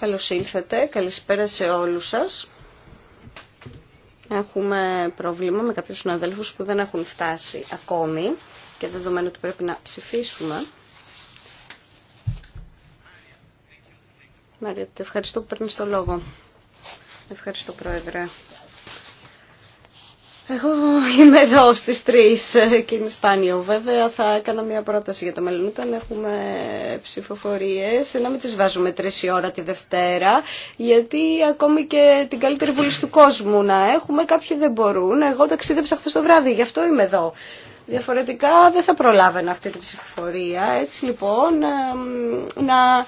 Καλώς ήλθατε, καλησπέρα σε όλους σας. Έχουμε πρόβλημα με κάποιους συναδέλφους που δεν έχουν φτάσει ακόμη και δεδομένου ότι πρέπει να ψηφίσουμε. Μαρία, ευχαριστώ που παίρνεις το λόγο. Ευχαριστώ, Πρόεδρε. Εγώ είμαι εδώ στις 3 ε, και είναι σπάνιο. Βέβαια θα έκανα μια πρόταση για το μέλλον. Όταν έχουμε ψηφοφορίες, να μην τις βάζουμε 3 η ώρα τη Δευτέρα, γιατί ακόμη και την καλύτερη βουλή του κόσμου να έχουμε, κάποιοι δεν μπορούν. Εγώ ταξίδεψα χθε το βράδυ, γι' αυτό είμαι εδώ. Διαφορετικά δεν θα προλάβαινα αυτή τη ψηφοφορία. Έτσι λοιπόν, να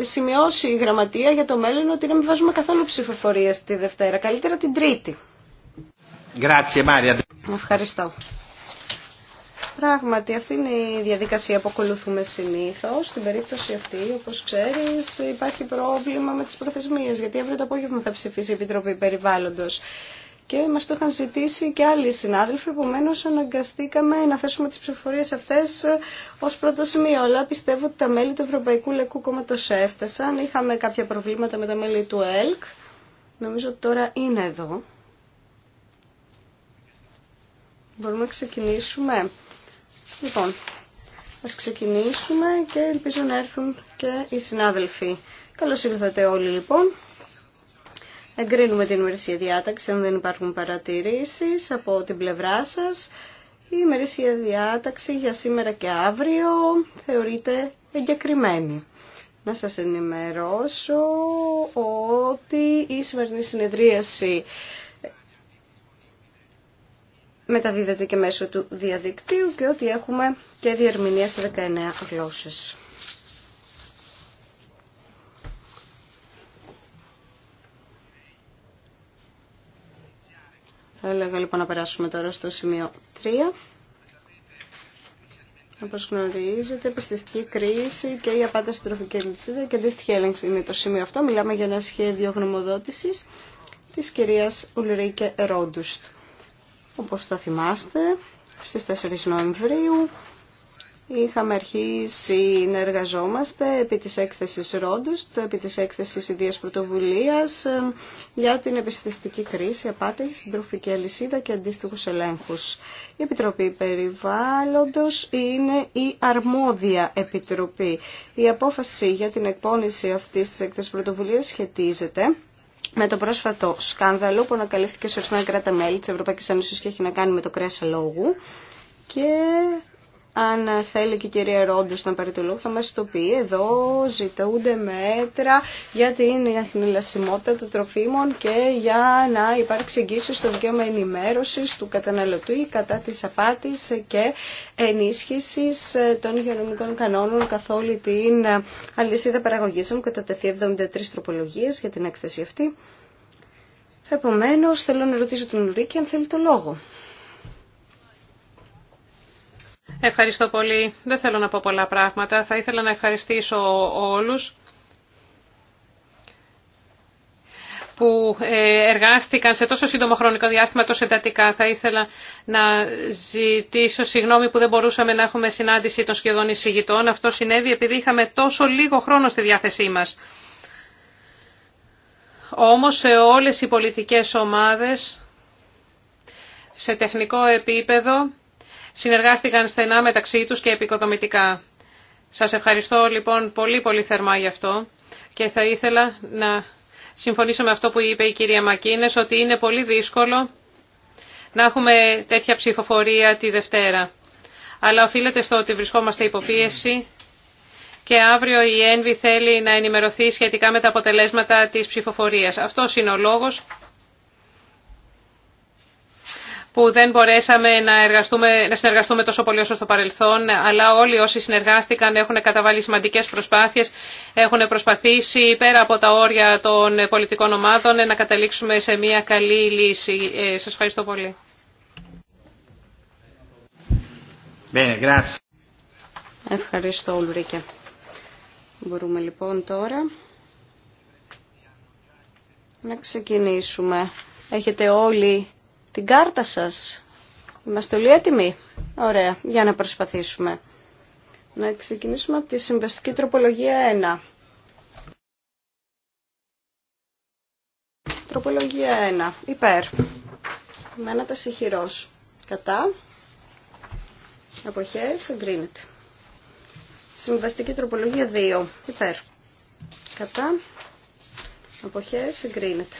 σημειώσει η γραμματεία για το μέλλον ότι να μην βάζουμε καθόλου ψηφοφορίες τη Δευτέρα, καλύτερα την Τρίτη. Ευχαριστώ. Πράγματι, αυτή είναι η διαδικασία που ακολουθούμε συνήθω. Στην περίπτωση αυτή, όπω ξέρει, υπάρχει πρόβλημα με τι προθεσμίε, γιατί αύριο το απόγευμα θα ψηφίσει η Επιτροπή Περιβάλλοντο. Και μα το είχαν ζητήσει και άλλοι συνάδελφοι, επομένω αναγκαστήκαμε να θέσουμε τι ψηφοφορίε αυτέ ω πρώτο σημείο. Αλλά πιστεύω ότι τα μέλη του Ευρωπαϊκού Λεκού Κόμματο έφτασαν. Είχαμε κάποια προβλήματα με τα μέλη του ΕΛΚ. Νομίζω ότι τώρα είναι εδώ. Μπορούμε να ξεκινήσουμε. Λοιπόν, ας ξεκινήσουμε και ελπίζω να έρθουν και οι συνάδελφοι. Καλώς ήρθατε όλοι λοιπόν. Εγκρίνουμε την ημερησία διάταξη αν δεν υπάρχουν παρατηρήσεις από την πλευρά σας. Η ημερησία διάταξη για σήμερα και αύριο θεωρείται εγκεκριμένη. Να σας ενημερώσω ότι η σημερινή συνεδρίαση μεταδίδεται και μέσω του διαδικτύου και ότι έχουμε και διερμηνία σε 19 γλώσσες. Θα έλεγα λοιπόν να περάσουμε τώρα στο σημείο 3. Όπω γνωρίζετε, επιστηστική κρίση και η απάντηση στην τροφική και αντίστοιχη έλεγξη είναι το σημείο αυτό. Μιλάμε για ένα σχέδιο γνωμοδότηση τη κυρία Ουλρίκε Ρόντουστ. Όπως θα θυμάστε, στις 4 Νοεμβρίου είχαμε αρχίσει να εργαζόμαστε επί της έκθεσης Ρόντουστ, επί της έκθεσης Ιδίας Πρωτοβουλίας ε, για την επιστηστική κρίση, απάτη συντροφική αλυσίδα και αντίστοιχους ελέγχους. Η Επιτροπή Περιβάλλοντος είναι η αρμόδια επιτροπή. Η απόφαση για την εκπόνηση αυτής της έκθεσης πρωτοβουλίας σχετίζεται με το πρόσφατο σκάνδαλο που ανακαλύφθηκε σε ορισμένα κράτα-μέλη τη Ευρωπαϊκή Ένωση και έχει να κάνει με το κρέας αλόγου και αν θέλει και η κυρία Ρόντος να πάρει το λόγο θα μας το πει. Εδώ ζητούνται μέτρα για την αχνηλασιμότητα των τροφίμων και για να υπάρξει εγγύηση στο δικαίωμα ενημέρωση του καταναλωτή κατά της απάτης και ενίσχυσης των υγειονομικών κανόνων καθ' όλη την αλυσίδα παραγωγής. Έχουν κατατεθεί 73 τροπολογίες για την έκθεση αυτή. Επομένως θέλω να ρωτήσω τον Ρίκη αν θέλει το λόγο. Ευχαριστώ πολύ. Δεν θέλω να πω πολλά πράγματα. Θα ήθελα να ευχαριστήσω όλους που ε, εργάστηκαν σε τόσο σύντομο χρονικό διάστημα τόσο εντατικά. Θα ήθελα να ζητήσω συγγνώμη που δεν μπορούσαμε να έχουμε συνάντηση των σχεδόν εισηγητών. Αυτό συνέβη επειδή είχαμε τόσο λίγο χρόνο στη διάθεσή μας. Όμως σε όλες οι πολιτικές ομάδες, σε τεχνικό επίπεδο, συνεργάστηκαν στενά μεταξύ τους και επικοδομητικά. Σας ευχαριστώ λοιπόν πολύ πολύ θερμά γι' αυτό και θα ήθελα να συμφωνήσω με αυτό που είπε η κυρία Μακίνες ότι είναι πολύ δύσκολο να έχουμε τέτοια ψηφοφορία τη Δευτέρα. Αλλά οφείλεται στο ότι βρισκόμαστε υποπίεση και αύριο η ΕΝΒΗ θέλει να ενημερωθεί σχετικά με τα αποτελέσματα της ψηφοφορίας. Αυτό είναι ο λόγος που δεν μπορέσαμε να, εργαστούμε, να συνεργαστούμε τόσο πολύ όσο στο παρελθόν, αλλά όλοι όσοι συνεργάστηκαν έχουν καταβάλει σημαντικές προσπάθειες, έχουν προσπαθήσει πέρα από τα όρια των πολιτικών ομάδων να καταλήξουμε σε μια καλή λύση. Ε, Σα ευχαριστώ πολύ. Ευχαριστώ, Ουλρίκε. Μπορούμε λοιπόν τώρα να ξεκινήσουμε. Έχετε όλοι την κάρτα σας. Είμαστε όλοι έτοιμοι. Ωραία, για να προσπαθήσουμε. Να ξεκινήσουμε από τη συμβαστική τροπολογία 1. Τροπολογία 1. Υπέρ. Μένα ένα συγχυρός. Κατά. Αποχές. Εγκρίνεται. Συμβαστική τροπολογία 2. Υπέρ. Κατά. Αποχές. Εγκρίνεται.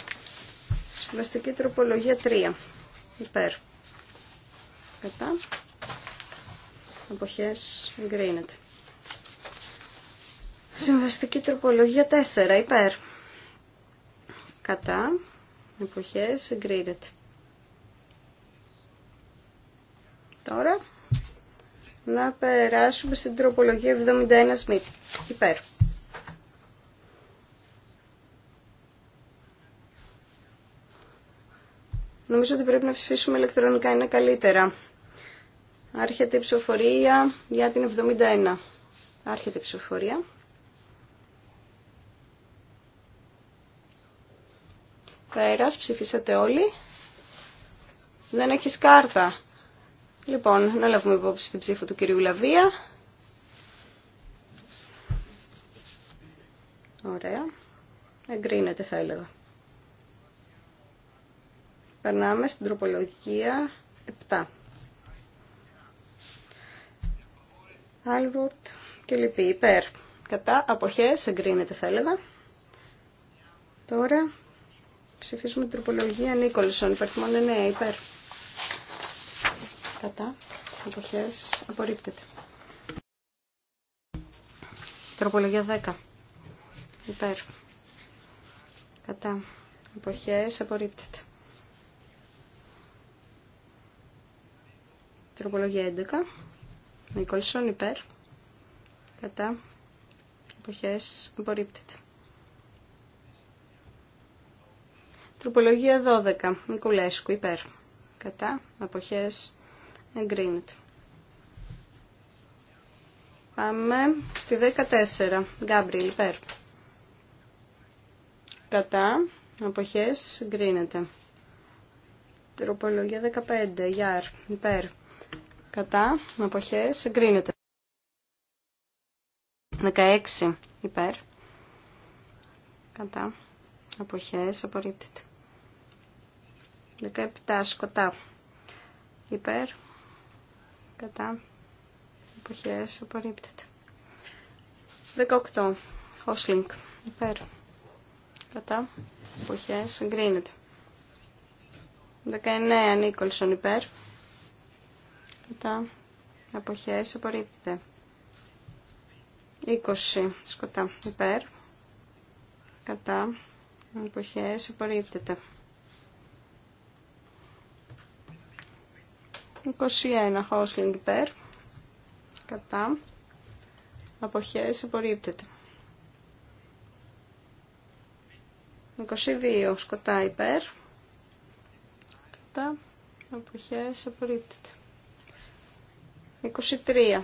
Συμβαστική τροπολογία 3. Υπέρ. Κατά. εποχές εγκρίνεται. Συμβαστική τροπολογία 4. Υπέρ. Κατά. Εποχές εγκρίνεται. Τώρα να περάσουμε στην τροπολογία 71 Σμιτ. Υπέρ. Νομίζω ότι πρέπει να ψηφίσουμε ηλεκτρονικά, είναι καλύτερα. Άρχεται η ψηφοφορία για την 71. Άρχεται η ψηφοφορία. Πέρας, ψηφίσατε όλοι. Δεν έχεις κάρτα. Λοιπόν, να λάβουμε υπόψη την ψήφο του κυρίου Λαβία. Ωραία. Εγκρίνεται θα έλεγα. Περνάμε στην τροπολογία 7. Άλβουρτ και λοιπή. Υπέρ. Κατά αποχές εγκρίνεται θα έλεγα. Τώρα ψηφίζουμε την τροπολογία Νίκολσον. είναι 9. Ναι, υπέρ. Κατά αποχές απορρίπτεται. Τροπολογία 10. Υπέρ. Κατά αποχές απορρίπτεται. Τροπολογία 11. Νικολσόν υπέρ. Κατά. Εποχές. Απορρίπτεται. Τροπολογία 12. Νικολέσκου υπέρ. Κατά. Αποχές. Εγκρίνεται. Πάμε στη 14. Γκάμπριλ υπέρ. Κατά. Αποχές. Εγκρίνεται. Τροπολογία 15. Γιάρ. Υπέρ κατά, αποχές, εγκρίνεται. 16 υπέρ, κατά, αποχές, απορρίπτεται. 17 σκοτά, υπέρ, κατά, εποχέ, απορρίπτεται. 18 όσλινγκ, υπέρ, κατά, αποχές, εγκρίνεται. 19 Νίκολσον υπέρ, Κατά. Αποχές απορρίπτεται. 20. Σκοτά. Υπέρ. Κατά. Αποχές απορρίπτεται. 21. Χόσλινγκ υπέρ. Κατά. Αποχές απορρίπτεται. 22. Σκοτά υπέρ. Κατά. Αποχές απορρίπτεται. 23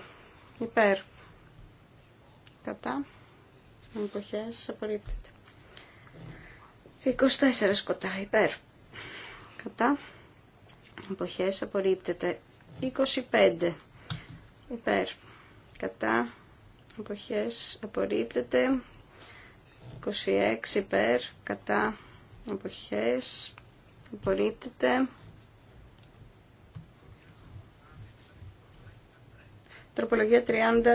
υπέρ κατά εποχές απορρίπτεται 24 σκοτά υπέρ κατά εποχές απορρίπτεται 25 υπέρ κατά εποχές απορρίπτεται 26 υπέρ κατά εποχές απορρίπτεται Τροπολογία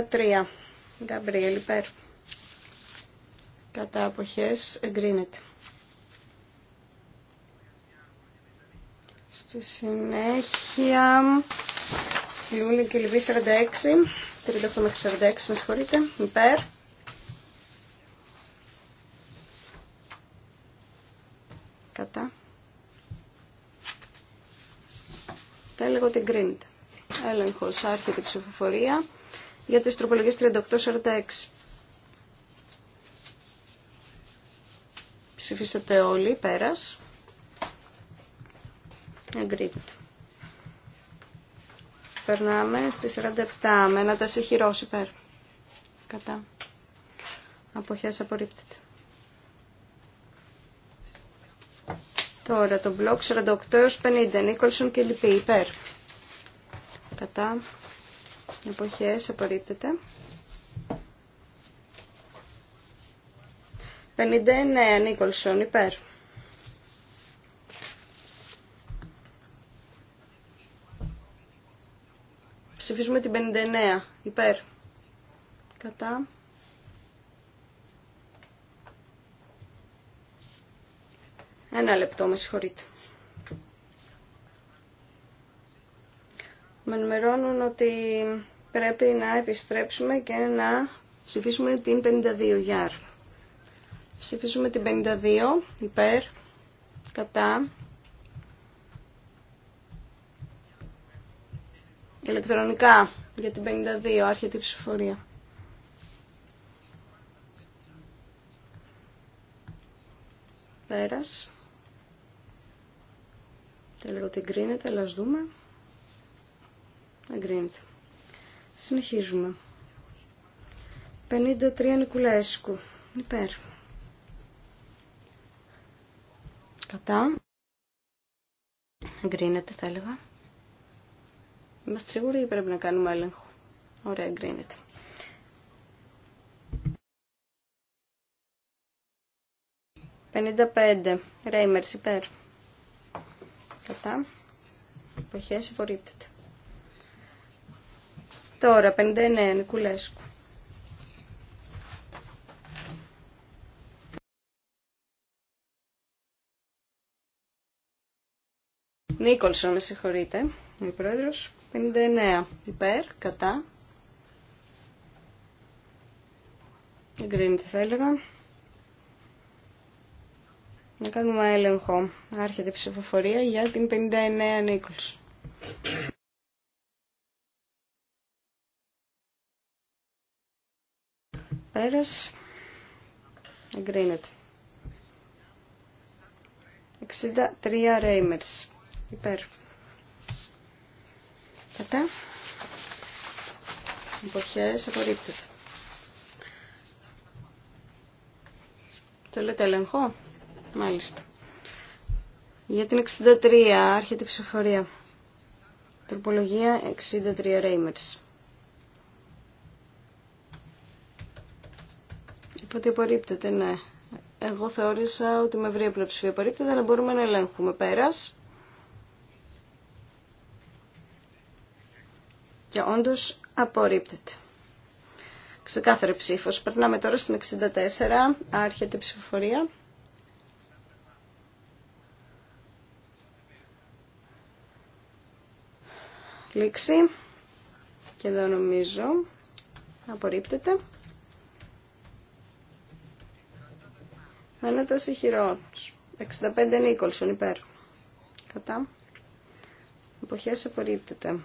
33. Γκαμπριέλ υπέρ. Κατά αποχές εγκρίνεται. Στη συνέχεια Ιούλη και Λιβύη 46, 38 μέχρι 46, με συγχωρείτε, υπέρ. Κατά. Θα έλεγα ότι εγκρίνεται έλεγχος, άρχεται η ψηφοφορία για τις τροπολογίες 38-46. Ψηφίσατε όλοι, πέρας. Agreed. Περνάμε στις 47 με ένα χειρός υπέρ. Κατά. Αποχές απορρίπτεται. Τώρα το μπλοκ 48 έως 50, Νίκολσον και Λυπή. υπέρ κατά εποχές απορρίπτεται. 59 Νίκολσον υπέρ. Ψηφίζουμε την 59 υπέρ. Κατά. Ένα λεπτό, με συγχωρείτε. με ενημερώνουν ότι πρέπει να επιστρέψουμε και να ψηφίσουμε την 52 γιάρ. Ψηφίσουμε την 52 υπέρ, κατά. Ηλεκτρονικά για την 52 άρχεται η ψηφορία. Πέρας. Θέλω ότι εγκρίνεται, αλλά ας δούμε. Εγκρίνεται. Συνεχίζουμε. 53 Νικουλέσκου. Υπέρ. Κατά. Εγκρίνεται θα έλεγα. Είμαστε σίγουροι ή πρέπει να κάνουμε έλεγχο. Ωραία, εγκρίνεται. 55. πέντε. Ρέιμερς υπέρ. Κατά. Εποχές υπορρίπτεται. Τώρα, 59, Νικουλέσκου. Νίκολσον, με συγχωρείτε, ο πρόεδρος. 59, υπέρ, κατά. Εγκρίνεται, θα έλεγα. Να κάνουμε έλεγχο. Άρχεται η ψηφοφορία για την 59 Νίκολσον. Πέρας. Εγκρίνεται. 63 Reimers. Υπέρ. Κατά. Εποχές απορρίπτεται. Θέλετε έλεγχο. Μάλιστα. Για την 63 άρχεται η ψηφορία. Τροπολογία 63 Reimers. Ότι απορρίπτεται, ναι. Εγώ θεώρησα ότι με ευρία πλειοψηφία απορρίπτεται, αλλά μπορούμε να ελέγχουμε. Πέρας. Και όντως απορρίπτεται. Ξεκάθαρη ψήφος. Περνάμε τώρα στην 64. Άρχεται η ψηφοφορία. Λήξη. Και εδώ νομίζω απορρίπτεται. τάση χειρό. 65 Νίκολσον υπέρ. Κατά. Εποχές απορρίπτεται.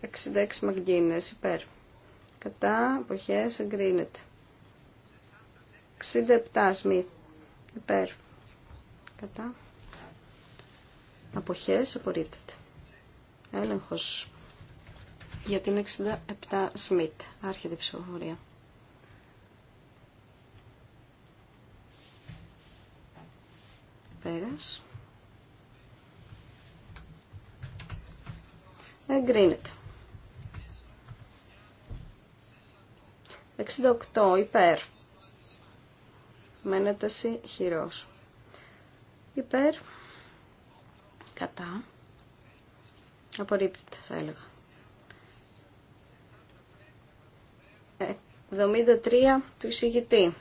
66 Μαγκίνες υπέρ. Κατά. Εποχές εγκρίνεται. 67 Σμιθ υπέρ. Κατά. Αποχές απορρίπτεται. Έλεγχος για την 67 Σμιτ. Άρχεται η ψηφοφορία. Εγκρίνεται. 68 υπέρ. Με εσύ χειρός. Υπέρ. Κατά. Απορρίπτεται θα έλεγα. 73 ε, του εισηγητή.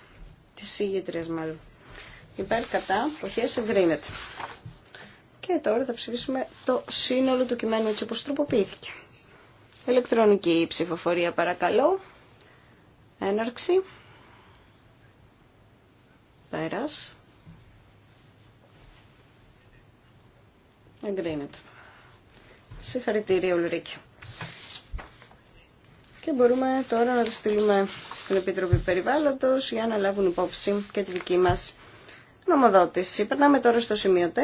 Της εισηγητρίας μάλλον υπέρ κατά προχές εγκρίνεται. Και τώρα θα ψηφίσουμε το σύνολο του κειμένου έτσι όπως τροποποιήθηκε. Ηλεκτρονική ψηφοφορία παρακαλώ. Έναρξη. Πέρας. Εγκρίνεται. Συγχαρητήρια Ουλρίκη. Και μπορούμε τώρα να τα στείλουμε στην Επιτροπή Περιβάλλοντος για να λάβουν υπόψη και τη δική μας νομοδότηση. Περνάμε τώρα στο σημείο 4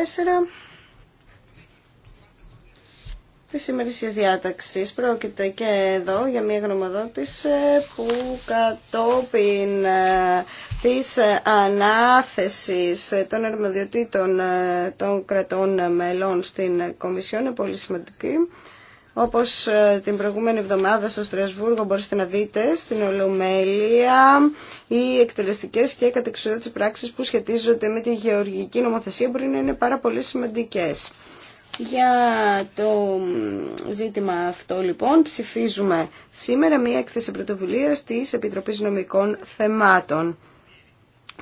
της ημερησία διάταξης. Πρόκειται και εδώ για μια γνωμοδότηση που κατόπιν ε, της ανάθεσης των αρμοδιοτήτων ε, των κρατών μελών στην Κομισιόν είναι πολύ σημαντική. Όπως ε, την προηγούμενη εβδομάδα στο Στρασβούργο μπορείτε να δείτε στην Ολομέλεια οι εκτελεστικές και κατεξοδότητες πράξεις που σχετίζονται με τη γεωργική νομοθεσία μπορεί να είναι πάρα πολύ σημαντικές. Για το ζήτημα αυτό λοιπόν ψηφίζουμε σήμερα μία έκθεση πρωτοβουλία της Επιτροπής Νομικών Θεμάτων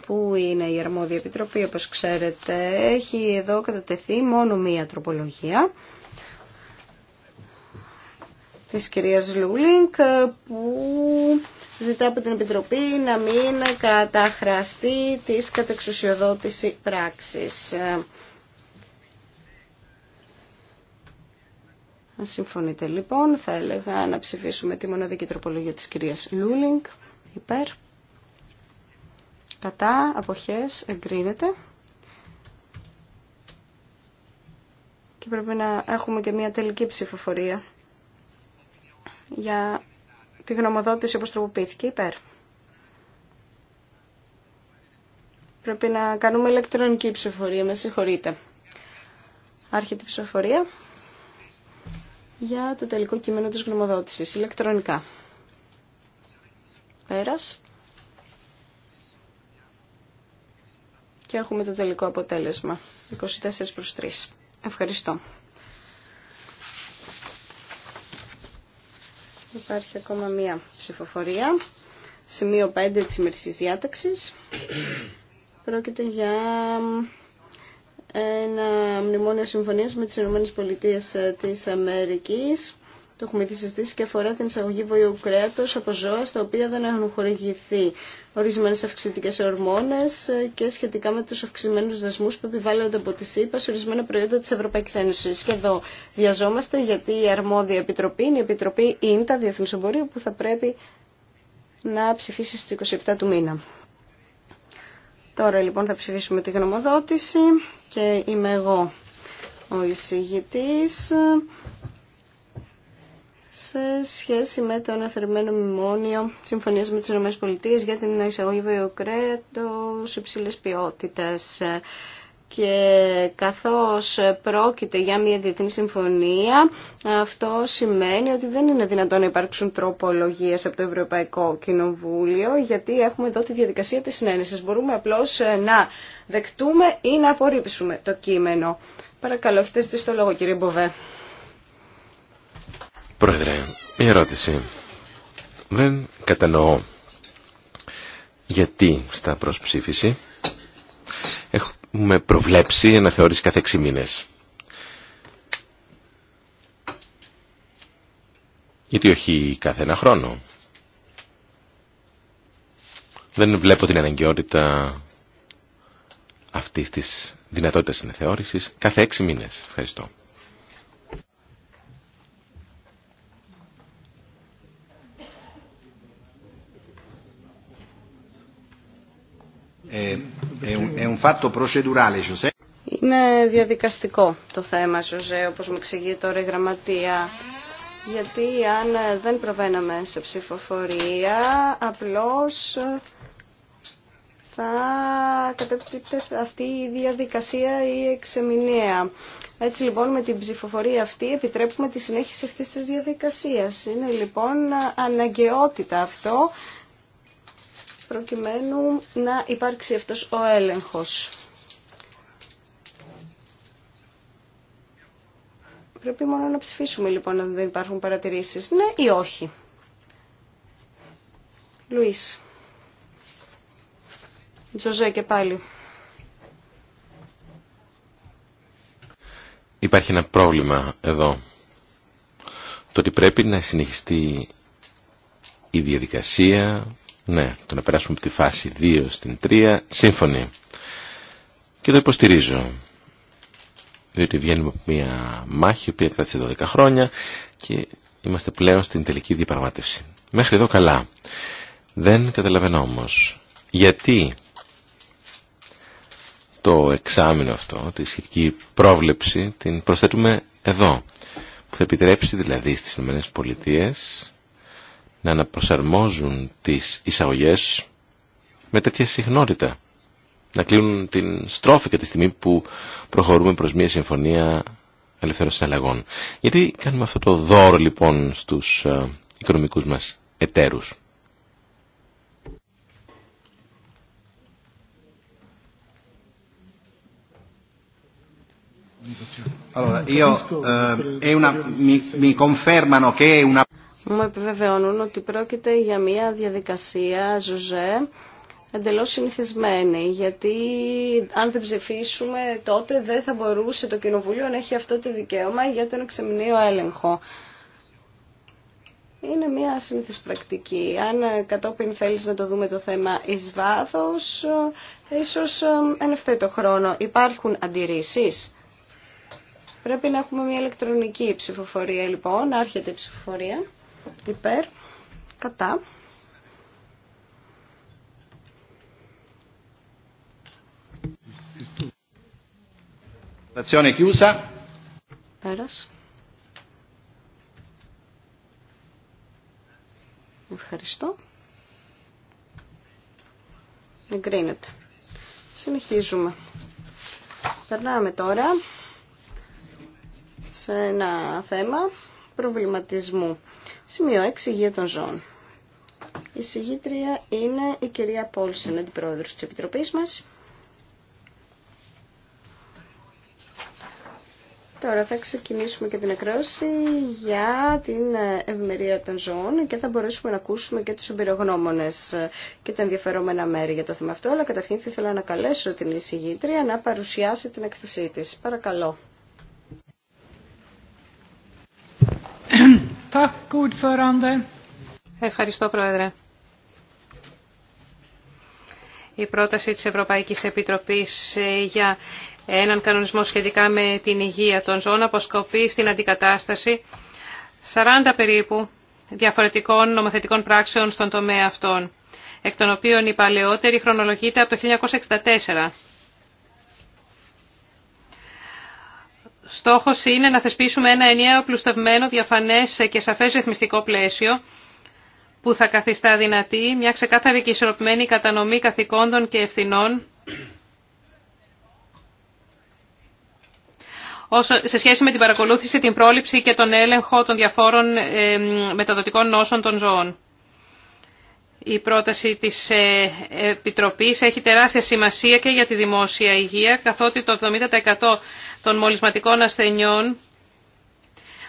που είναι η αρμόδια επιτροπή όπως ξέρετε έχει εδώ κατατεθεί μόνο μία τροπολογία της κυρίας Λούλινγκ ε, που ζητά από την Επιτροπή να μην καταχραστεί της κατεξουσιοδότηση πράξης. Ε, Αν συμφωνείτε λοιπόν, θα έλεγα να ψηφίσουμε τη μοναδική τροπολογία της κυρίας Λούλινγκ. Υπέρ. Κατά. Αποχές. Εγκρίνεται. Και πρέπει να έχουμε και μια τελική ψηφοφορία για τη γνωμοδότηση όπως τροποποιήθηκε υπέρ. Πρέπει να κάνουμε ηλεκτρονική ψηφοφορία, με συγχωρείτε. Άρχεται η ψηφοφορία για το τελικό κείμενο της γνωμοδότησης, ηλεκτρονικά. Πέρας. Και έχουμε το τελικό αποτέλεσμα, 24 προς 3. Ευχαριστώ. Υπάρχει ακόμα μία ψηφοφορία. Σημείο 5 της ημερησής διάταξης. Πρόκειται για ένα μνημόνιο συμφωνίας με τις ΗΠΑ ε, της Αμερικής το έχουμε ήδη συζητήσει και αφορά την εισαγωγή βοηού κρέατο από ζώα στα οποία δεν έχουν χορηγηθεί ορισμένε αυξητικέ ορμόνε και σχετικά με του αυξημένου δεσμού που επιβάλλονται από τη ΣΥΠΑ σε ορισμένα προϊόντα τη Ευρωπαϊκή Ένωση. Και εδώ βιαζόμαστε γιατί η αρμόδια επιτροπή είναι η επιτροπή ΙΝΤΑ Διεθνού Εμπορίου που θα πρέπει να ψηφίσει στι 27 του μήνα. Τώρα λοιπόν θα ψηφίσουμε τη γνωμοδότηση και είμαι εγώ ο εισηγητής σε σχέση με το αναθερμένο μνημόνιο συμφωνία με τι ΗΠΑ για την εισαγωγή βιοκρέατο υψηλή ποιότητα. Και καθώς πρόκειται για μια διεθνή συμφωνία, αυτό σημαίνει ότι δεν είναι δυνατόν να υπάρξουν τροπολογίες από το Ευρωπαϊκό Κοινοβούλιο, γιατί έχουμε εδώ τη διαδικασία της συνένεσης. Μπορούμε απλώς ε, να δεκτούμε ή να απορρίψουμε το κείμενο. Παρακαλώ, έχετε ζητήσει το λόγο κύριε Μποβέ. Πρόεδρε, μια ερώτηση. Δεν κατανοώ γιατί στα προσψήφιση έχουμε προβλέψει ένα θεώρηση κάθε 6 μήνες. Γιατί όχι κάθε ένα χρόνο. Δεν βλέπω την αναγκαιότητα αυτής της δυνατότητας συνεθεώρησης κάθε έξι μήνες. Ευχαριστώ. Ε, ε, ε, Είναι διαδικαστικό το θέμα, Ζωζέ, όπως μου εξηγεί τώρα η γραμματεία. Γιατί αν δεν προβαίναμε σε ψηφοφορία, απλώς θα κατέπτυπτε αυτή η διαδικασία η εξεμηνέα. Έτσι λοιπόν με την ψηφοφορία αυτή επιτρέπουμε τη συνέχιση αυτής της διαδικασίας. Είναι λοιπόν αναγκαιότητα αυτό προκειμένου να υπάρξει αυτός ο έλεγχος. Πρέπει μόνο να ψηφίσουμε λοιπόν αν δεν υπάρχουν παρατηρήσεις. Ναι ή όχι. Λουίς. Τζοζέ και πάλι. Υπάρχει ένα πρόβλημα εδώ. Το ότι πρέπει να συνεχιστεί η διαδικασία ναι, το να περάσουμε από τη φάση 2 στην 3, σύμφωνοι. Και το υποστηρίζω. Διότι βγαίνουμε από μια μάχη, η οποία κράτησε 12 χρόνια και είμαστε πλέον στην τελική διαπραγμάτευση. Μέχρι εδώ καλά. Δεν καταλαβαίνω όμως γιατί το εξάμεινο αυτό, τη σχετική πρόβλεψη, την προσθέτουμε εδώ. Που θα επιτρέψει δηλαδή στις ΗΠΑ να αναπροσαρμόζουν τις εισαγωγές με τέτοια συχνότητα. Να κλείνουν την στρόφη κατά τη στιγμή που προχωρούμε προς μια συμφωνία ελευθέρων συναλλαγών. Γιατί κάνουμε αυτό το δώρο λοιπόν στους ε, οικονομικούς μας εταίρους μου επιβεβαιώνουν ότι πρόκειται για μια διαδικασία ζωζέ εντελώ συνηθισμένη, γιατί αν δεν ψηφίσουμε τότε δεν θα μπορούσε το Κοινοβούλιο να έχει αυτό το δικαίωμα για τον εξεμηνίο έλεγχο. Είναι μια συνήθις πρακτική. Αν κατόπιν θέλεις να το δούμε το θέμα εις βάθος, ίσως ε, εν ευθέτω χρόνο. Υπάρχουν αντιρρήσεις. Πρέπει να έχουμε μια ηλεκτρονική ψηφοφορία λοιπόν, άρχεται η ψηφοφορία υπέρ, κατά. Votazione Ευχαριστώ. Εγκρίνεται. Συνεχίζουμε. Περνάμε τώρα σε ένα θέμα προβληματισμού Σημείο 6. Υγεία των ζώων. Η συγγήτρια είναι η κυρία Πόλσεν, αντιπρόεδρος της Επιτροπής μας. Τώρα θα ξεκινήσουμε και την ακρόαση για την ευημερία των ζώων και θα μπορέσουμε να ακούσουμε και τους εμπειρογνώμονες και τα ενδιαφερόμενα μέρη για το θέμα αυτό. Αλλά καταρχήν θα ήθελα να καλέσω την εισηγήτρια να παρουσιάσει την εκθεσή της. Παρακαλώ. Ευχαριστώ, Πρόεδρε. Η πρόταση της Ευρωπαϊκής Επιτροπής ε, για έναν κανονισμό σχετικά με την υγεία των ζώων αποσκοπεί στην αντικατάσταση 40 περίπου διαφορετικών νομοθετικών πράξεων στον τομέα αυτών, εκ των οποίων η παλαιότερη χρονολογείται από το 1964. στόχος είναι να θεσπίσουμε ένα ενιαίο πλουστευμένο, διαφανές και σαφές ρυθμιστικό πλαίσιο που θα καθιστά δυνατή μια ξεκάθαρη και ισορροπημένη κατανομή καθηκόντων και ευθυνών σε σχέση με την παρακολούθηση, την πρόληψη και τον έλεγχο των διαφόρων ε, μεταδοτικών νόσων των ζώων. Η πρόταση της ε, Επιτροπής έχει τεράστια σημασία και για τη δημόσια υγεία, καθότι το 70% των μολυσματικών ασθενειών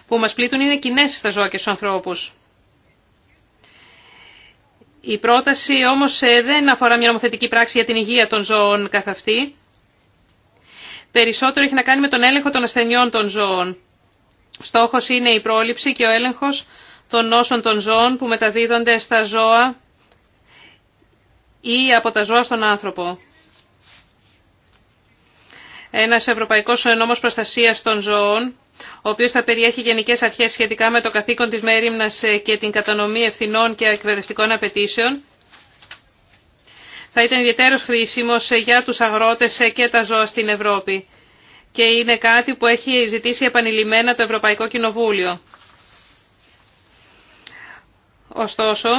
που μας πλήττουν είναι κοινέ στα ζώα και στους ανθρώπους. Η πρόταση όμως ε, δεν αφορά μια νομοθετική πράξη για την υγεία των ζώων καθ' αυτή. Περισσότερο έχει να κάνει με τον έλεγχο των ασθενειών των ζώων. Στόχος είναι η πρόληψη και ο έλεγχος των νόσων των ζώων που μεταδίδονται στα ζώα ή από τα ζώα στον άνθρωπο. Ένας Ευρωπαϊκός Νόμος Προστασίας των Ζώων, ο οποίος θα περιέχει γενικές αρχές σχετικά με το καθήκον της μέρημνας και την κατανομή ευθυνών και εκπαιδευτικών απαιτήσεων, θα ήταν ιδιαίτερος χρήσιμος για τους αγρότες και τα ζώα στην Ευρώπη. Και είναι κάτι που έχει ζητήσει επανειλημμένα το Ευρωπαϊκό Κοινοβούλιο. Ωστόσο,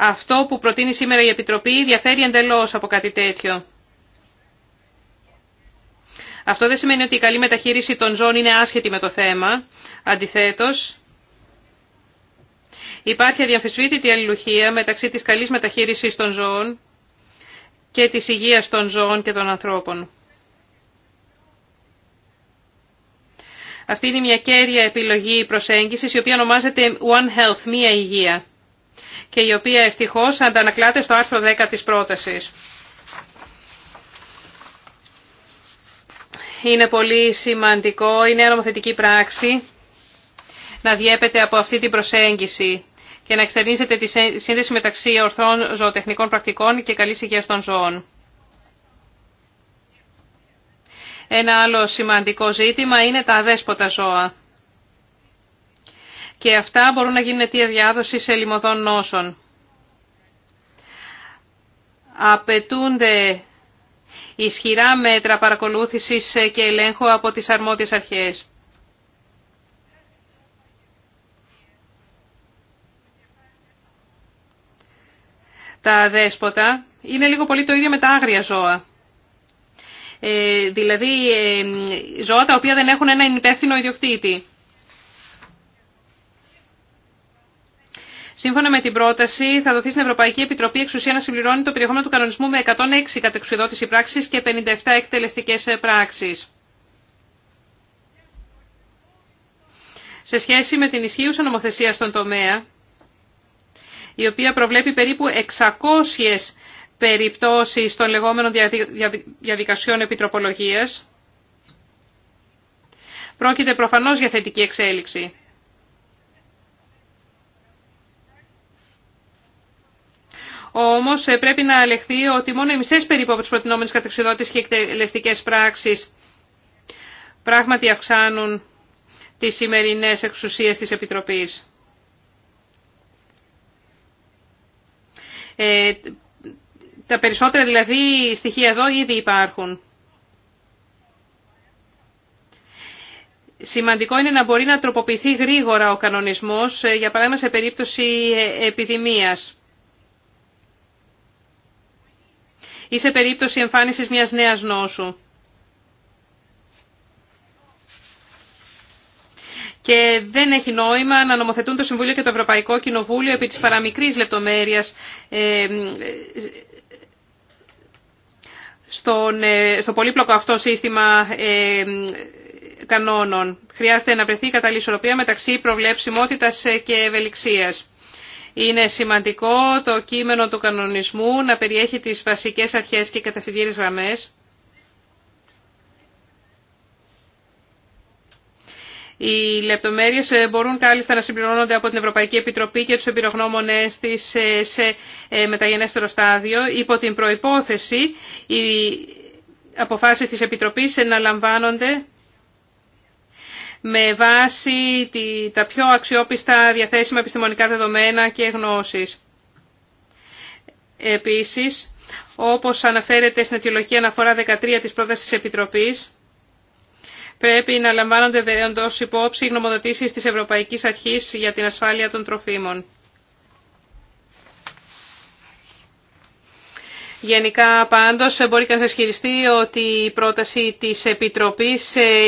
αυτό που προτείνει σήμερα η Επιτροπή διαφέρει εντελώς από κάτι τέτοιο. Αυτό δεν σημαίνει ότι η καλή μεταχείριση των ζώων είναι άσχετη με το θέμα. Αντιθέτως, υπάρχει αδιαμφισβήτητη αλληλουχία μεταξύ της καλής μεταχείρισης των ζώων και της υγείας των ζώων και των ανθρώπων. Αυτή είναι μια κέρια επιλογή προσέγγισης, η οποία ονομάζεται One Health, μία υγεία και η οποία ευτυχώς αντανακλάται στο άρθρο 10 της πρότασης. Είναι πολύ σημαντικό, είναι πράξη να διέπεται από αυτή την προσέγγιση και να εξερνίζεται τη σύνδεση μεταξύ ορθών ζωοτεχνικών πρακτικών και καλής υγείας των ζώων. Ένα άλλο σημαντικό ζήτημα είναι τα αδέσποτα ζώα και αυτά μπορούν να γίνουν αιτία διάδοση σε λιμωδών νόσων. Απαιτούνται ισχυρά μέτρα παρακολούθησης και ελέγχου από τις αρμόδιες αρχές. Τα δέσποτα είναι λίγο πολύ το ίδιο με τα άγρια ζώα. Ε, δηλαδή ε, ζώα τα οποία δεν έχουν έναν υπεύθυνο ιδιοκτήτη. Σύμφωνα με την πρόταση, θα δοθεί στην Ευρωπαϊκή Επιτροπή εξουσία να συμπληρώνει το περιεχόμενο του κανονισμού με 106 κατεξουδότηση πράξη και 57 εκτελεστικέ ε, πράξει. Σε σχέση με την ισχύουσα νομοθεσία στον τομέα, η οποία προβλέπει περίπου 600 περιπτώσεις των λεγόμενων διαδικασιών επιτροπολογίας, πρόκειται προφανώς για θετική εξέλιξη. Όμως ε, πρέπει να αλεχθεί ότι μόνο οι μισές περίπου από τις προτινόμενες και εκτελεστικές πράξεις πράγματι αυξάνουν τις σημερινές εξουσίες της Επιτροπής. Ε, τα περισσότερα δηλαδή στοιχεία εδώ ήδη υπάρχουν. Σημαντικό είναι να μπορεί να τροποποιηθεί γρήγορα ο κανονισμός, ε, για παράδειγμα σε περίπτωση ε, επιδημίας. ή σε περίπτωση εμφάνισης μιας νέας νόσου. Και δεν έχει νόημα να νομοθετούν το Συμβούλιο και το Ευρωπαϊκό Κοινοβούλιο επί της παραμικρής λεπτομέρειας ε, στον, ε, στο πολύπλοκο αυτό σύστημα ε, κανόνων. Χρειάζεται να βρεθεί κατάλληλη ισορροπία μεταξύ προβλέψιμότητας και ευελιξίας. Είναι σημαντικό το κείμενο του κανονισμού να περιέχει τις βασικές αρχές και κατευθυντήρες γραμμές. Οι λεπτομέρειες ε, μπορούν κάλλιστα να συμπληρώνονται από την Ευρωπαϊκή Επιτροπή και τους επιρογνώμονές τη ε, σε ε, μεταγενέστερο στάδιο, υπό την προϋπόθεση, οι αποφάσεις της Επιτροπής να με βάση τα πιο αξιόπιστα διαθέσιμα επιστημονικά δεδομένα και γνώσεις. Επίσης, όπως αναφέρεται στην αιτιολογική αναφορά 13 της πρότασης της Επιτροπής, πρέπει να λαμβάνονται δεόντως υπόψη γνωμοδοτήσεις της Ευρωπαϊκής Αρχής για την ασφάλεια των τροφίμων. Γενικά πάντως μπορεί κανείς να ισχυριστεί ότι η πρόταση της Επιτροπής ε,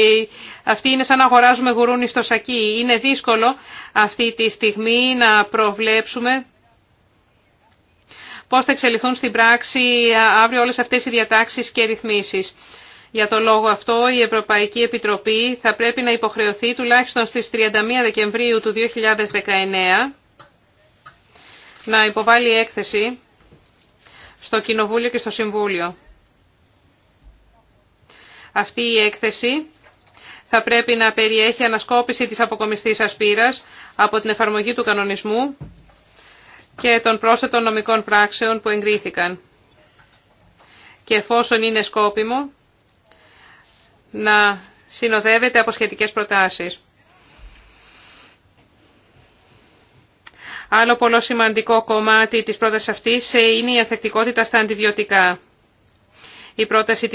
αυτή είναι σαν να αγοράζουμε γουρούνι στο σακί. Είναι δύσκολο αυτή τη στιγμή να προβλέψουμε πώς θα εξελιχθούν στην πράξη αύριο όλες αυτές οι διατάξεις και ρυθμίσεις. Για το λόγο αυτό η Ευρωπαϊκή Επιτροπή θα πρέπει να υποχρεωθεί τουλάχιστον στις 31 Δεκεμβρίου του 2019 να υποβάλει έκθεση στο Κοινοβούλιο και στο Συμβούλιο. Αυτή η έκθεση θα πρέπει να περιέχει ανασκόπηση της αποκομιστής ασπίρας από την εφαρμογή του κανονισμού και των πρόσθετων νομικών πράξεων που εγκρίθηκαν. Και εφόσον είναι σκόπιμο, να συνοδεύεται από σχετικές προτάσεις. Άλλο πολύ σημαντικό κομμάτι της πρότασης αυτής είναι η ανθεκτικότητα στα αντιβιωτικά. Η πρόταση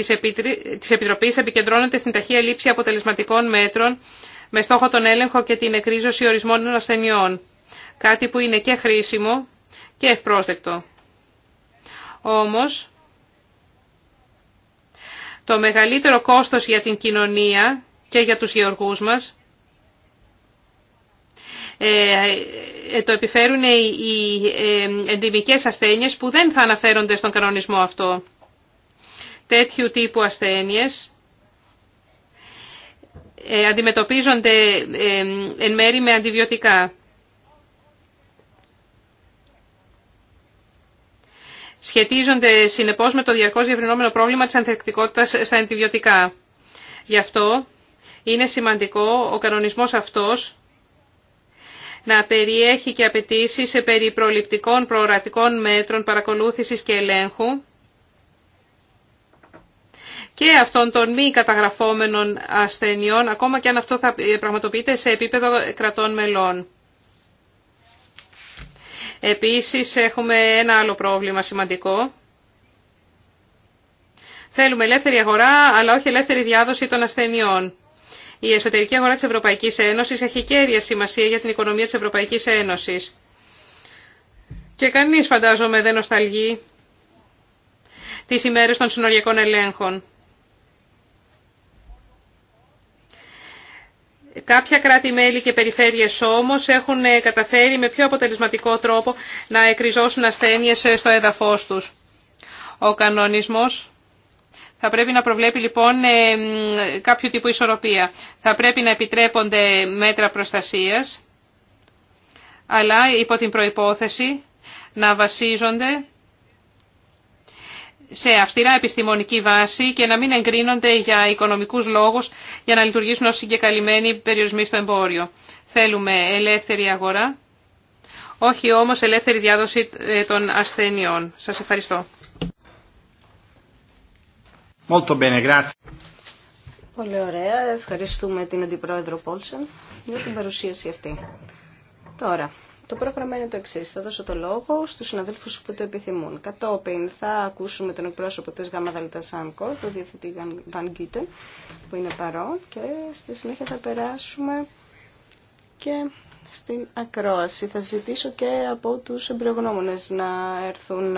της Επιτροπής επικεντρώνεται στην ταχεία λήψη αποτελεσματικών μέτρων με στόχο τον έλεγχο και την εκρίζωση ορισμών ασθενειών. Κάτι που είναι και χρήσιμο και ευπρόσδεκτο. Όμως, το μεγαλύτερο κόστος για την κοινωνία και για τους γεωργούς μας ε, ε, το επιφέρουν οι ε, εντυμικές ασθένειες που δεν θα αναφέρονται στον κανονισμό αυτό. Τέτοιου τύπου ασθένειες αντιμετωπίζονται εν μέρη με αντιβιωτικά. Σχετίζονται συνεπώς με το διαρκώς διευρυνόμενο πρόβλημα της ανθεκτικότητας στα αντιβιωτικά. Γι' αυτό είναι σημαντικό ο κανονισμός αυτός να περιέχει και απαιτήσει σε περί προληπτικών προορατικών μέτρων παρακολούθησης και ελέγχου και αυτών των μη καταγραφόμενων ασθενειών, ακόμα και αν αυτό θα πραγματοποιείται σε επίπεδο κρατών μελών. Επίσης έχουμε ένα άλλο πρόβλημα σημαντικό. Θέλουμε ελεύθερη αγορά, αλλά όχι ελεύθερη διάδοση των ασθενειών. Η εσωτερική αγορά της Ευρωπαϊκής Ένωσης έχει κέρια σημασία για την οικονομία της Ευρωπαϊκής Ένωσης. Και κανείς φαντάζομαι δεν νοσταλγεί τις ημέρες των συνοριακών ελέγχων. Κάποια κράτη-μέλη και περιφέρειες όμως έχουν ε, καταφέρει με πιο αποτελεσματικό τρόπο να εκριζώσουν ασθένειες ε, στο έδαφος τους. Ο κανονισμός θα πρέπει να προβλέπει λοιπόν ε, κάποιο τύπο ισορροπία. Θα πρέπει να επιτρέπονται μέτρα προστασίας, αλλά υπό την προϋπόθεση να βασίζονται σε αυστηρά επιστημονική βάση και να μην εγκρίνονται για οικονομικούς λόγους για να λειτουργήσουν ως συγκεκαλυμμένοι περιορισμοί στο εμπόριο. Θέλουμε ελεύθερη αγορά, όχι όμως ελεύθερη διάδοση ε, των ασθενειών. Σας ευχαριστώ. Molto bene, grazie. Πολύ ωραία. Ευχαριστούμε την Αντιπρόεδρο Πόλσεν για την παρουσίαση αυτή. Τώρα, το πρόγραμμα είναι το εξή. Θα δώσω το λόγο στου συναδέλφου που το επιθυμούν. Κατόπιν θα ακούσουμε τον εκπρόσωπο τη ΓΑΜΑ ΔΑΛΤΑ ΣΑΝΚΟ, τον διευθυντή Βαν Γκίτεν, που είναι παρόν. Και στη συνέχεια θα περάσουμε και στην ακρόαση. Θα ζητήσω και από του εμπειρογνώμονε να έρθουν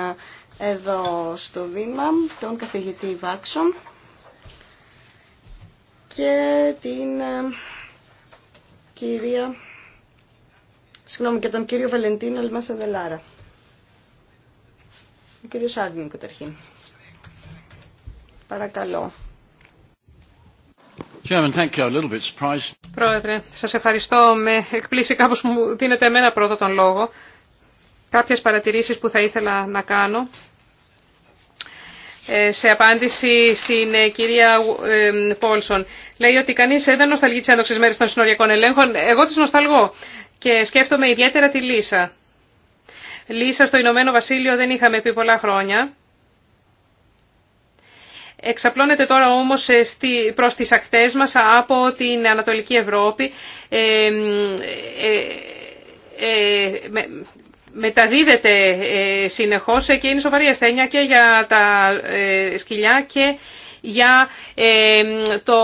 εδώ στο βήμα τον καθηγητή Βάξο και την ε, κυρία συγγνώμη και τον κύριο Βαλεντίνο Αλμάσα Δελάρα ο κύριος Άγνιου καταρχήν παρακαλώ Πρόεδρε, σας ευχαριστώ. Με εκπλήσει κάπως που μου δίνετε εμένα πρώτο τον λόγο. Κάποιες παρατηρήσεις που θα ήθελα να κάνω ε, σε απάντηση στην ε, κυρία ε, Πόλσον. Λέει ότι κανείς δεν νοσταλγεί τις ένδοξες μέρες των συνοριακών ελέγχων. Εγώ τις νοσταλγώ και σκέφτομαι ιδιαίτερα τη Λίσα. Λίσα στο Ηνωμένο Βασίλειο δεν είχαμε πει πολλά χρόνια. Εξαπλώνεται τώρα όμως προς τις ακτές μας από την Ανατολική Ευρώπη μεταδίδεται ε, συνεχώς και είναι σοβαρή ασθένεια και για τα ε, σκυλιά και για ε, το,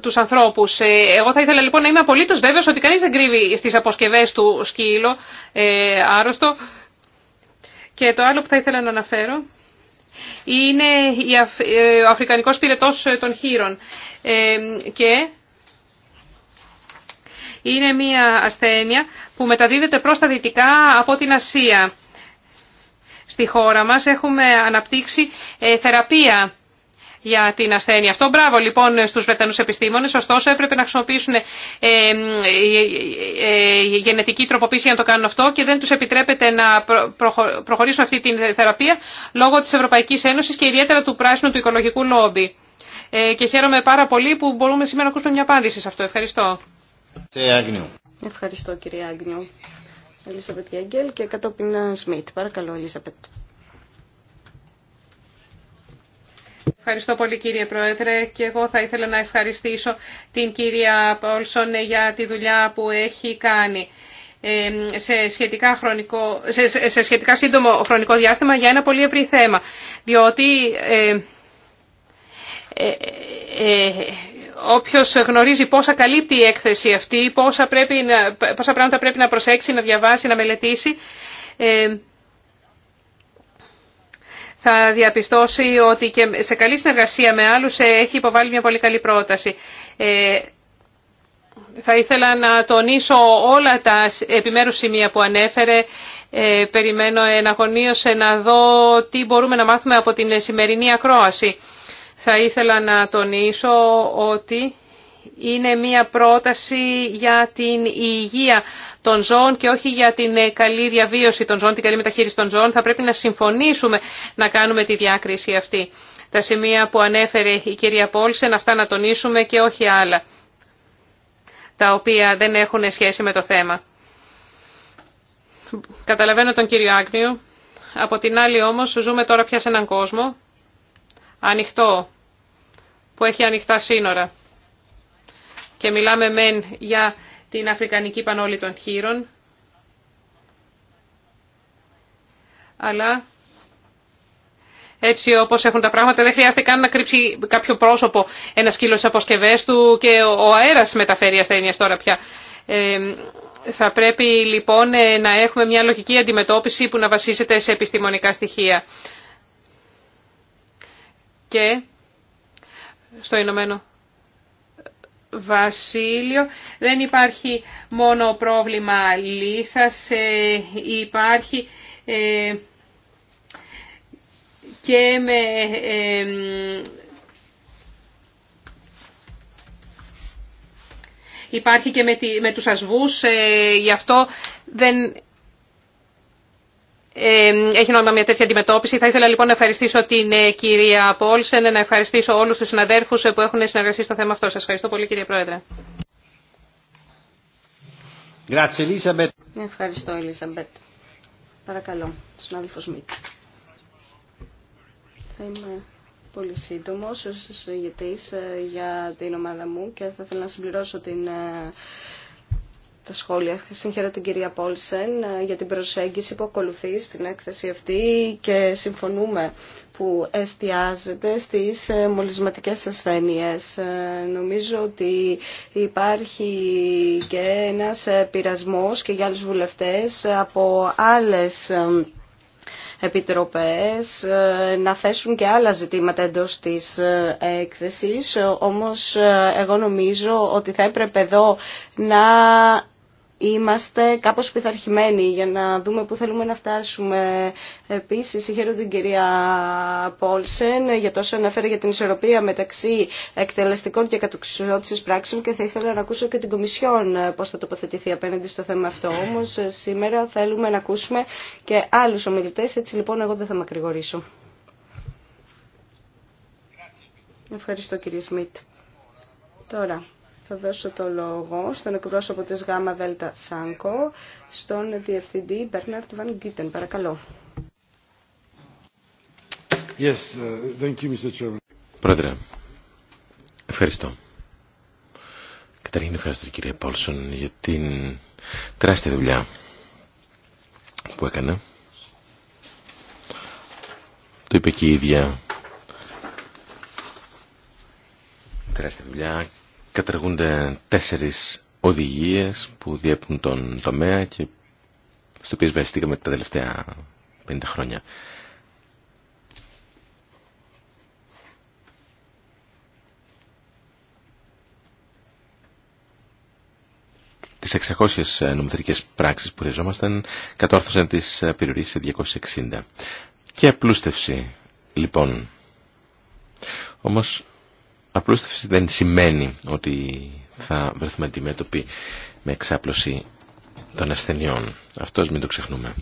τους ανθρώπους. Ε, εγώ θα ήθελα λοιπόν να είμαι απολύτως βέβαιος ότι κανείς δεν κρύβει στις αποσκευές του σκύλο άρρωστο. Και το άλλο που θα ήθελα να αναφέρω είναι ο αφρικανικός πυρετός των χείρων. και είναι μια ασθένεια που μεταδίδεται προς τα δυτικά από την Ασία. Στη χώρα μας έχουμε αναπτύξει ε, θεραπεία για την ασθένεια. Αυτό μπράβο λοιπόν στους Βρετανούς επιστήμονες, ωστόσο έπρεπε να χρησιμοποιήσουν ε, ε, ε, ε γενετική τροποποίηση για να το κάνουν αυτό και δεν τους επιτρέπεται να προχωρήσουν αυτή τη θεραπεία λόγω της Ευρωπαϊκής Ένωσης και ιδιαίτερα του πράσινου του οικολογικού λόμπι. και χαίρομαι πάρα πολύ που μπορούμε σήμερα να ακούσουμε μια απάντηση σε αυτό. Ευχαριστώ. Ευχαριστώ κυρία Άγνιου. Ελίζαβετ Γέγγελ και κατόπιν ε, Σμιτ. Παρακαλώ Ελίζαβετ. Ευχαριστώ πολύ κύριε Πρόεδρε και εγώ θα ήθελα να ευχαριστήσω την κυρία Πόλσον για τη δουλειά που έχει κάνει ε, σε σχετικά, χρονικό, σε, σχετικά σύντομο χρονικό διάστημα για ένα πολύ ευρύ θέμα. Διότι ε, ε, ε, όποιος γνωρίζει πόσα καλύπτει η έκθεση αυτή, πόσα, πρέπει να, πόσα πράγματα πρέπει να προσέξει, να διαβάσει, να μελετήσει, ε, θα διαπιστώσει ότι και σε καλή συνεργασία με άλλους ε, έχει υποβάλει μια πολύ καλή πρόταση. Ε, θα ήθελα να τονίσω όλα τα επιμέρους σημεία που ανέφερε. Περιμένω εναγωνίως να δω τι μπορούμε να μάθουμε από την σημερινή ακρόαση. Θα ήθελα να τονίσω ότι είναι μία πρόταση για την υγεία των ζώων και όχι για την ε, καλή διαβίωση των ζώων, την καλή μεταχείριση των ζώων. Θα πρέπει να συμφωνήσουμε να κάνουμε τη διάκριση αυτή. Τα σημεία που ανέφερε η κυρία Πόλσεν, αυτά να τονίσουμε και όχι άλλα, τα οποία δεν έχουν σχέση με το θέμα. Καταλαβαίνω τον κύριο Άγνιου. Από την άλλη όμως ζούμε τώρα πια σε έναν κόσμο ανοιχτό που έχει ανοιχτά σύνορα. Και μιλάμε μεν για την Αφρικανική Πανόλη των Χείρων, αλλά έτσι όπως έχουν τα πράγματα δεν χρειάζεται καν να κρύψει κάποιο πρόσωπο ένα σκύλο στις αποσκευές του και ο αέρας μεταφέρει ασθένειες τώρα πια. Ε, θα πρέπει λοιπόν ε, να έχουμε μια λογική αντιμετώπιση που να βασίζεται σε επιστημονικά στοιχεία. Και στο Ηνωμένο Βασίλειο δεν υπάρχει μόνο πρόβλημα λύσας, ε, ε, ε, υπάρχει και με υπάρχει και με, τους ασβούς, γι' αυτό δεν έχει νόημα μια τέτοια αντιμετώπιση. Θα ήθελα λοιπόν να ευχαριστήσω την ε, κυρία Πόλσεν, να ευχαριστήσω όλους τους συναδέρφους ε, που έχουν συνεργαστεί στο θέμα αυτό. Σας ευχαριστώ πολύ κύριε Πρόεδρε. Ευχαριστώ Ελίζαμπετ. Παρακαλώ, συνάδελφος Μίτ. Θα είμαι πολύ σύντομο ως συζητητής ε, για την ομάδα μου και θα ήθελα να συμπληρώσω την τα σχόλια. Συγχαίρω την κυρία Πόλσεν ε, για την προσέγγιση που ακολουθεί στην έκθεση αυτή και συμφωνούμε που εστιάζεται στις ε, μολυσματικές ασθένειες. Ε, νομίζω ότι υπάρχει και ένας πειρασμός και για άλλους βουλευτές από άλλες επιτροπές να θέσουν και άλλα ζητήματα εντός της έκθεσης. Όμως εγώ νομίζω ότι θα έπρεπε εδώ να είμαστε κάπως πειθαρχημένοι για να δούμε πού θέλουμε να φτάσουμε. Επίσης, συγχαίρω την κυρία Πόλσεν για τόσο αναφέρει για την ισορροπία μεταξύ εκτελεστικών και κατοξιότητας πράξεων και θα ήθελα να ακούσω και την Κομισιόν πώς θα τοποθετηθεί απέναντι στο θέμα αυτό. Όμως, σήμερα θέλουμε να ακούσουμε και άλλους ομιλητές, έτσι λοιπόν εγώ δεν θα μακρηγορήσω. Ευχαριστώ κύριε Σμιτ. Τώρα, θα δώσω το λόγο στον εκπρόσωπο της ΓΑΜΑ ΔΕΛΤΑ ΣΑΝΚΟ, στον Διευθυντή Μπέρναρτ Βαν Γκίτεν. Παρακαλώ. Yes, uh, thank you, Mr. Chairman. Πρόεδρε, ευχαριστώ. Καταρχήν ευχαριστώ την κυρία Πόλσον για την τεράστια δουλειά που έκανε. Το είπε και η ίδια. Τεράστια δουλειά καταργούνται τέσσερις οδηγίες που διέπουν τον τομέα και στο οποίο βαριστήκαμε τα τελευταία 50 χρόνια. Τις 600 νομοθετικές πράξεις που χρειαζόμασταν κατόρθωσαν τις περιορίσει σε 260. Και απλούστευση, λοιπόν. Όμως απλούστευση δεν σημαίνει ότι θα βρεθούμε αντιμέτωποι με εξάπλωση των ασθενειών. Αυτός μην το ξεχνούμε.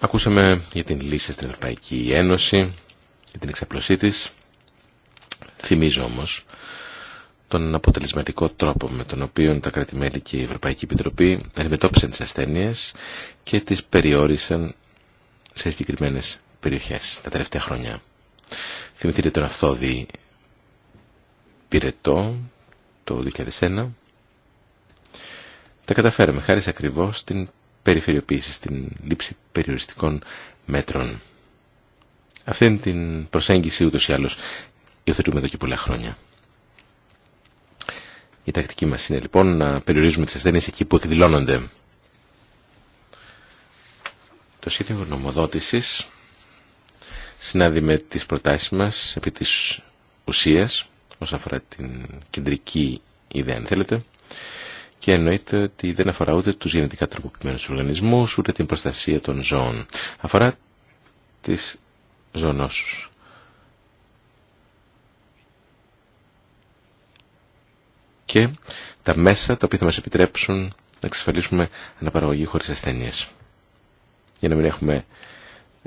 Ακούσαμε για την λύση στην Ευρωπαϊκή Ένωση, για την εξαπλωσή της. Θυμίζω όμως τον αποτελεσματικό τρόπο με τον οποίο τα κρατη και η Ευρωπαϊκή Επιτροπή αντιμετώπισαν τις ασθένειες και τις περιόρισαν σε συγκεκριμένες περιοχές τα τελευταία χρόνια. Θυμηθείτε τον αυθόδη πυρετό το 2001. Τα καταφέραμε χάρη ακριβώς στην περιφερειοποίηση, στην λήψη περιοριστικών μέτρων. Αυτή είναι την προσέγγιση ούτως ή άλλως υιοθετούμε εδώ και πολλά χρόνια. Η τακτική μας είναι λοιπόν να περιορίζουμε τις ασθένειες εκεί που εκδηλώνονται. Το σύνθημα νομοδότησης συνάδει με τις προτάσεις μας επί της ουσίας όσον αφορά την κεντρική ιδέα αν θέλετε και εννοείται ότι δεν αφορά ούτε τους γενετικά τροποποιημένους οργανισμούς ούτε την προστασία των ζώων. Αφορά τις ζωονόσους. Και τα μέσα τα οποία θα μας επιτρέψουν να εξασφαλίσουμε αναπαραγωγή χωρίς ασθένειες. Για να μην έχουμε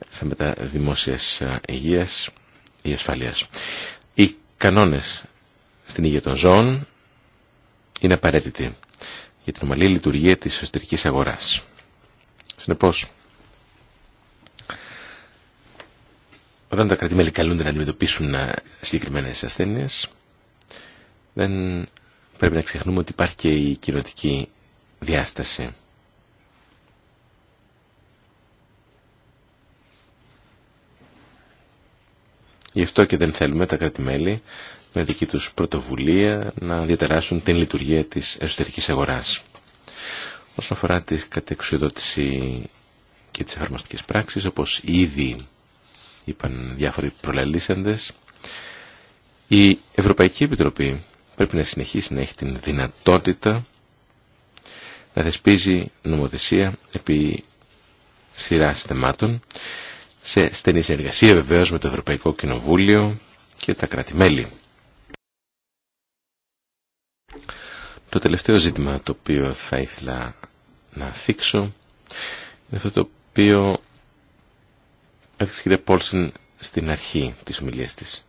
θέματα δημόσιας ε, υγείας ή ασφαλείας. Οι κανόνες στην υγεία των ζώων είναι απαραίτητοι για την ομαλή λειτουργία της εσωτερικής αγοράς. Συνεπώς, όταν τα κρατημέλη καλούνται να αντιμετωπίσουν ε, συγκεκριμένες ασθένειες, δεν πρέπει να ξεχνούμε ότι υπάρχει και η κοινωτική διάσταση. Γι' αυτό και δεν θέλουμε τα κράτη-μέλη με δική τους πρωτοβουλία να διατεράσουν την λειτουργία της εσωτερικής αγοράς. Όσον αφορά τη κατεξουδότηση και τις εφαρμοστικές πράξεις, όπως ήδη είπαν διάφοροι προλαλήσαντες, η Ευρωπαϊκή Επιτροπή πρέπει να συνεχίσει να έχει την δυνατότητα να θεσπίζει νομοθεσία επί σειράς θεμάτων σε στενή συνεργασία βεβαίω με το Ευρωπαϊκό Κοινοβούλιο και τα κρατη Το τελευταίο ζήτημα το οποίο θα ήθελα να θίξω είναι αυτό το οποίο έφτιαξε η κυρία Πόλσεν στην αρχή της ομιλίας της.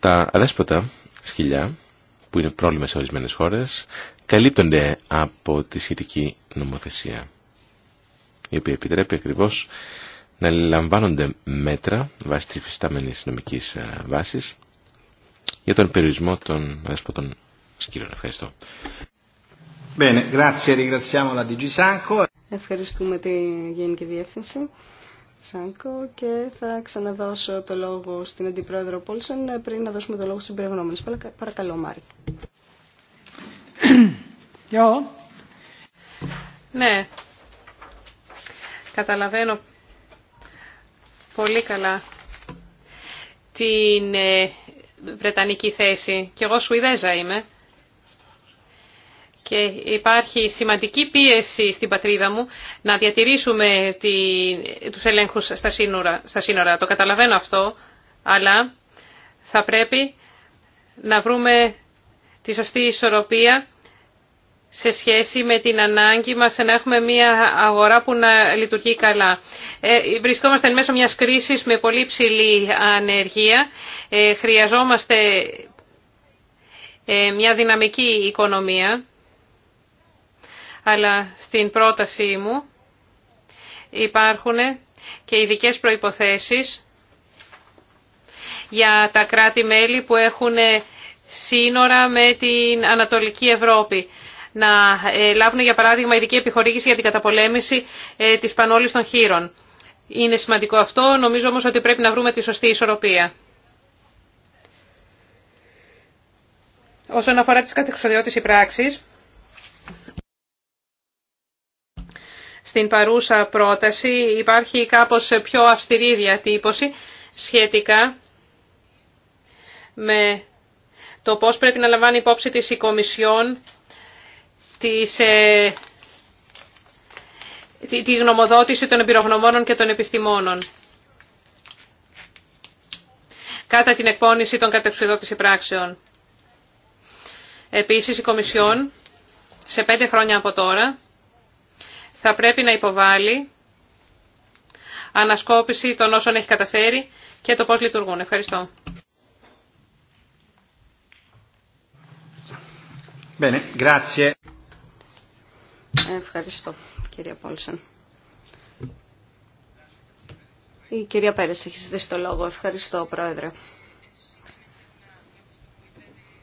Τα αδέσποτα σκυλιά που είναι πρόβλημα σε ορισμένες χώρες καλύπτονται από τη σχετική νομοθεσία η οποία επιτρέπει ακριβώς να λαμβάνονται μέτρα βάσει της φυστάμενης νομικής ε, βάσης για τον περιορισμό των δεσποτών σκύλων. Ευχαριστώ. Ευχαριστούμε τη Γενική Διεύθυνση Σάνκο και θα ξαναδώσω το λόγο στην Αντιπρόεδρο Πόλσεν πριν να δώσουμε το λόγο στην περιεχόμενη. Παρακαλώ, Μάρη. Ναι. Καταλαβαίνω πολύ καλά την ε, Βρετανική θέση. Κι εγώ Σουηδέζα είμαι. Και υπάρχει σημαντική πίεση στην πατρίδα μου να διατηρήσουμε τη, τους ελέγχους στα σύνορα, στα σύνορα. Το καταλαβαίνω αυτό, αλλά θα πρέπει να βρούμε τη σωστή ισορροπία σε σχέση με την ανάγκη μας να έχουμε μια αγορά που να λειτουργεί καλά. Ε, βρισκόμαστε εν μέσω μιας κρίσης με πολύ ψηλή ανεργία. Ε, χρειαζόμαστε ε, μια δυναμική οικονομία. Αλλά στην πρότασή μου υπάρχουν και ειδικές προϋποθέσεις για τα κράτη-μέλη που έχουν σύνορα με την Ανατολική Ευρώπη. Να ε, λάβουν, για παράδειγμα, ειδική επιχορήγηση για την καταπολέμηση ε, της πανόλης των χείρων. Είναι σημαντικό αυτό, νομίζω όμως ότι πρέπει να βρούμε τη σωστή ισορροπία. Όσον αφορά τις κατεξοδιώτες πράξεις, στην παρούσα πρόταση υπάρχει κάπως πιο αυστηρή διατύπωση σχετικά με το πώς πρέπει να λαμβάνει υπόψη της η Κομισιόν ε, της, τη, γνωμοδότηση των εμπειρογνωμόνων και των επιστημόνων κατά την εκπόνηση των κατευθυντών πράξεων. Επίσης, η Κομισιόν σε πέντε χρόνια από τώρα θα πρέπει να υποβάλει ανασκόπηση των όσων έχει καταφέρει και το πώς λειτουργούν. Ευχαριστώ. Ευχαριστώ, κυρία Πόλσεν. Η κυρία Πέρες έχει ζητήσει το λόγο. Ευχαριστώ, Πρόεδρε.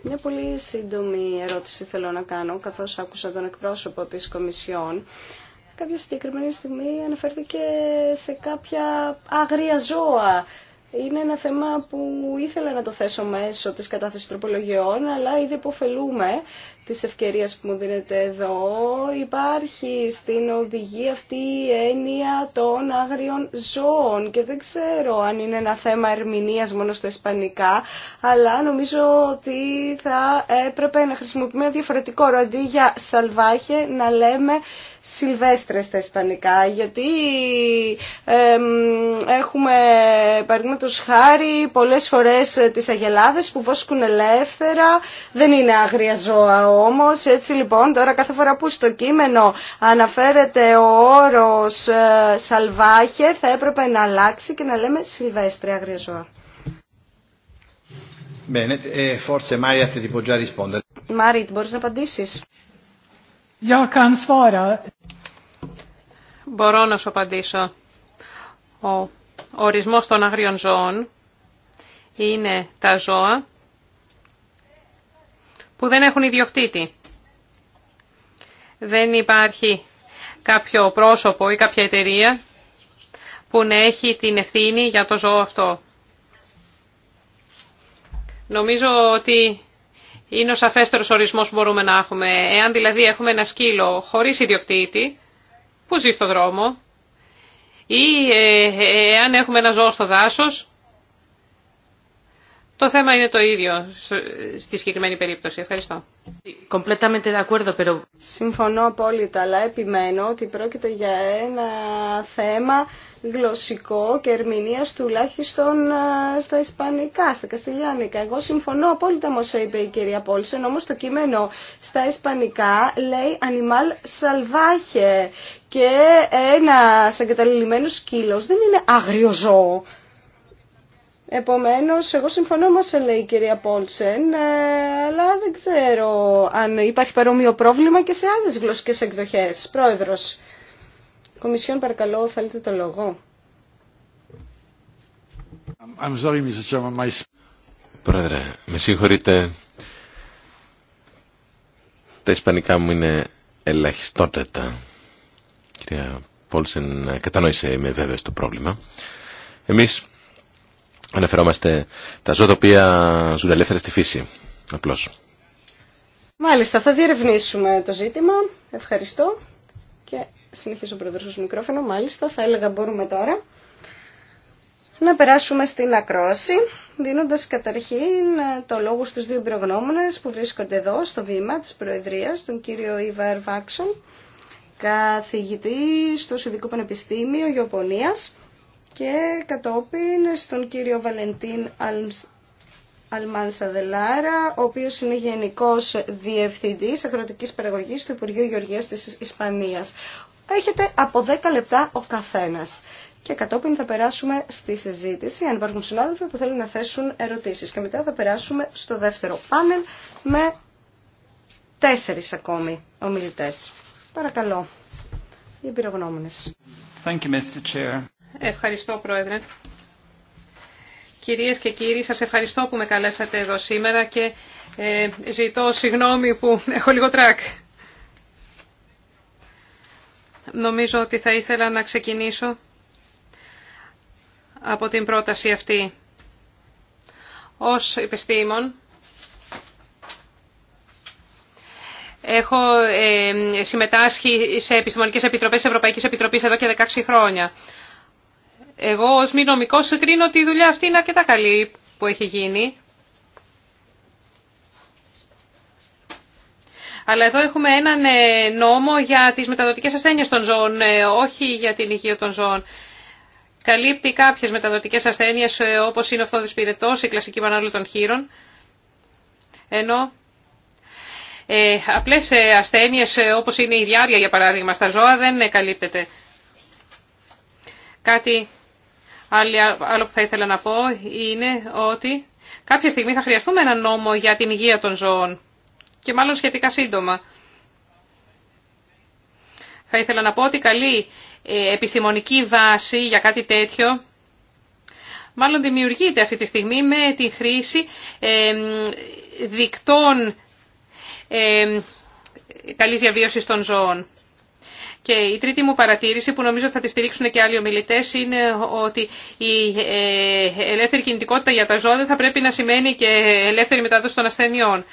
Μια πολύ σύντομη ερώτηση θέλω να κάνω, καθώς άκουσα τον εκπρόσωπο της Κομισιόν. Κάποια συγκεκριμένη στιγμή αναφέρθηκε σε κάποια άγρια ζώα. Είναι ένα θέμα που ήθελα να το θέσω μέσω της κατάθεσης τροπολογιών, αλλά ήδη υποφελούμε της ευκαιρίας που μου δίνεται εδώ. Υπάρχει στην οδηγία αυτή η έννοια των άγριων ζώων και δεν ξέρω αν είναι ένα θέμα ερμηνείας μόνο στα ισπανικά, αλλά νομίζω ότι θα έπρεπε να χρησιμοποιούμε ένα διαφορετικό όρο αντί για σαλβάχε να λέμε Σιλβέστρες στα Ισπανικά, γιατί ε, έχουμε παραδείγματο χάρη πολλές φορές τις αγελάδες που βόσκουν ελεύθερα, δεν είναι άγρια ζώα όμως έτσι λοιπόν τώρα κάθε φορά που στο κείμενο αναφέρεται ο όρος ε, σαλβάχε θα έπρεπε να αλλάξει και να λέμε σιλβέστρια άγρια ζώα. Bene, eh, να απαντήσει. Μπορώ να σου απαντήσω. Ο ορισμός των αγρίων ζώων είναι τα ζώα που δεν έχουν ιδιοκτήτη. Δεν υπάρχει κάποιο πρόσωπο ή κάποια εταιρεία που να έχει την ευθύνη για το ζώο αυτό. Νομίζω ότι είναι ο σαφέστερος ορισμός που μπορούμε να έχουμε. Εάν δηλαδή έχουμε ένα σκύλο χωρίς ιδιοκτήτη που ζει στο δρόμο ή ε, ε, εάν έχουμε ένα ζώο στο δάσος το θέμα είναι το ίδιο στη συγκεκριμένη περίπτωση. Ευχαριστώ. Συμφωνώ απόλυτα, αλλά επιμένω ότι πρόκειται για ένα θέμα γλωσσικό και ερμηνεία τουλάχιστον στα ισπανικά, στα καστιλιάνικα. Εγώ συμφωνώ απόλυτα με είπε η κυρία Πόλσεν, όμω το κείμενο στα ισπανικά λέει animal salvaje και ένα εγκαταλειμμένο σκύλο δεν είναι άγριο ζώο. Επομένως, εγώ συμφωνώ μας λέει η κυρία Πόλσεν, ε, αλλά δεν ξέρω αν υπάρχει παρόμοιο πρόβλημα και σε άλλες γλωσσικές εκδοχές. Πρόεδρος, Κομισιόν παρακαλώ, θέλετε το λόγο. I'm sorry, Mr. Chairman, my... Πρόεδρε, με συγχωρείτε. Τα ισπανικά μου είναι ελαχιστότητα. Κυρία Πόλσεν, κατανόησε, είμαι βέβαια στο πρόβλημα. Εμείς αναφερόμαστε τα ζώα τα οποία ζουν ελεύθερα στη φύση. Απλώς. Μάλιστα, θα διερευνήσουμε το ζήτημα. Ευχαριστώ. Και συνεχίζω ο πρόεδρος στο μικρόφωνο. Μάλιστα, θα έλεγα μπορούμε τώρα να περάσουμε στην ακρόση, δίνοντας καταρχήν το λόγο στους δύο προγνώμονες που βρίσκονται εδώ στο βήμα της Προεδρίας, τον κύριο Ιβαρ Βάξον, καθηγητή στο Συνδικό Πανεπιστήμιο Γεωπονίας και κατόπιν στον κύριο Βαλεντίν Αλμάν Σαδελάρα, ο οποίος είναι Γενικός Διευθυντής Αγροτικής Παραγωγής του Υπουργείου Γεωργίας της Ισπανίας. Έχετε από 10 λεπτά ο καθένας. Και κατόπιν θα περάσουμε στη συζήτηση, αν υπάρχουν συνάδελφοι που θέλουν να θέσουν ερωτήσεις. Και μετά θα περάσουμε στο δεύτερο πάνελ με τέσσερις ακόμη ομιλητές. Παρακαλώ, οι εμπειρογνώμονες. Ευχαριστώ, Πρόεδρε. Κυρίες και κύριοι, σας ευχαριστώ που με καλέσατε εδώ σήμερα και ε, ζητώ συγγνώμη που έχω λίγο τρακ. Νομίζω ότι θα ήθελα να ξεκινήσω από την πρόταση αυτή. Ως επιστήμον, έχω ε, συμμετάσχει σε επιστημονικές επιτροπές της Ευρωπαϊκής Επιτροπής εδώ και 16 χρόνια. Εγώ ως μη νομικός κρίνω ότι η δουλειά αυτή είναι αρκετά καλή που έχει γίνει. Αλλά εδώ έχουμε έναν ε, νόμο για τις μεταδοτικές ασθένειες των ζώων, ε, όχι για την υγεία των ζώων. Καλύπτει κάποιες μεταδοτικές ασθένειες ε, όπως είναι ο φθόδης η κλασική πανάλη των χείρων. Ενώ ε, απλές ασθένειες όπως είναι η διάρκεια για παράδειγμα στα ζώα δεν καλύπτεται. Κάτι Άλλο που θα ήθελα να πω είναι ότι κάποια στιγμή θα χρειαστούμε ένα νόμο για την υγεία των ζώων και μάλλον σχετικά σύντομα. Θα ήθελα να πω ότι καλή ε, επιστημονική βάση για κάτι τέτοιο μάλλον δημιουργείται αυτή τη στιγμή με τη χρήση ε, δικτών ε, καλής διαβίωσης των ζώων. Και η τρίτη μου παρατήρηση που νομίζω θα τη στηρίξουν και άλλοι ομιλητές είναι ότι η ε, ελεύθερη κινητικότητα για τα ζώα δεν θα πρέπει να σημαίνει και ελεύθερη μετάδοση των ασθενειών.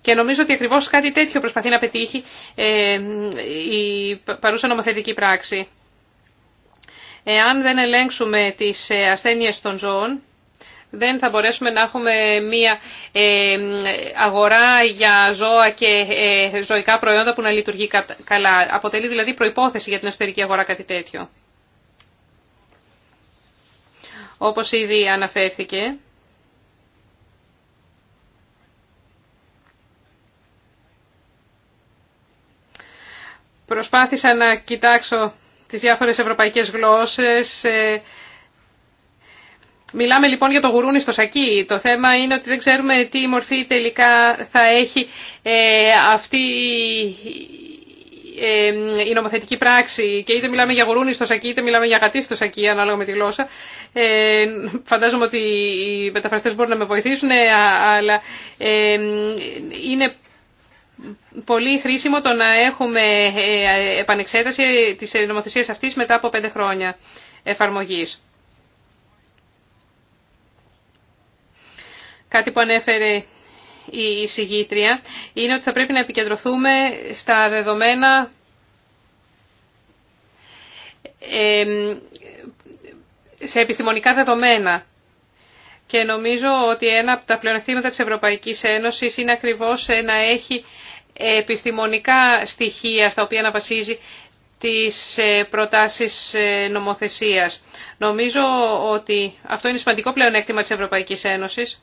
Και νομίζω ότι ακριβώς κάτι τέτοιο προσπαθεί να πετύχει ε, η παρούσα νομοθετική πράξη. Εάν δεν ελέγξουμε τις ε, ασθένειες των ζώων, δεν θα μπορέσουμε να έχουμε μία ε, αγορά για ζώα και ε, ζωικά προϊόντα που να λειτουργεί καλά. Αποτελεί δηλαδή προϋπόθεση για την εσωτερική αγορά κάτι τέτοιο. Όπως ήδη αναφέρθηκε, προσπάθησα να κοιτάξω τις διάφορες ευρωπαϊκές γλώσσες ε, Μιλάμε λοιπόν για το γουρούνι στο σακί. Το θέμα είναι ότι δεν ξέρουμε τι μορφή τελικά θα έχει ε, αυτή ε, η νομοθετική πράξη και είτε μιλάμε για γουρούνι στο σακί είτε μιλάμε για γατί στο σακί ανάλογα με τη γλώσσα. Ε, φαντάζομαι ότι οι μεταφραστές μπορούν να με βοηθήσουν ε, αλλά ε, είναι πολύ χρήσιμο το να έχουμε επανεξέταση της νομοθεσίας αυτής μετά από πέντε χρόνια εφαρμογής. Κάτι που ανέφερε η εισηγήτρια είναι ότι θα πρέπει να επικεντρωθούμε στα δεδομένα σε επιστημονικά δεδομένα. Και νομίζω ότι ένα από τα πλεονεκτήματα της Ευρωπαϊκής Ένωσης είναι ακριβώς να έχει επιστημονικά στοιχεία στα οποία να βασίζει τις ε, προτάσεις ε, νομοθεσίας. Νομίζω ότι αυτό είναι σημαντικό πλεονέκτημα της Ευρωπαϊκής Ένωσης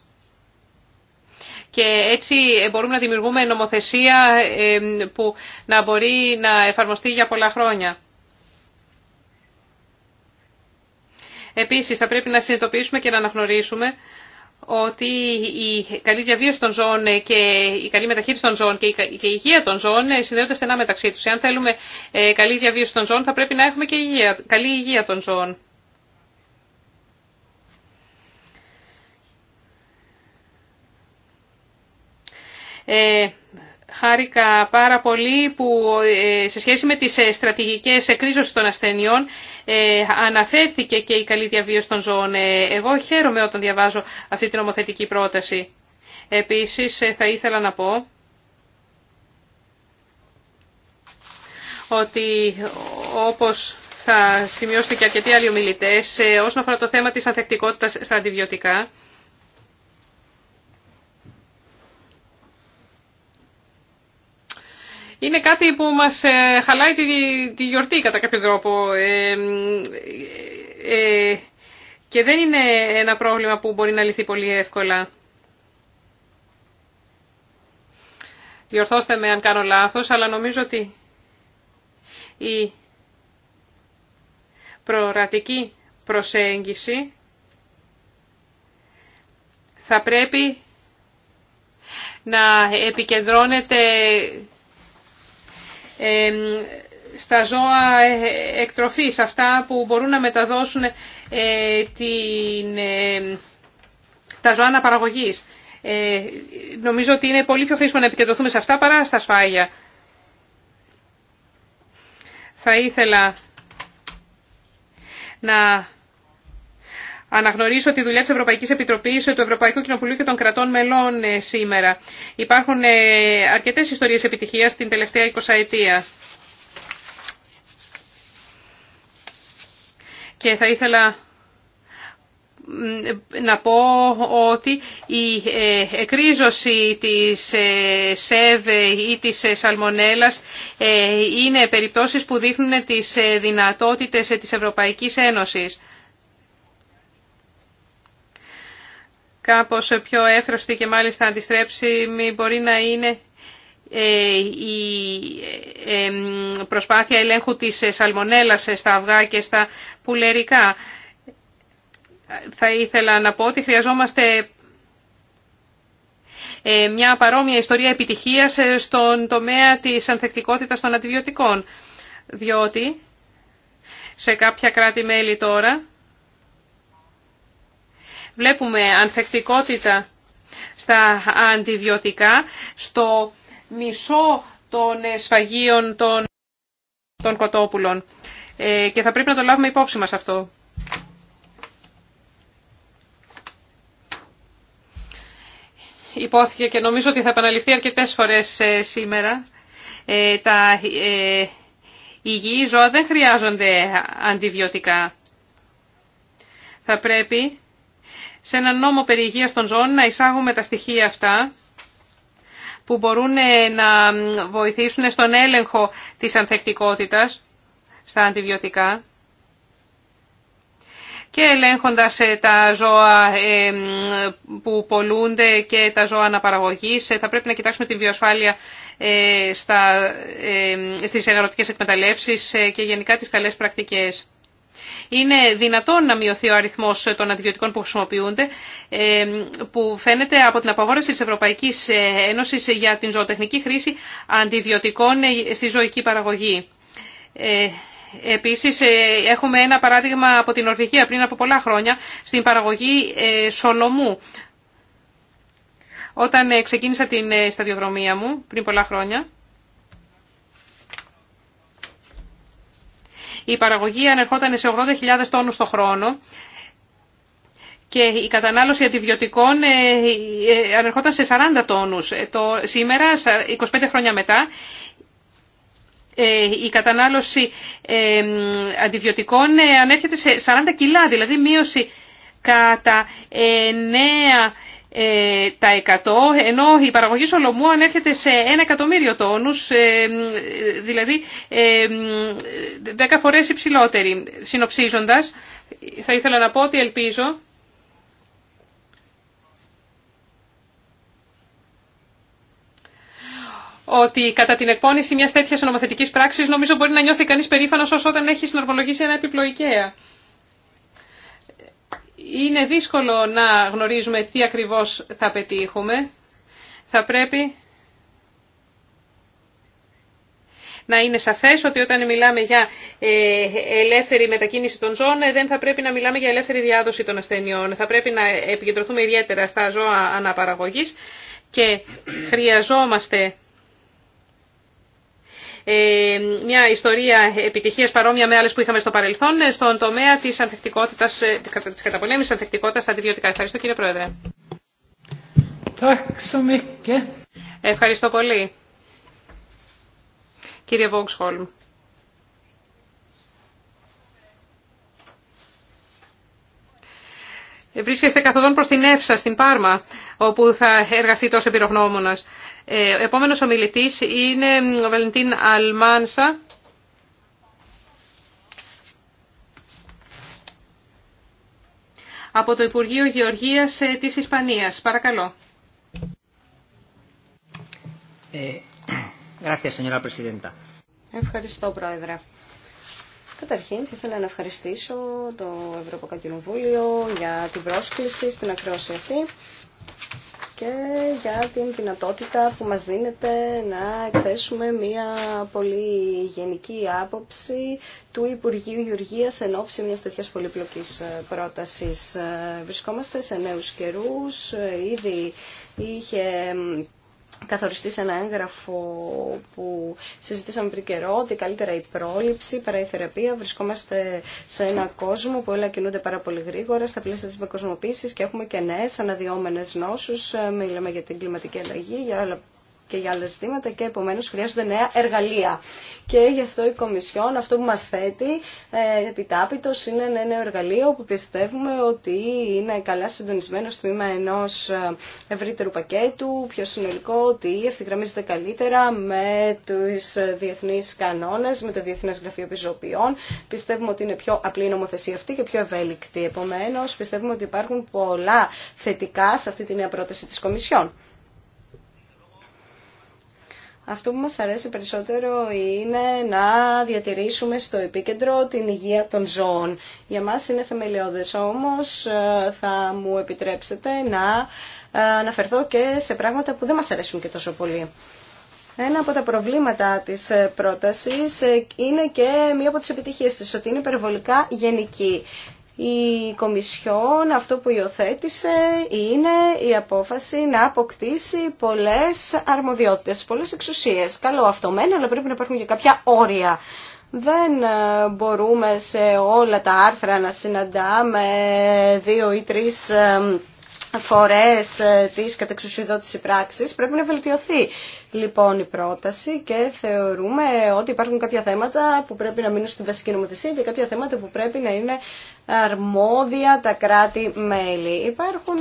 και έτσι ε, μπορούμε να δημιουργούμε νομοθεσία ε, που να μπορεί να εφαρμοστεί για πολλά χρόνια. Επίσης θα πρέπει να συνειδητοποιήσουμε και να αναγνωρίσουμε ότι η καλή διαβίωση των ζώων και η καλή μεταχείριση των ζώων και η υγεία των ζώων ε, συνδέονται στενά μεταξύ τους. Εάν θέλουμε καλή διαβίωση των ζώων θα πρέπει να έχουμε και υγεία, καλή υγεία των ζώων. Ε, χάρηκα πάρα πολύ που ε, σε σχέση με τις ε, στρατηγικές εκρίζωσης των ασθενειών αναφέρθηκε και η καλή διαβίωση των ζώων. Εγώ χαίρομαι όταν διαβάζω αυτή την νομοθετική πρόταση. Επίσης θα ήθελα να πω ότι όπως θα σημειώσετε και αρκετοί άλλοι ομιλητές, όσον αφορά το θέμα της ανθεκτικότητας στα αντιβιωτικά, είναι κάτι που μας ε, χαλάει τη, τη γιορτή κατά κάποιο τρόπο. Ε, ε, και δεν είναι ένα πρόβλημα που μπορεί να λυθεί πολύ εύκολα. Διορθώστε με αν κάνω λάθος, αλλά νομίζω ότι η προορατική προσέγγιση θα πρέπει να επικεντρώνεται στα ζώα ε, εκτροφής, αυτά που μπορούν να μεταδώσουν ε, την, ε, τα ζώα αναπαραγωγής. νομίζω ότι είναι πολύ πιο χρήσιμο να επικεντρωθούμε σε αυτά παρά στα σφάγια. Θα ήθελα να Αναγνωρίζω τη δουλειά της Ευρωπαϊκής Επιτροπής, του Ευρωπαϊκού Κοινοβουλίου και των κρατών μελών ε, σήμερα. Υπάρχουν ε, αρκετές ιστορίες επιτυχίας την τελευταία 20 ετία. Και θα ήθελα να πω ότι η ε, εκρίζωση της ΣΕΒ ή της Σαλμονέλας είναι περιπτώσεις που δείχνουν τις δυνατότητες της Ευρωπαϊκής Ένωσης. κάπως πιο εύθραυστη και μάλιστα αντιστρέψει μπορεί να είναι ε, η ε, ε, προσπάθεια ελέγχου της σαλμονέλας στα αυγά και στα πουλερικά. Θα ήθελα να πω ότι χρειαζόμαστε μια παρόμοια ιστορία επιτυχίας στον τομέα της ανθεκτικότητας των αντιβιωτικών, διότι σε κάποια κράτη-μέλη τώρα βλέπουμε ανθεκτικότητα στα αντιβιωτικά, στο μισό των σφαγίων των, των κοτόπουλων. Ε, και θα πρέπει να το λάβουμε υπόψη μας αυτό. Υπόθηκε και νομίζω ότι θα επαναληφθεί αρκετές φορές ε, σήμερα. Ε, τα ε, υγιή ζώα δεν χρειάζονται αντιβιωτικά. Θα πρέπει σε ένα νόμο περί υγείας των ζώων να εισάγουμε τα στοιχεία αυτά που μπορούν ε, να βοηθήσουν στον έλεγχο της ανθεκτικότητας στα αντιβιωτικά και ελέγχοντας ε, τα ζώα ε, που πολλούνται και τα ζώα αναπαραγωγής θα πρέπει να κοιτάξουμε την βιοσφάλεια στα, στις ενεργοτικές εκμεταλλεύσεις και γενικά τις καλές πρακτικές. Είναι δυνατόν να μειωθεί ο αριθμός των αντιβιωτικών που χρησιμοποιούνται, ε, που φαίνεται από την απαγόρευση τη Ευρωπαϊκής Ένωση για την ζωοτεχνική χρήση αντιβιωτικών ε, στη ζωική παραγωγή. Ε, επίσης έχουμε ένα παράδειγμα από την Ορβηγία πριν από πολλά χρόνια στην παραγωγή σολομού. Όταν ξεκίνησα την σταδιοδρομία μου πριν πολλά χρόνια, η παραγωγή ανερχόταν σε 80.000 τόνους το χρόνο και η κατανάλωση αντιβιωτικών ε, ε, ανερχόταν σε 40 τόνους. Ε, το, σήμερα, 25 χρόνια μετά, η κατανάλωση αντιβιωτικών ανέρχεται σε 40 κιλά, δηλαδή μείωση κατά 9 ε, τα 100, ενώ η παραγωγή σολομού ανέρχεται σε 1 εκατομμύριο τόνους, ε, δηλαδή 10 ε, φορές υψηλότερη. Συνοψίζοντας, θα ήθελα να πω ότι ελπίζω ότι κατά την εκπόνηση μιας τέτοιας νομοθετικής πράξης νομίζω μπορεί να νιώθει κανείς περήφανος όσο όταν έχει συνορμολογήσει ένα επιπλοϊκέα είναι δύσκολο να γνωρίζουμε τι ακριβώς θα πετύχουμε. Θα πρέπει να είναι σαφές ότι όταν μιλάμε για ε, ελεύθερη μετακίνηση των ζώων ε, δεν θα πρέπει να μιλάμε για ελεύθερη διάδοση των ασθενειών. Θα πρέπει να επικεντρωθούμε ιδιαίτερα στα ζώα αναπαραγωγής και χρειαζόμαστε ε, μια ιστορία επιτυχίας παρόμοια με άλλες που είχαμε στο παρελθόν ε, στον τομέα της, ανθεκτικότητας, ε, της καταπολέμησης ανθεκτικότητας στα αντιβιωτικά. Ευχαριστώ κύριε Πρόεδρε. Ευχαριστώ πολύ. Κύριε Βόξχολμ. βρίσκεστε καθοδόν προς την Εύσα, στην Πάρμα, όπου θα εργαστεί τόσο εμπειρογνώμονας. Ε, επόμενος ομιλητής είναι ο Βαλεντίν Αλμάνσα. από το Υπουργείο Γεωργίας ε, της Ισπανίας. Παρακαλώ. Ε, Ευχαριστώ, Πρόεδρε. Καταρχήν, θα ήθελα να ευχαριστήσω το Ευρωπαϊκό Κοινοβούλιο για την πρόσκληση στην ακρόαση αυτή και για την δυνατότητα που μας δίνεται να εκθέσουμε μια πολύ γενική άποψη του Υπουργείου Γεωργίας εν ώψη μιας τέτοιας πολύπλοκης ε, πρότασης. Ε, βρισκόμαστε σε νέους καιρούς, ε, ήδη είχε καθοριστεί σε ένα έγγραφο που συζητήσαμε πριν καιρό ότι καλύτερα η πρόληψη παρά η θεραπεία. Βρισκόμαστε σε ένα κόσμο που όλα κινούνται πάρα πολύ γρήγορα στα πλαίσια της μεκοσμοποίησης και έχουμε και νέες αναδυόμενες νόσους. Ε, μιλάμε για την κλιματική αλλαγή, για και για άλλα ζητήματα και επομένω, χρειάζονται νέα εργαλεία. Και γι' αυτό η Κομισιόν αυτό που μα θέτει ε, είναι ένα νέο εργαλείο που πιστεύουμε ότι είναι καλά συντονισμένο στο τμήμα ενό ε, ευρύτερου πακέτου, πιο συνολικό, ότι ευθυγραμμίζεται καλύτερα με του ε, διεθνεί κανόνε, με το Διεθνές Γραφείο Πιζοποιών. Πιστεύουμε ότι είναι πιο απλή η νομοθεσία αυτή και πιο ευέλικτη. Επομένω, πιστεύουμε ότι υπάρχουν πολλά θετικά σε αυτή τη νέα πρόταση τη Κομισιόν. Αυτό που μας αρέσει περισσότερο είναι να διατηρήσουμε στο επίκεντρο την υγεία των ζώων. Για μας είναι θεμελιώδες όμως ε, θα μου επιτρέψετε να ε, αναφερθώ και σε πράγματα που δεν μας αρέσουν και τόσο πολύ. Ένα από τα προβλήματα της ε, πρότασης είναι και μία από τις επιτυχίες της, ότι είναι υπερβολικά γενική η Κομισιόν αυτό που υιοθέτησε είναι η απόφαση να αποκτήσει πολλές αρμοδιότητες, πολλές εξουσίες. Καλό αυτό μένει, αλλά πρέπει να υπάρχουν και κάποια όρια. Δεν ε, μπορούμε σε όλα τα άρθρα να συναντάμε δύο ή τρεις ε, φορές ε, της κατεξουσιοδότηση πράξης πρέπει να βελτιωθεί λοιπόν η πρόταση και θεωρούμε ότι υπάρχουν κάποια θέματα που πρέπει να μείνουν στην βασική νομοθεσία και κάποια θέματα που πρέπει να είναι αρμόδια τα κράτη-μέλη. Υπάρχουν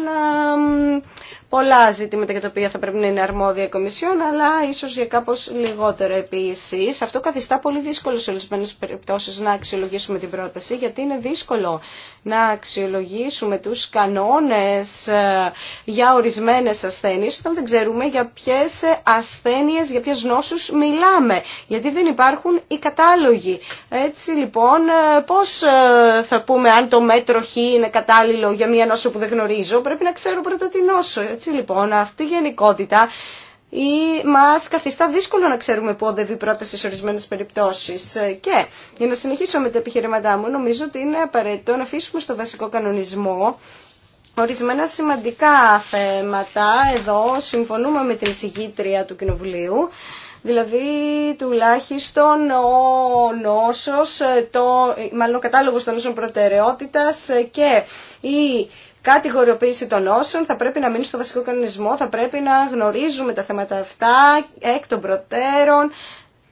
πολλά ζητήματα για τα οποία θα πρέπει να είναι αρμόδια η Κομισιόν, αλλά ίσως για κάπως λιγότερο επίσης. Αυτό καθιστά πολύ δύσκολο σε ορισμένες περιπτώσεις να αξιολογήσουμε την πρόταση, γιατί είναι δύσκολο να αξιολογήσουμε τους κανόνες ε, για ορισμένες ασθένειες, όταν δεν ξέρουμε για ποιες ασθένειες, για ποιες νόσους μιλάμε, γιατί δεν υπάρχουν οι κατάλογοι. Έτσι λοιπόν, ε, πώς ε, θα πούμε αν το μέτρο Χ είναι κατάλληλο για μία νόσο που δεν γνωρίζω, πρέπει να ξέρω πρώτα τι νόσο. Έτσι λοιπόν, αυτή η γενικότητα ή μας καθιστά δύσκολο να ξέρουμε πού οδεύει η πρόταση σε ορισμένες περιπτώσεις. Ε, και για να συνεχίσω με τα επιχειρηματά μου, νομίζω ότι είναι απαραίτητο να αφήσουμε στο βασικό κανονισμό Ορισμένα σημαντικά θέματα, εδώ συμφωνούμε με την εισηγήτρια του Κοινοβουλίου, Δηλαδή τουλάχιστον ο νόσος, ε, το, μάλλον ο κατάλογος των νόσων προτεραιότητας ε, και η κατηγοριοποίηση των νόσων θα πρέπει να μείνει στο βασικό κανονισμό, θα πρέπει να γνωρίζουμε τα θέματα αυτά εκ των προτέρων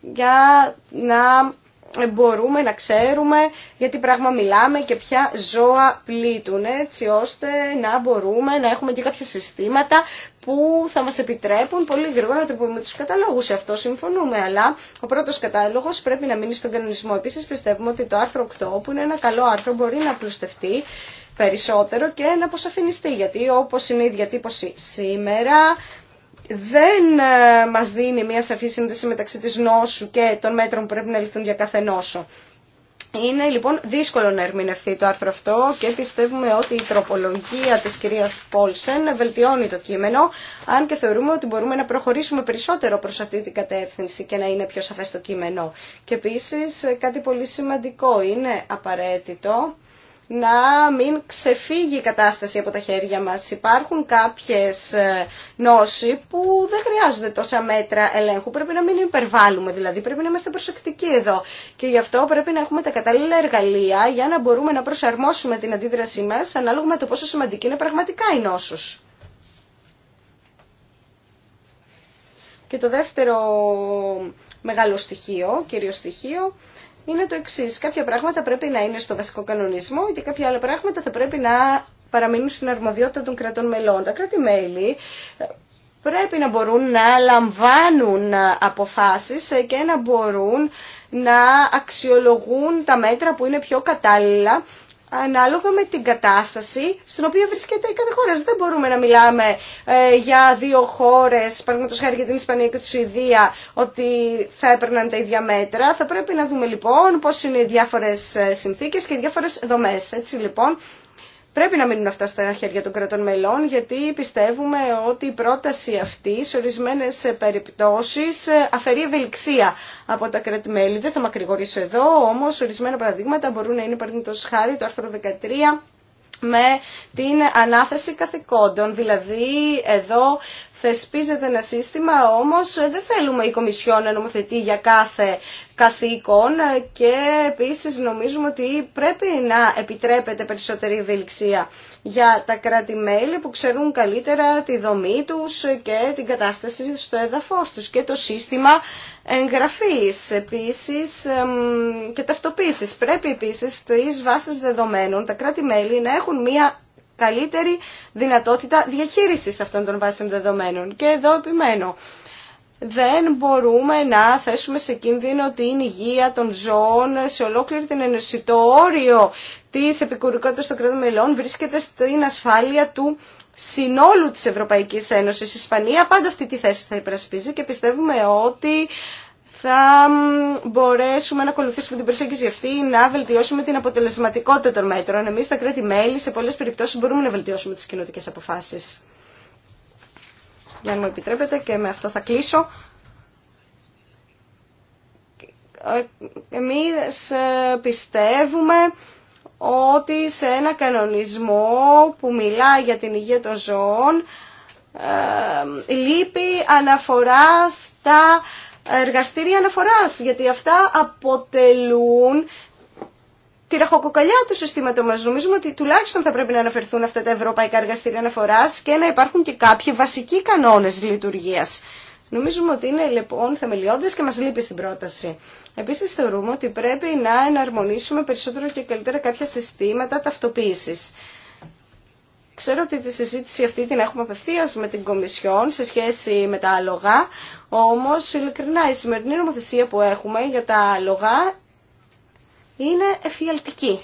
για να μπορούμε να ξέρουμε για τι πράγμα μιλάμε και ποια ζώα πλήττουν, έτσι ώστε να μπορούμε να έχουμε και κάποια συστήματα που θα μας επιτρέπουν πολύ γρήγορα να πούμε τους καταλόγους. Σε αυτό συμφωνούμε, αλλά ο πρώτος κατάλογος πρέπει να μείνει στον κανονισμό. Επίση πιστεύουμε ότι το άρθρο 8, που είναι ένα καλό άρθρο, μπορεί να πλουστευτεί περισσότερο και να αποσαφινιστεί, γιατί όπως είναι η διατύπωση σήμερα, δεν ε, μας δίνει μια σαφή σύνδεση μεταξύ της νόσου και των μέτρων που πρέπει να ληφθούν για κάθε νόσο. Είναι λοιπόν δύσκολο να ερμηνευτεί το άρθρο αυτό και πιστεύουμε ότι η τροπολογία της κυρίας Πόλσεν βελτιώνει το κείμενο, αν και θεωρούμε ότι μπορούμε να προχωρήσουμε περισσότερο προς αυτή την κατεύθυνση και να είναι πιο σαφές το κείμενο. Και επίσης κάτι πολύ σημαντικό είναι απαραίτητο να μην ξεφύγει η κατάσταση από τα χέρια μας. Υπάρχουν κάποιες ε, νόσοι που δεν χρειάζονται τόσα μέτρα ελέγχου. Πρέπει να μην υπερβάλλουμε, δηλαδή πρέπει να είμαστε προσεκτικοί εδώ. Και γι' αυτό πρέπει να έχουμε τα κατάλληλα εργαλεία για να μπορούμε να προσαρμόσουμε την αντίδρασή μας ανάλογα με το πόσο σημαντική είναι πραγματικά η νόσος. Και το δεύτερο μεγάλο στοιχείο, κύριο στοιχείο, είναι το εξή. Κάποια πράγματα πρέπει να είναι στο βασικό κανονισμό και κάποια άλλα πράγματα θα πρέπει να παραμείνουν στην αρμοδιότητα των κρατών μελών. Τα κράτη-μέλη ε, πρέπει να μπορούν να λαμβάνουν ε, αποφάσεις ε, και να μπορούν να αξιολογούν τα μέτρα που είναι πιο κατάλληλα ανάλογα με την κατάσταση στην οποία βρίσκεται η κάθε χώρα. Δεν μπορούμε να μιλάμε ε, για δύο χώρε, παραδείγματο χάρη για την Ισπανία και τη Σουηδία, ότι θα έπαιρναν τα ίδια μέτρα. Θα πρέπει να δούμε λοιπόν πώ είναι οι διάφορε συνθήκε και οι διάφορε δομέ. Έτσι λοιπόν πρέπει να μείνουν αυτά στα χέρια των κρατών μελών, γιατί πιστεύουμε ότι η πρόταση αυτή σε ορισμένε περιπτώσει αφαιρεί ευελιξία από τα κρατημέλη, Δεν θα μακρηγορήσω εδώ, όμω ορισμένα παραδείγματα μπορούν να είναι παραδείγματο χάρη το άρθρο 13 με την ανάθεση καθηκόντων. Δηλαδή εδώ θεσπίζεται ένα σύστημα, όμως ε, δεν θέλουμε η Κομισιόν να νομοθετεί για κάθε καθήκον και επίσης νομίζουμε ότι πρέπει να επιτρέπεται περισσότερη ευελιξία για τα κράτη-μέλη που ξέρουν καλύτερα τη δομή τους και την κατάσταση στο έδαφος τους και το σύστημα εγγραφής επίσης και ταυτοποίησης. Πρέπει επίσης στις βάσεις δεδομένων τα κράτη-μέλη να έχουν μία καλύτερη δυνατότητα διαχείρισης αυτών των βάσεων δεδομένων. Και εδώ επιμένω. Δεν μπορούμε να θέσουμε σε κίνδυνο την υγεία των ζώων σε ολόκληρη την Ένωση. Τη επικουρικότητα των κρατών μελών βρίσκεται στην ασφάλεια του συνόλου της Ευρωπαϊκής Ένωση. Η Ισπανία πάντα αυτή τη θέση θα υπερασπίζει και πιστεύουμε ότι θα μπορέσουμε να ακολουθήσουμε την προσέγγιση αυτή, να βελτιώσουμε την αποτελεσματικότητα των μέτρων. Εμείς τα κράτη-μέλη σε πολλές περιπτώσει μπορούμε να βελτιώσουμε τι κοινοτικέ αποφάσει. Για να μου επιτρέπετε και με αυτό θα κλείσω. Ε, εμείς ε, πιστεύουμε ότι σε ένα κανονισμό που μιλά για την υγεία των ζώων ε, λείπει αναφορά στα εργαστήρια αναφοράς, γιατί αυτά αποτελούν τη ραχοκοκαλιά του συστήματο μας. Νομίζουμε ότι τουλάχιστον θα πρέπει να αναφερθούν αυτά τα ευρωπαϊκά εργαστήρια αναφοράς και να υπάρχουν και κάποιοι βασικοί κανόνες λειτουργίας. Νομίζουμε ότι είναι λοιπόν θεμελιώδε και μα λείπει στην πρόταση. Επίση θεωρούμε ότι πρέπει να εναρμονίσουμε περισσότερο και καλύτερα κάποια συστήματα ταυτοποίηση. Ξέρω ότι τη συζήτηση αυτή την έχουμε απευθεία με την Κομισιόν σε σχέση με τα άλογα, όμω ειλικρινά η σημερινή νομοθεσία που έχουμε για τα άλογα είναι εφιαλτική.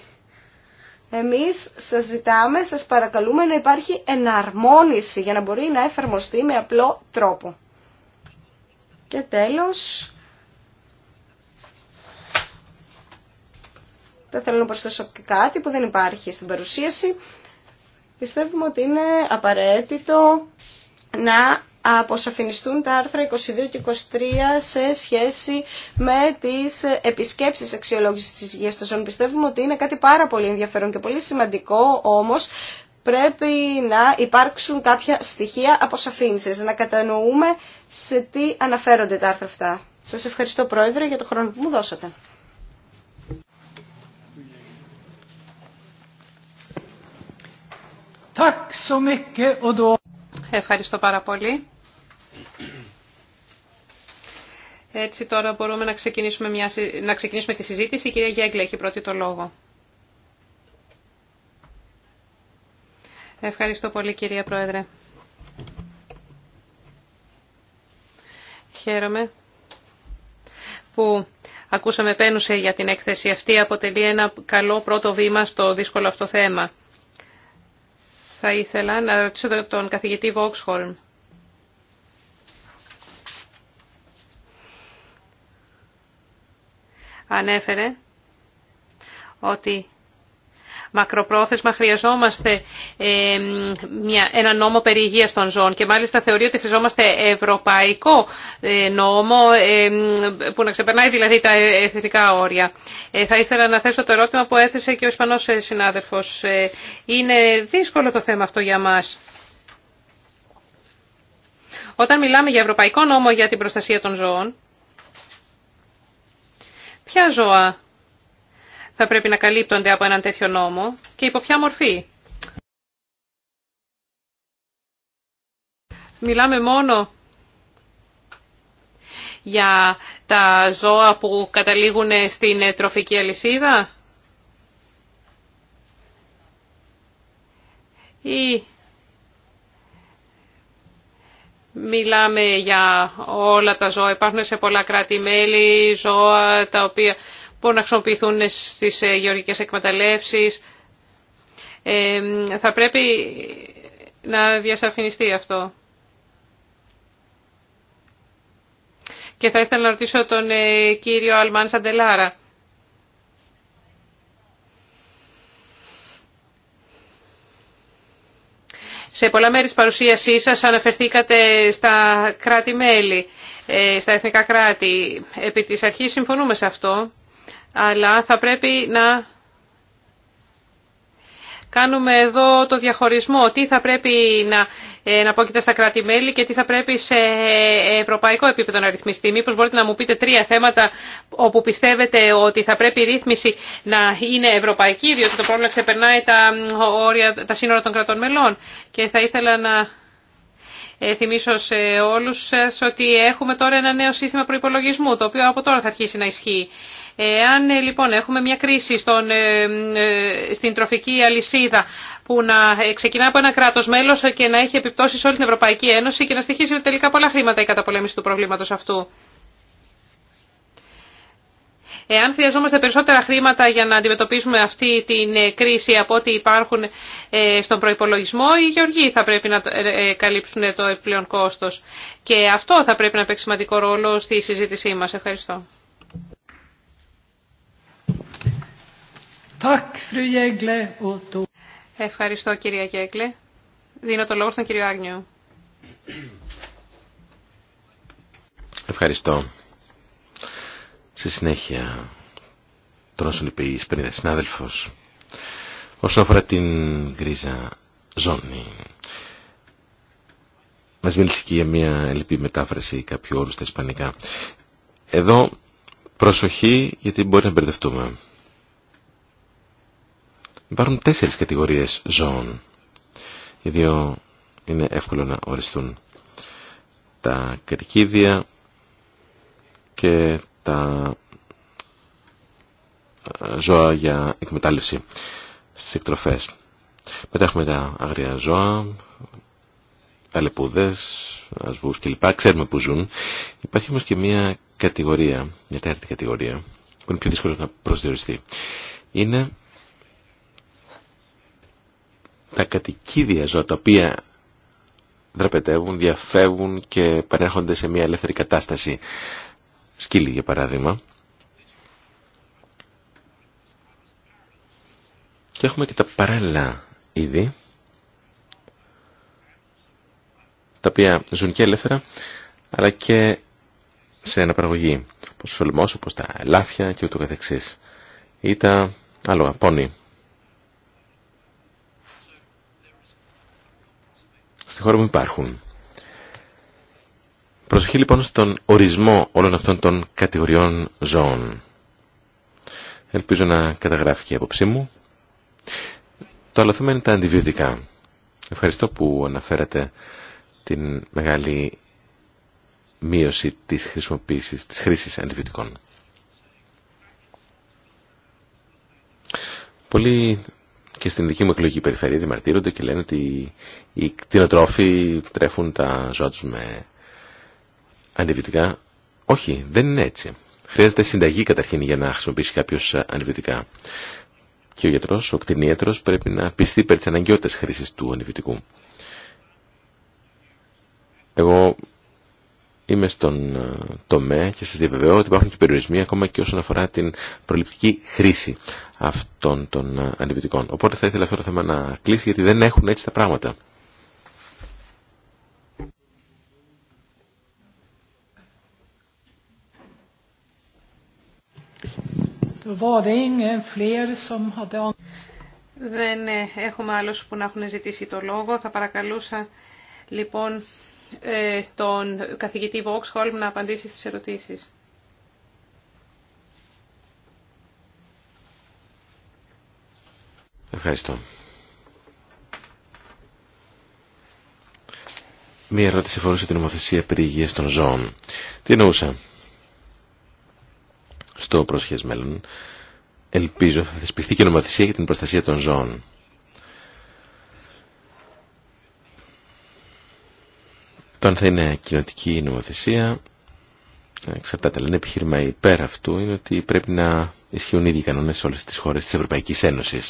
Εμείς σας ζητάμε, σας παρακαλούμε να υπάρχει εναρμόνιση για να μπορεί να εφαρμοστεί με απλό τρόπο. Και τέλος, δεν θέλω να προσθέσω και κάτι που δεν υπάρχει στην παρουσίαση. Πιστεύουμε ότι είναι απαραίτητο να αποσαφινιστούν τα άρθρα 22 και 23 σε σχέση με τις επισκέψεις αξιολόγησης της υγείας των ζώων. Πιστεύουμε ότι είναι κάτι πάρα πολύ ενδιαφέρον και πολύ σημαντικό όμως πρέπει να υπάρξουν κάποια στοιχεία αποσαφήνισης, να κατανοούμε σε τι αναφέρονται τα άρθρα αυτά. Σας ευχαριστώ Πρόεδρε για το χρόνο που μου δώσατε. Ευχαριστώ πάρα πολύ. Έτσι τώρα μπορούμε να ξεκινήσουμε, μια, να ξεκινήσουμε τη συζήτηση. Η κυρία Γέγκλε έχει πρώτη το λόγο. Ευχαριστώ πολύ κυρία Πρόεδρε. Χαίρομαι που ακούσαμε πένουσε για την έκθεση αυτή. Αποτελεί ένα καλό πρώτο βήμα στο δύσκολο αυτό θέμα. Θα ήθελα να ρωτήσω τον καθηγητή Βόξχολμ. Ανέφερε ότι μακροπρόθεσμα χρειαζόμαστε μια, ένα νόμο περί υγείας των ζώων και μάλιστα θεωρεί ότι χρειαζόμαστε ευρωπαϊκό ε, νόμο που να ξεπερνάει δηλαδή τα εθνικά όρια. Ε, θα ήθελα να θέσω το ερώτημα που έθεσε και ο Ισπανός ε, συνάδελφος. είναι δύσκολο το θέμα αυτό για μας. Όταν μιλάμε για ευρωπαϊκό νόμο για την προστασία των ζώων, ποια ζώα θα πρέπει να καλύπτονται από έναν τέτοιο νόμο και υπό ποια μορφή. Μιλάμε μόνο για τα ζώα που καταλήγουν στην τροφική αλυσίδα ή μιλάμε για όλα τα ζώα. Υπάρχουν σε πολλά κράτη-μέλη ζώα τα οποία μπορούν να χρησιμοποιηθούν στις ε, γεωργικές εκμεταλλεύσεις. Ε, θα πρέπει να διασαφινιστεί αυτό. Και θα ήθελα να ρωτήσω τον ε, κύριο Αλμάν Σαντελάρα. Σε πολλά μέρη της παρουσίασής σας αναφερθήκατε στα κράτη-μέλη, στα εθνικά κράτη. Επί της αρχής συμφωνούμε σε αυτό αλλά θα πρέπει να κάνουμε εδώ το διαχωρισμό. Τι θα πρέπει να εναπόκειται στα κράτη-μέλη και τι θα πρέπει σε ευρωπαϊκό επίπεδο να ρυθμιστεί. Μήπως μπορείτε να μου πείτε τρία θέματα όπου πιστεύετε ότι θα πρέπει η ρύθμιση να είναι ευρωπαϊκή, διότι το πρόβλημα ξεπερνάει τα, όρια, τα σύνορα των κρατών μελών. Και θα ήθελα να ε, θυμίσω σε όλους σας ότι έχουμε τώρα ένα νέο σύστημα προϋπολογισμού, το οποίο από τώρα θα αρχίσει να ισχύει. Εάν ε, λοιπόν έχουμε μια κρίση στον, ε, ε, στην τροφική αλυσίδα που να ξεκινά από ένα κράτος μέλος και να έχει επιπτώσει σε όλη την Ευρωπαϊκή Ένωση και να στοιχίσει τελικά πολλά χρήματα η καταπολέμηση του προβλήματος αυτού. Εάν χρειαζόμαστε περισσότερα χρήματα για να αντιμετωπίσουμε αυτή την κρίση από ό,τι υπάρχουν στον προϋπολογισμό, οι γεωργοί θα πρέπει να καλύψουν το επιπλέον κόστος. Και αυτό θα πρέπει να παίξει σημαντικό ρόλο στη συζήτησή μας. Ευχαριστώ. Ευχαριστώ κυρία Κέκλε. Δίνω το λόγο στον κύριο Άγνιο. Ευχαριστώ. Στη συνέχεια τον όσον είπε η Σπενίδα συνάδελφος, όσον αφορά την γκρίζα ζώνη, μας μίλησε και για μια λυπή μετάφραση κάποιου όρου στα ισπανικά. Εδώ προσοχή γιατί μπορεί να μπερδευτούμε. Υπάρχουν τέσσερις κατηγορίες ζώων. Οι δύο είναι εύκολο να οριστούν. Τα κατοικίδια και τα ε, ζώα για εκμετάλλευση στις εκτροφές. Μετά έχουμε τα αγρία ζώα, αλεπούδες, ασβούς κλπ. Ξέρουμε που ζουν. Υπάρχει όμως και μια κατηγορία, μια τέταρτη κατηγορία, που είναι πιο δύσκολο να προσδιοριστεί. Είναι τα κατοικίδια ζώα τα οποία δραπετεύουν, διαφεύγουν και παρέρχονται σε μια ελεύθερη κατάσταση. Σκύλοι για παράδειγμα. Και έχουμε και τα παράλληλα είδη, τα οποία ζουν και ελεύθερα, αλλά και σε αναπαραγωγή, όπως ο σολμός, όπως τα ελάφια και ούτω καθεξής. Ή τα άλογα, πόνοι στη χώρα μου υπάρχουν. Προσοχή λοιπόν στον ορισμό όλων αυτών των κατηγοριών ζώων. Ελπίζω να καταγράφει και η άποψή μου. Το άλλο θέμα είναι τα αντιβιωτικά. Ευχαριστώ που αναφέρατε την μεγάλη μείωση της χρησιμοποίησης, της χρήσης αντιβιωτικών. Πολύ και στην δική μου εκλογική περιφέρεια διαμαρτύρονται και λένε ότι οι κτηνοτρόφοι τρέφουν τα ζώα τους με αντιβιωτικά. Όχι, δεν είναι έτσι. Χρειάζεται συνταγή καταρχήν για να χρησιμοποιήσει κάποιο αντιβιωτικά. Και ο γιατρός, ο κτηνίατρος πρέπει να πιστεί περί της αναγκαιότητας χρήσης του αντιβιωτικού. Εγώ Είμαι στον ε, τομέα και σας διαβεβαιώ ότι υπάρχουν και περιορισμοί ακόμα και όσον αφορά την προληπτική χρήση αυτών των ε, αντιβιωτικών. Οπότε θα ήθελα αυτό το θέμα να κλείσει γιατί δεν έχουν έτσι τα πράγματα. Δεν ε, έχουμε άλλους που να έχουν ζητήσει το λόγο. Θα παρακαλούσα λοιπόν ε, τον καθηγητή Βόξχολμ να απαντήσει στις ερωτήσεις. Ευχαριστώ. Μία ερώτηση αφορούσε την νομοθεσία περί υγείας των ζώων. Τι εννοούσα. Στο πρόσχεσμα μέλλον ελπίζω θα θεσπιστεί και νομοθεσία για την προστασία των ζώων. Το αν θα είναι κοινοτική νομοθεσία, εξαρτάται, είναι επιχείρημα υπέρ αυτού, είναι ότι πρέπει να ισχύουν οι ίδιοι κανόνες σε όλε τι χώρε τη Ευρωπαϊκή Ένωση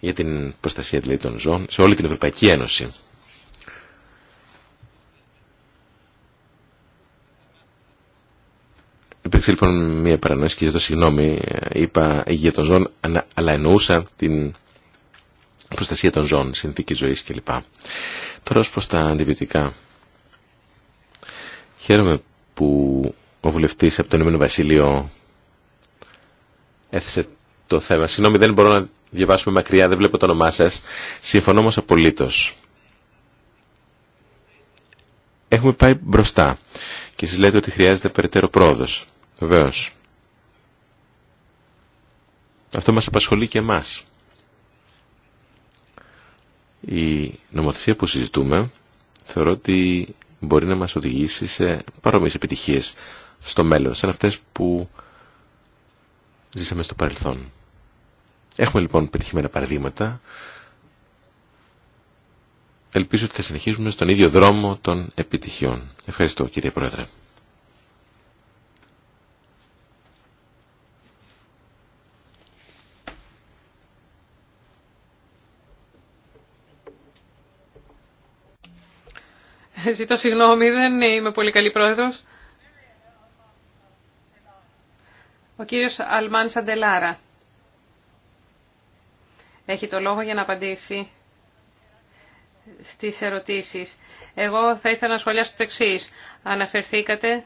για την προστασία δηλαδή, των ζώων σε όλη την Ευρωπαϊκή Ένωση. Υπήρξε λοιπόν μια παρανόηση και ζητώ συγγνώμη, είπα υγεία των ζώων, αλλά εννοούσα την προστασία των ζώων, συνθήκη ζωή, κλπ. Τώρα ω προς τα αντιβιωτικά. Χαίρομαι που ο βουλευτής από τον Ηνωμένο Βασίλειο έθεσε το θέμα. Συγγνώμη, δεν μπορώ να διαβάσουμε μακριά, δεν βλέπω το όνομά σας. Συμφωνώ όμως απολύτως. Έχουμε πάει μπροστά και εσείς λέτε ότι χρειάζεται περαιτέρω πρόοδος. Βεβαίω. Αυτό μας απασχολεί και εμάς. Η νομοθεσία που συζητούμε θεωρώ ότι μπορεί να μας οδηγήσει σε παρόμοιες επιτυχίες στο μέλλον, σαν αυτές που ζήσαμε στο παρελθόν. Έχουμε λοιπόν πετυχημένα παραδείγματα. Ελπίζω ότι θα συνεχίσουμε στον ίδιο δρόμο των επιτυχιών. Ευχαριστώ κύριε Πρόεδρε. Ε, ζητώ συγγνώμη, δεν είμαι πολύ καλή πρόεδρος. Ο κύριος Αλμάν Σαντελάρα έχει το λόγο για να απαντήσει στις ερωτήσεις. Εγώ θα ήθελα να σχολιάσω το εξή. Αναφερθήκατε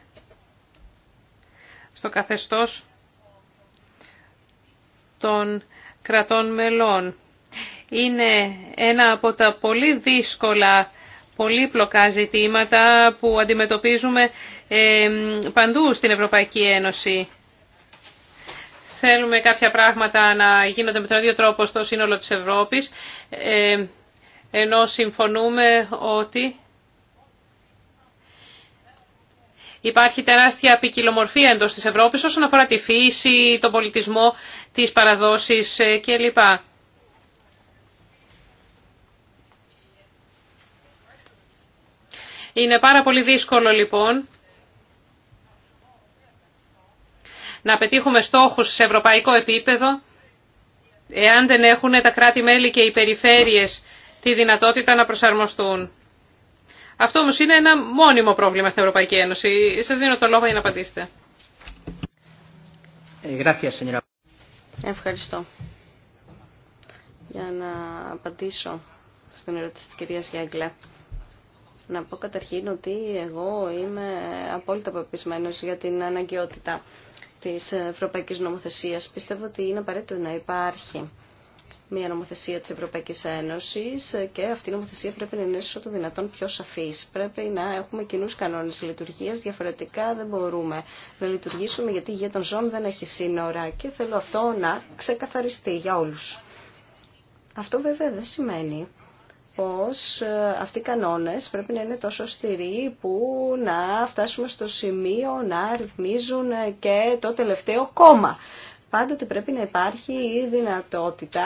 στο καθεστώς των κρατών μελών. Είναι ένα από τα πολύ δύσκολα πολύπλοκα ζητήματα που αντιμετωπίζουμε παντού στην Ευρωπαϊκή Ένωση. Θέλουμε κάποια πράγματα να γίνονται με τον ίδιο τρόπο στο σύνολο της Ευρώπης, ενώ συμφωνούμε ότι υπάρχει τεράστια ποικιλομορφία εντός της Ευρώπης όσον αφορά τη φύση, τον πολιτισμό, τις παραδόσεις ε, κλπ. Είναι πάρα πολύ δύσκολο λοιπόν να πετύχουμε στόχους σε ευρωπαϊκό επίπεδο εάν δεν έχουν τα κράτη-μέλη και οι περιφέρειες τη δυνατότητα να προσαρμοστούν. Αυτό όμως είναι ένα μόνιμο πρόβλημα στην Ευρωπαϊκή Ένωση. Σας δίνω το λόγο για να απαντήσετε. Ε, Ευχαριστώ. Για να απαντήσω στην ερώτηση της κυρίας Γιάγκλα. Να πω καταρχήν ότι εγώ είμαι απόλυτα πεπισμένος για την αναγκαιότητα της Ευρωπαϊκής Νομοθεσίας. Πιστεύω ότι είναι απαραίτητο να υπάρχει μια νομοθεσία της Ευρωπαϊκής Ένωσης και αυτή η νομοθεσία πρέπει να είναι όσο το δυνατόν πιο σαφής. Πρέπει να έχουμε κοινού κανόνες λειτουργίας, διαφορετικά δεν μπορούμε να λειτουργήσουμε γιατί η υγεία των ζώων δεν έχει σύνορα και θέλω αυτό να ξεκαθαριστεί για όλους. Αυτό βέβαια δεν σημαίνει πως ε, αυτοί οι κανόνες πρέπει να είναι τόσο αυστηροί που να φτάσουμε στο σημείο να ρυθμίζουν ε, και το τελευταίο κόμμα. Πάντοτε πρέπει να υπάρχει η δυνατότητα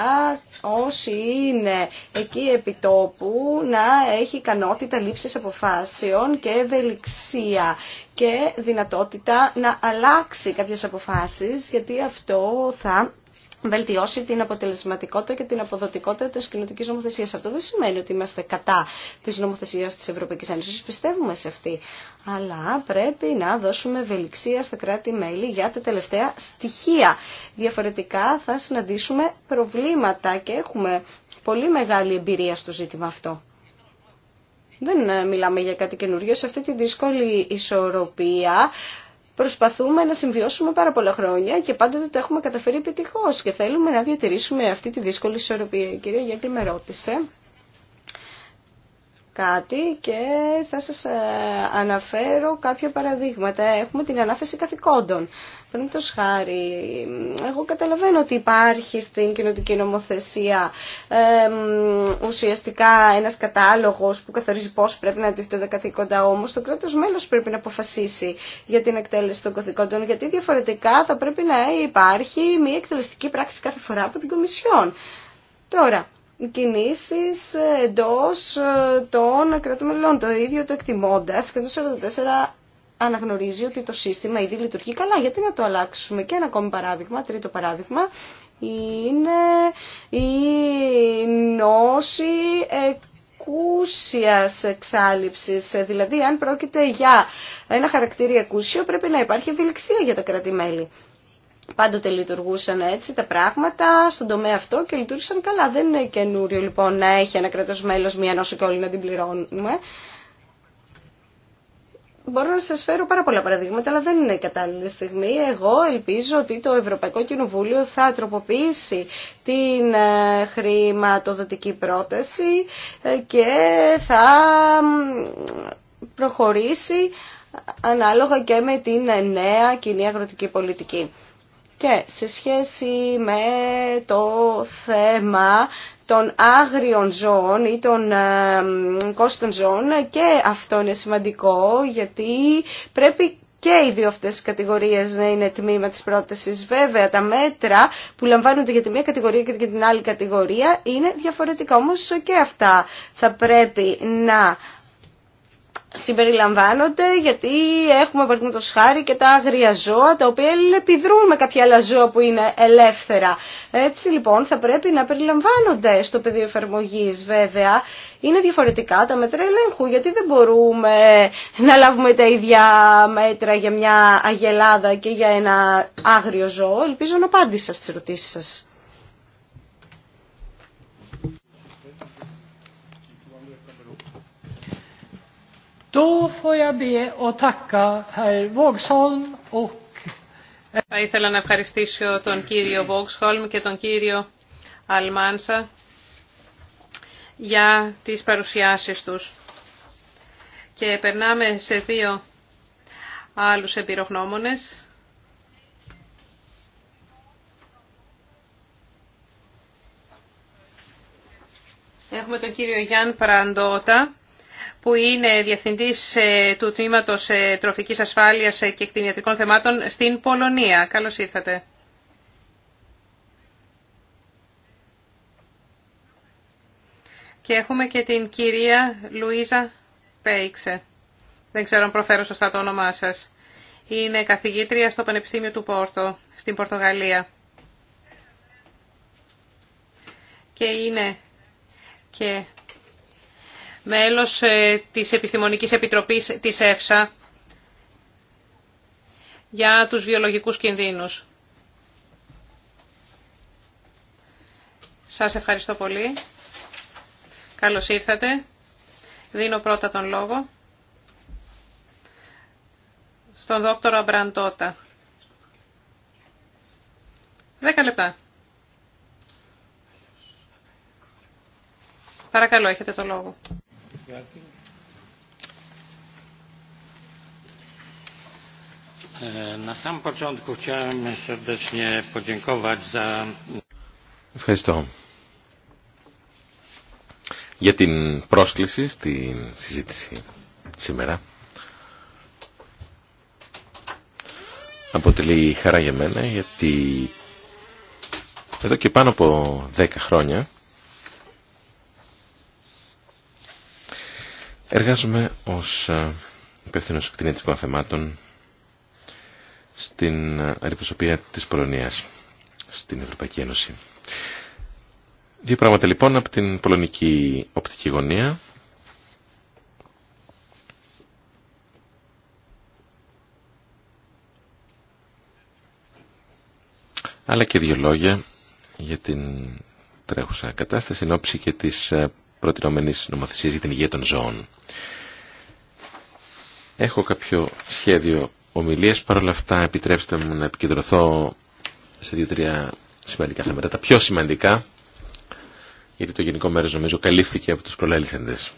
όσοι είναι εκεί επιτόπου να έχει ικανότητα λήψης αποφάσεων και ευελιξία και δυνατότητα να αλλάξει κάποιες αποφάσεις γιατί αυτό θα βελτιώσει την αποτελεσματικότητα και την αποδοτικότητα της κοινωτική νομοθεσίας. Αυτό δεν σημαίνει ότι είμαστε κατά τη νομοθεσίας της Ευρωπαϊκής Ένωσης. Πιστεύουμε σε αυτή. Αλλά πρέπει να δώσουμε ευελιξία στα κράτη-μέλη για τα τελευταία στοιχεία. Διαφορετικά θα συναντήσουμε προβλήματα και έχουμε πολύ μεγάλη εμπειρία στο ζήτημα αυτό. Δεν ε, μιλάμε για κάτι καινούριο. Σε αυτή τη δύσκολη ισορροπία προσπαθούμε να συμβιώσουμε πάρα πολλά χρόνια και πάντοτε τα έχουμε καταφέρει επιτυχώ και θέλουμε να διατηρήσουμε αυτή τη δύσκολη ισορροπία. Η κυρία Γιάννη με ρώτησε κάτι και θα σας ε, αναφέρω κάποια παραδείγματα. Έχουμε την ανάθεση καθηκόντων. Παραδείγματο χάρη, εγώ καταλαβαίνω ότι υπάρχει στην κοινωτική νομοθεσία ουσιαστικά ένας κατάλογος που καθορίζει πώς πρέπει να αντιθέτουν τα καθήκοντα, όμω, το κράτος μέλος πρέπει να αποφασίσει για την εκτέλεση των καθήκοντων, γιατί διαφορετικά θα πρέπει να υπάρχει μια εκτελεστική πράξη κάθε φορά από την Κομισιόν. Τώρα, κινήσεις ε, εντός ε, των κρατών μελών, το ίδιο το εκτιμώντας αναγνωρίζει ότι το σύστημα ήδη λειτουργεί καλά. Γιατί να το αλλάξουμε. Και ένα ακόμη παράδειγμα, τρίτο παράδειγμα, είναι η νόση εκούσιας εξάλληψης. Δηλαδή, αν πρόκειται για ένα χαρακτήριο εκούσιο, πρέπει να υπάρχει ευελιξία για τα κρατημέλη. Πάντοτε λειτουργούσαν έτσι τα πράγματα στον τομέα αυτό και λειτουργούσαν καλά. Δεν είναι καινούριο λοιπόν να έχει ένα κρατός μέλος μία νόση και όλοι να την πληρώνουμε. Μπορώ να σα φέρω πάρα πολλά παραδείγματα, αλλά δεν είναι η κατάλληλη στιγμή. Εγώ ελπίζω ότι το Ευρωπαϊκό Κοινοβούλιο θα τροποποιήσει την ε, χρηματοδοτική πρόταση ε, και θα προχωρήσει ανάλογα και με την ε, νέα κοινή αγροτική πολιτική. Και σε σχέση με το θέμα των άγριων ζώων ή των ε, κόστων ζώων και αυτό είναι σημαντικό γιατί πρέπει και οι δύο αυτές κατηγορίες να είναι τμήμα της πρότασης. Βέβαια, τα μέτρα που λαμβάνονται για τη μία κατηγορία και για την άλλη κατηγορία είναι διαφορετικά. Όμως και αυτά θα πρέπει να συμπεριλαμβάνονται γιατί έχουμε παραδείγματο χάρη και τα άγρια ζώα τα οποία επιδρούν με κάποια άλλα ζώα που είναι ελεύθερα. Έτσι λοιπόν θα πρέπει να περιλαμβάνονται στο πεδίο εφαρμογή βέβαια. Είναι διαφορετικά τα μέτρα ελέγχου γιατί δεν μπορούμε να λάβουμε τα ίδια μέτρα για μια αγελάδα και για ένα άγριο ζώο. Ελπίζω να απάντησα στις ερωτήσει σας. Θα ήθελα να ευχαριστήσω τον κύριο Βόξχολμ και τον κύριο Αλμάνσα για τις παρουσιάσεις τους. Και περνάμε σε δύο άλλους εμπειρογνώμονες. Έχουμε τον κύριο Γιάν Παραντότα που είναι Διευθυντής ε, του Τμήματος ε, Τροφικής Ασφάλειας ε, και Εκτινιατρικών Θεμάτων στην Πολωνία. Καλώς ήρθατε. Και έχουμε και την κυρία Λουίζα Πέιξε. Δεν ξέρω αν προφέρω σωστά το όνομά σας. Είναι καθηγήτρια στο Πανεπιστήμιο του Πόρτο, στην Πορτογαλία. Και είναι και μέλος ε, της Επιστημονικής Επιτροπής της ΕΦΣΑ για τους βιολογικούς κινδύνους. Σας ευχαριστώ πολύ. Καλώς ήρθατε. Δίνω πρώτα τον λόγο στον δόκτωρο Αμπραντότα. Δέκα λεπτά. Παρακαλώ, έχετε το λόγο. Na samym początku chciałem serdecznie podziękować za. Ευχαριστώ για την πρόσκληση στην συζήτηση σήμερα. Αποτελεί χαρά για μένα γιατί εδώ και πάνω από δέκα χρόνια Εργάζομαι ως ε, υπεύθυνο κτηνιατρικών θεμάτων στην ε, αντιπροσωπεία της Πολωνίας στην Ευρωπαϊκή Ένωση. Δύο πράγματα λοιπόν από την πολωνική οπτική γωνία. Αλλά και δύο λόγια για την τρέχουσα κατάσταση ενώψη και της ε, προτινόμενη νομοθεσία για την υγεία των ζώων. Έχω κάποιο σχέδιο Παρ' όλα αυτά επιτρέψτε μου να επικεντρωθώ σε δύο-τρία σημαντικά θέματα. Τα πιο σημαντικά, γιατί το γενικό μέρο νομίζω καλύφθηκε από του προλέλησεντες.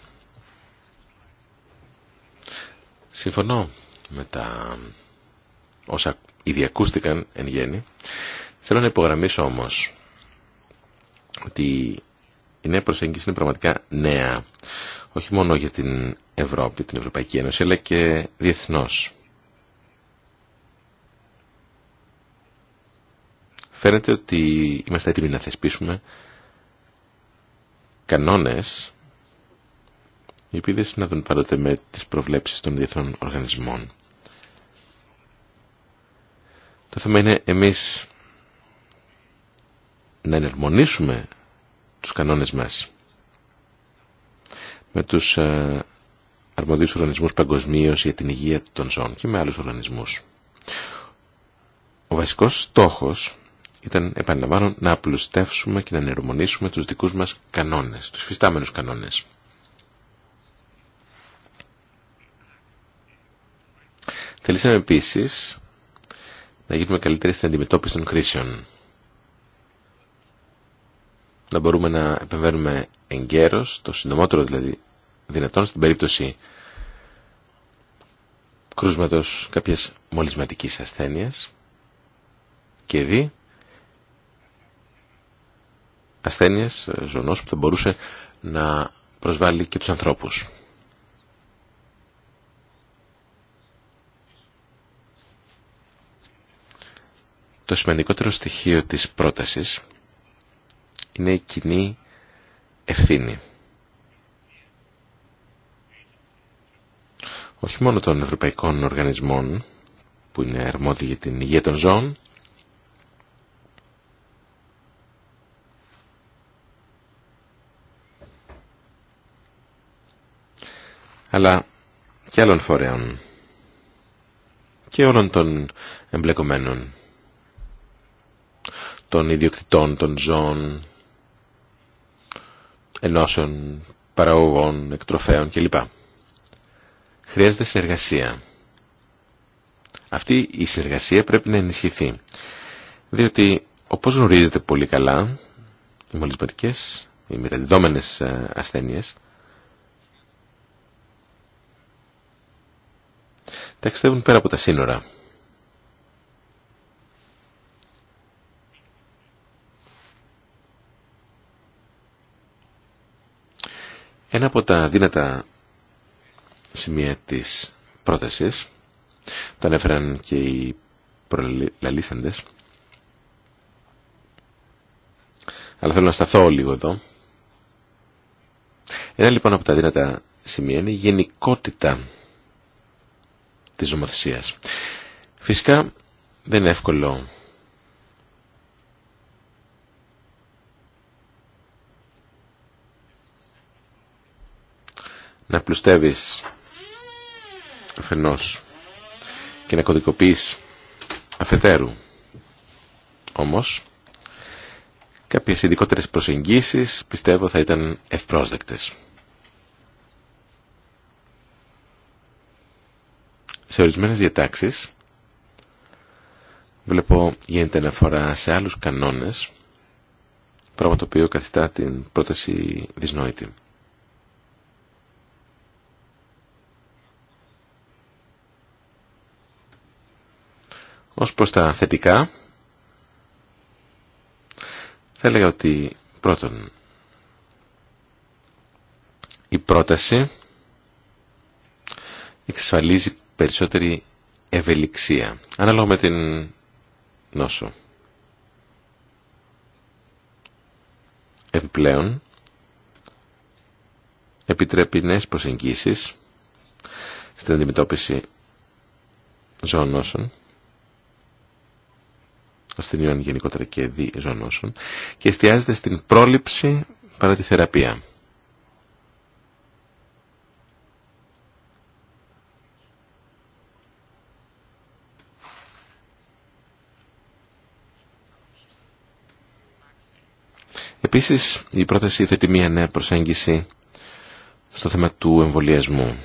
Συμφωνώ με τα όσα ήδη ακούστηκαν εν γέννη. Θέλω να υπογραμμίσω όμως ότι η νέα προσέγγιση είναι πραγματικά νέα. Όχι μόνο για την Ευρώπη, την Ευρωπαϊκή Ένωση, αλλά και διεθνώς. Φαίνεται ότι είμαστε έτοιμοι να θεσπίσουμε κανόνες οι οποίοι δεν συνάδουν πάντοτε με τις προβλέψεις των διεθνών οργανισμών. Το θέμα είναι εμείς να ενερμονίσουμε τους κανόνες μας. Με τους ε, αρμοδίους οργανισμούς παγκοσμίω για την υγεία των ζώων και με άλλους οργανισμούς. Ο βασικός στόχος ήταν, επαναλαμβάνω, να απλουστεύσουμε και να νερομονήσουμε τους δικούς μας κανόνες, τους φυστάμενους κανόνες. Θελήσαμε επίσης να γίνουμε καλύτεροι στην αντιμετώπιση των κρίσεων να μπορούμε να επεμβαίνουμε εγκαίρως, το συντομότερο δηλαδή δυνατόν, στην περίπτωση κρούσματος κάποιας μολυσματικής ασθένειας και δι ασθένειας, ε, ζωνός που θα μπορούσε να προσβάλλει και τους ανθρώπους. Το σημαντικότερο στοιχείο της πρότασης είναι η κοινή ευθύνη. Όχι μόνο των ευρωπαϊκών οργανισμών που είναι αρμόδιοι για την υγεία των ζώων, αλλά και άλλων φορέων και όλων των εμπλεκομένων των ιδιοκτητών των ζώων ενώσεων, παραγωγών, εκτροφέων κλπ. Χρειάζεται συνεργασία. Αυτή η συνεργασία πρέπει να ενισχυθεί. Διότι, όπως γνωρίζετε πολύ καλά, οι μολυσματικές, οι μεταδιδόμενες ε, ασθένειες, ταξιδεύουν πέρα από τα σύνορα. Ένα από τα δύνατα σημεία της πρότασης, το ανέφεραν και οι προλαλήσαντες, αλλά θέλω να σταθώ λίγο εδώ. Ένα λοιπόν από τα δύνατα σημεία είναι η γενικότητα της νομοθεσίας. Φυσικά δεν είναι εύκολο να πλουστεύεις αφενός και να κωδικοποιείς αφετέρου. Όμως, κάποιες ειδικότερε προσεγγίσεις πιστεύω θα ήταν ευπρόσδεκτες. Σε ορισμένες διατάξεις βλέπω γίνεται αναφορά σε άλλους κανόνες πράγμα το οποίο καθιστά την πρόταση δυσνόητη. Ως προς τα θετικά, θα έλεγα ότι πρώτον, η πρόταση εξασφαλίζει περισσότερη ευελιξία, ανάλογα με την νόσο. Επιπλέον, επιτρέπει νέες προσεγγίσεις στην αντιμετώπιση ζωών νόσων, ασθενειών γενικότερα και διζωνώσεων και εστιάζεται στην πρόληψη παρά τη θεραπεία. Επίσης, η πρόταση θέτει μια νέα προσέγγιση στο θέμα του εμβολιασμού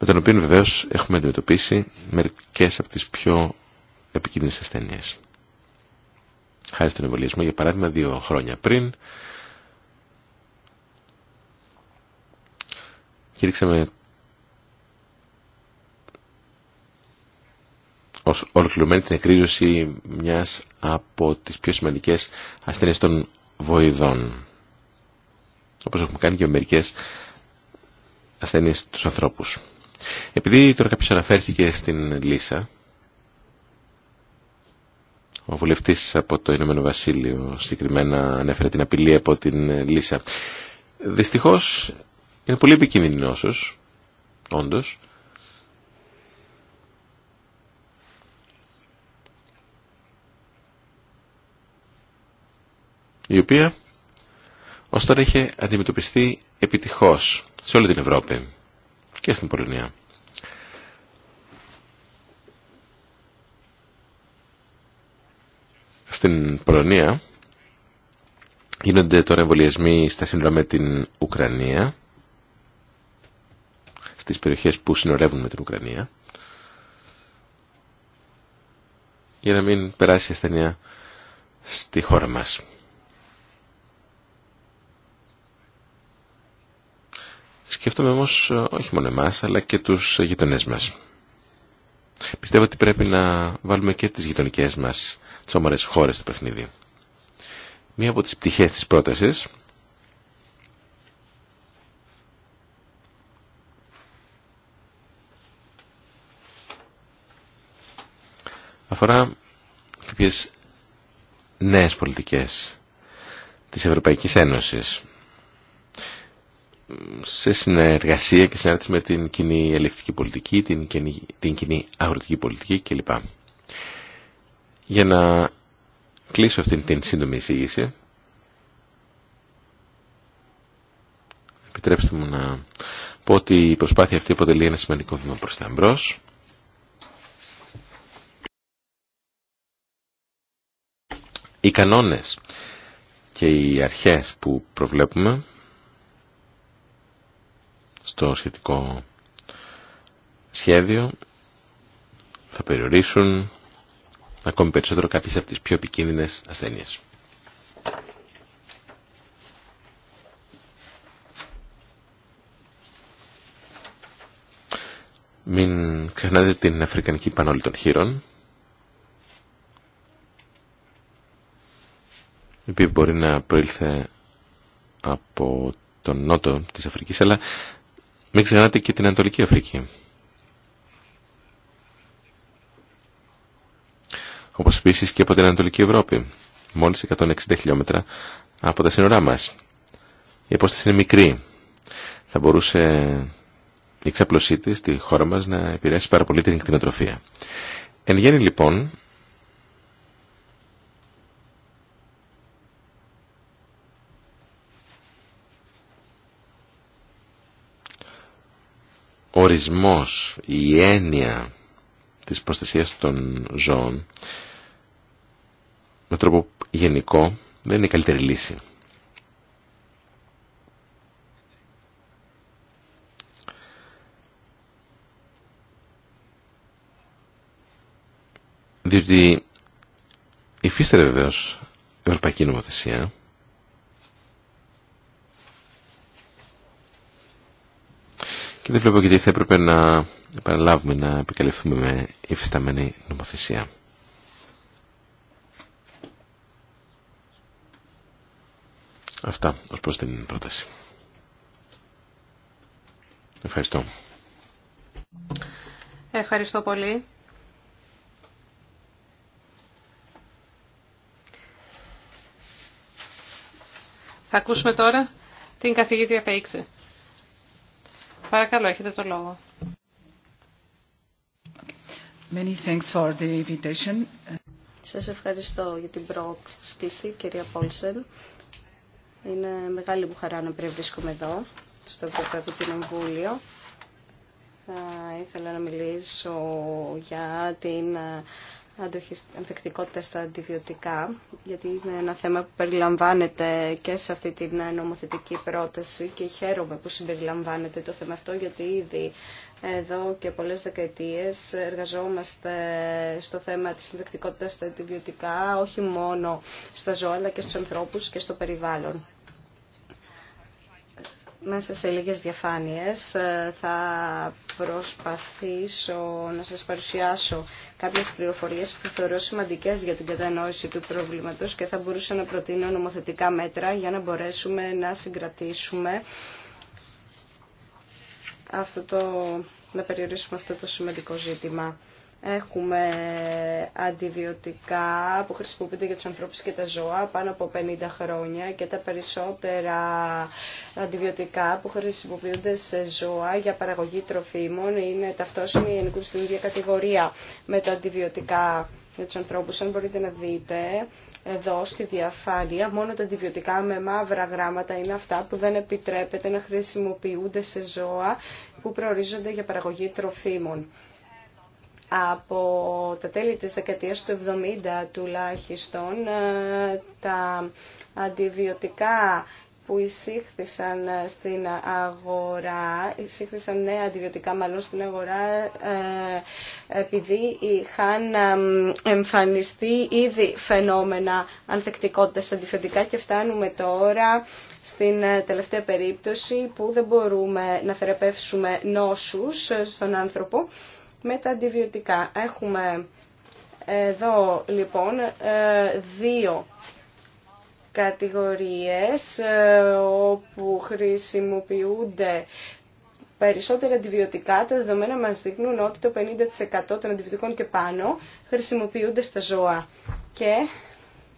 με τον οποίο βεβαίως έχουμε αντιμετωπίσει μερικές από τις πιο επικίνδυνες ασθένειες. Χάρη στον εμβολιασμό, για παράδειγμα, δύο χρόνια πριν, κήρυξαμε ως ολοκληρωμένη την εκρίζωση μιας από τις πιο σημαντικές ασθένειες των βοηδών. Όπως έχουμε κάνει και με μερικέ ασθένειες τους ανθρώπους. Επειδή τώρα κάποιο αναφέρθηκε στην Λίσα, ο βουλευτή από το Ηνωμένο Βασίλειο συγκεκριμένα ανέφερε την απειλή από την Λίσα. Δυστυχώ είναι πολύ επικίνδυνη όσο, όντω, η οποία ως τώρα είχε αντιμετωπιστεί επιτυχώς σε όλη την Ευρώπη και στην Πολωνία. Στην Πολωνία γίνονται τώρα εμβολιασμοί στα σύνορα με την Ουκρανία, στις περιοχές που συνορεύουν με την Ουκρανία, για να μην περάσει η ασθενεία στη χώρα μας. Σκέφτομαι όμως ε, όχι μόνο εμάς, αλλά και τους γειτονές μας. Πιστεύω ότι πρέπει να βάλουμε και τις γειτονικές μας τις όμορες χώρες στο παιχνίδι. Μία από τις πτυχές της πρότασης αφορά κάποιες νέες πολιτικές της Ευρωπαϊκής Ένωσης σε συνεργασία και συνάρτηση με την κοινή ελευθερική πολιτική, την κοινή, την κοινή αγροτική πολιτική κλπ. Για να κλείσω αυτήν την σύντομη εισήγηση, επιτρέψτε μου να πω ότι η προσπάθεια αυτή αποτελεί ένα σημαντικό βήμα προς τα Οι κανόνες και οι αρχές που προβλέπουμε το σχετικό σχέδιο θα περιορίσουν ακόμη περισσότερο κάποιες από τις πιο επικίνδυνες ασθένειες. Μην ξεχνάτε την Αφρικανική Πανόλη των Χείρων, η οποία μπορεί να προήλθε από τον νότο της Αφρικής, αλλά μην ξεχνάτε και την Ανατολική Αφρική. Όπως επίσης και από την Ανατολική Ευρώπη, μόλις 160 χιλιόμετρα από τα σύνορά μας. Η απόσταση είναι μικρή. Θα μπορούσε η εξαπλωσή της στη χώρα μας να επηρεάσει πάρα πολύ την κτηνοτροφία. Εν γέννη λοιπόν, η έννοια της προστασίας των ζώων με τρόπο γενικό δεν είναι η καλύτερη λύση. Διότι υφίστερε βεβαίω ευρωπαϊκή νομοθεσία και δεν βλέπω γιατί θα έπρεπε να επαναλάβουμε να επικαλυφθούμε με υφισταμένη νομοθεσία. Αυτά ως προς την πρόταση. Ευχαριστώ. Ευχαριστώ πολύ. Θα ακούσουμε τώρα την καθηγήτρια Πέιξε. Παρακαλώ, έχετε το λόγο. Many thanks for the invitation. Σας ευχαριστώ για την πρόσκληση, κυρία Πόλσεν. Είναι μεγάλη μου χαρά να βρίσκομαι εδώ, στο Ευρωπαϊκό Κοινοβούλιο. Θα ήθελα να μιλήσω για την ανθεκτικότητα στα αντιβιωτικά, γιατί είναι ένα θέμα που περιλαμβάνεται και σε αυτή την νομοθετική πρόταση και χαίρομαι που συμπεριλαμβάνεται το θέμα αυτό, γιατί ήδη εδώ και πολλές δεκαετίες εργαζόμαστε στο θέμα της ανθεκτικότητας στα αντιβιωτικά, όχι μόνο στα ζώα, αλλά και στους ανθρώπους και στο περιβάλλον. Μέσα σε λίγες διαφάνειες ε, θα προσπαθήσω να σας παρουσιάσω κάποιες πληροφορίες που θεωρώ σημαντικές για την κατανόηση του προβλήματος και θα μπορούσα να προτείνω νομοθετικά μέτρα για να μπορέσουμε να συγκρατήσουμε αυτό το, να περιορίσουμε αυτό το σημαντικό ζήτημα. Έχουμε αντιβιωτικά που χρησιμοποιούνται για τους ανθρώπους και τα ζώα πάνω από 50 χρόνια και τα περισσότερα αντιβιωτικά που χρησιμοποιούνται σε ζώα για παραγωγή τροφίμων είναι ταυτόσιμοι ενικούν στην ίδια κατηγορία με τα αντιβιωτικά για τους ανθρώπους. Αν μπορείτε να δείτε εδώ στη διαφάνεια, μόνο τα αντιβιωτικά με μαύρα γράμματα είναι αυτά που δεν επιτρέπεται να χρησιμοποιούνται σε ζώα που προορίζονται για παραγωγή τροφίμων από τα τέλη της δεκαετίας του 70 τουλάχιστον ε, τα αντιβιωτικά που εισήχθησαν στην αγορά, εισήχθησαν νέα αντιβιωτικά μάλλον στην αγορά ε, επειδή είχαν εμφανιστεί ήδη φαινόμενα ανθεκτικότητας στα αντιβιωτικά και φτάνουμε τώρα στην ε, τελευταία περίπτωση που δεν μπορούμε να θεραπεύσουμε νόσους στον άνθρωπο με τα αντιβιωτικά. Έχουμε εδώ λοιπόν ε, δύο κατηγορίες ε, όπου χρησιμοποιούνται περισσότερα αντιβιωτικά. Τα δεδομένα μας δείχνουν ότι το 50% των αντιβιωτικών και πάνω χρησιμοποιούνται στα ζώα. Και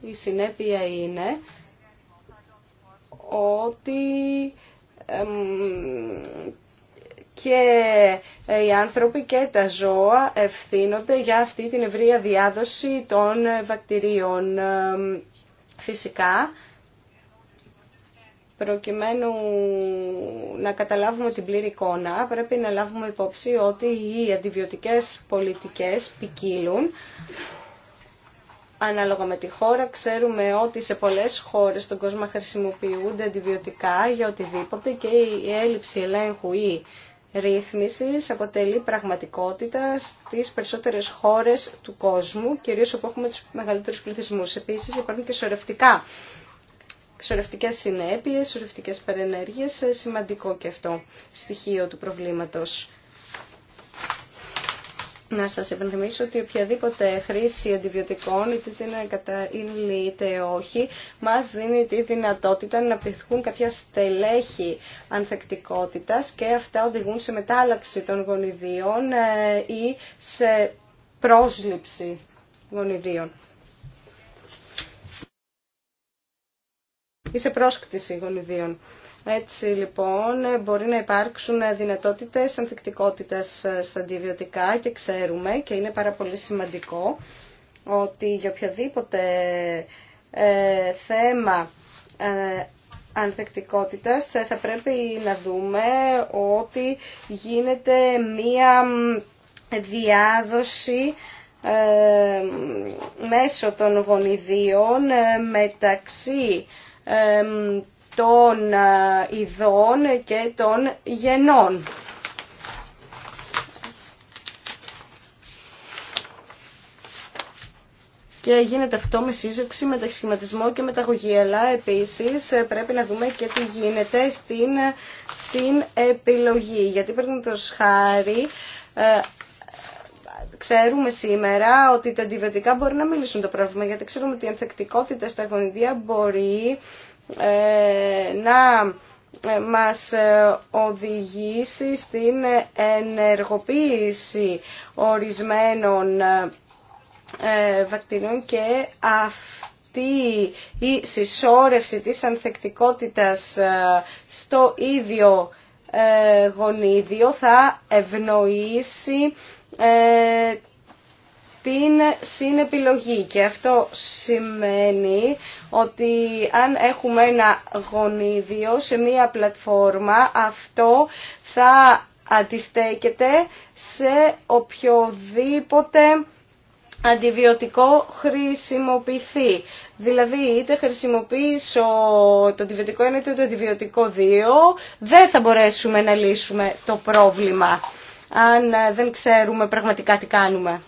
η συνέπεια είναι ότι και ε, οι άνθρωποι και τα ζώα ευθύνονται για αυτή την ευρεία διάδοση των βακτηρίων. Φυσικά, προκειμένου να καταλάβουμε την πλήρη εικόνα, πρέπει να λάβουμε υπόψη ότι οι αντιβιωτικές πολιτικές ποικίλουν. Ανάλογα με τη χώρα, ξέρουμε ότι σε πολλές χώρες στον κόσμο χρησιμοποιούνται αντιβιωτικά για οτιδήποτε και η έλλειψη ελέγχου ή ρύθμισης αποτελεί πραγματικότητα στις περισσότερες χώρες του κόσμου, κυρίως όπου έχουμε τους μεγαλύτερους πληθυσμούς. Επίσης υπάρχουν και σωρευτικά σορευτικές συνέπειες, σωρευτικές παρενέργειες, ε, σημαντικό και αυτό στοιχείο του προβλήματος να σας επενθυμίσω ότι οποιαδήποτε χρήση αντιβιωτικών, είτε είναι κατά είτε όχι, μας δίνει τη δυνατότητα να αναπτυχθούν κάποια στελέχη ανθεκτικότητας και αυτά οδηγούν σε μετάλλαξη των γονιδίων ε, ή σε πρόσληψη γονιδίων. Ή σε πρόσκτηση γονιδίων. Έτσι λοιπόν μπορεί να υπάρξουν δυνατότητες ανθεκτικότητας ε, στα αντιβιωτικά και ξέρουμε και είναι πάρα πολύ σημαντικό ότι για οποιοδήποτε ε, θέμα ε, ανθεκτικότητας ε, θα πρέπει να δούμε ότι γίνεται μία διάδοση μέσω των γονιδίων μεταξύ των ε, ειδών και των γενών. Και γίνεται αυτό με σύζευξη, μετασχηματισμό και μεταγωγή. Αλλά επίσης ε, πρέπει να δούμε και τι γίνεται στην ε, συνεπιλογή. Γιατί πρέπει το ε, ξέρουμε σήμερα ότι τα αντιβιωτικά μπορεί να μιλήσουν το πρόβλημα, γιατί ξέρουμε ότι η ανθεκτικότητα στα γονιδία μπορεί ε, να ε, μας ε, οδηγήσει στην ενεργοποίηση ορισμένων βακτηρίων και αυτή η συσσόρευση της ανθεκτικότητας στο ίδιο γονίδιο θα ευνοήσει την συνεπιλογή και αυτό σημαίνει ότι αν έχουμε ένα γονίδιο σε μία πλατφόρμα αυτό θα αντιστέκεται σε οποιοδήποτε αντιβιωτικό χρησιμοποιηθεί. Δηλαδή, είτε χρησιμοποιήσω το αντιβιωτικό 1 είτε το αντιβιωτικό 2, δεν θα μπορέσουμε να λύσουμε το πρόβλημα, αν ε, δεν ξέρουμε πραγματικά τι κάνουμε.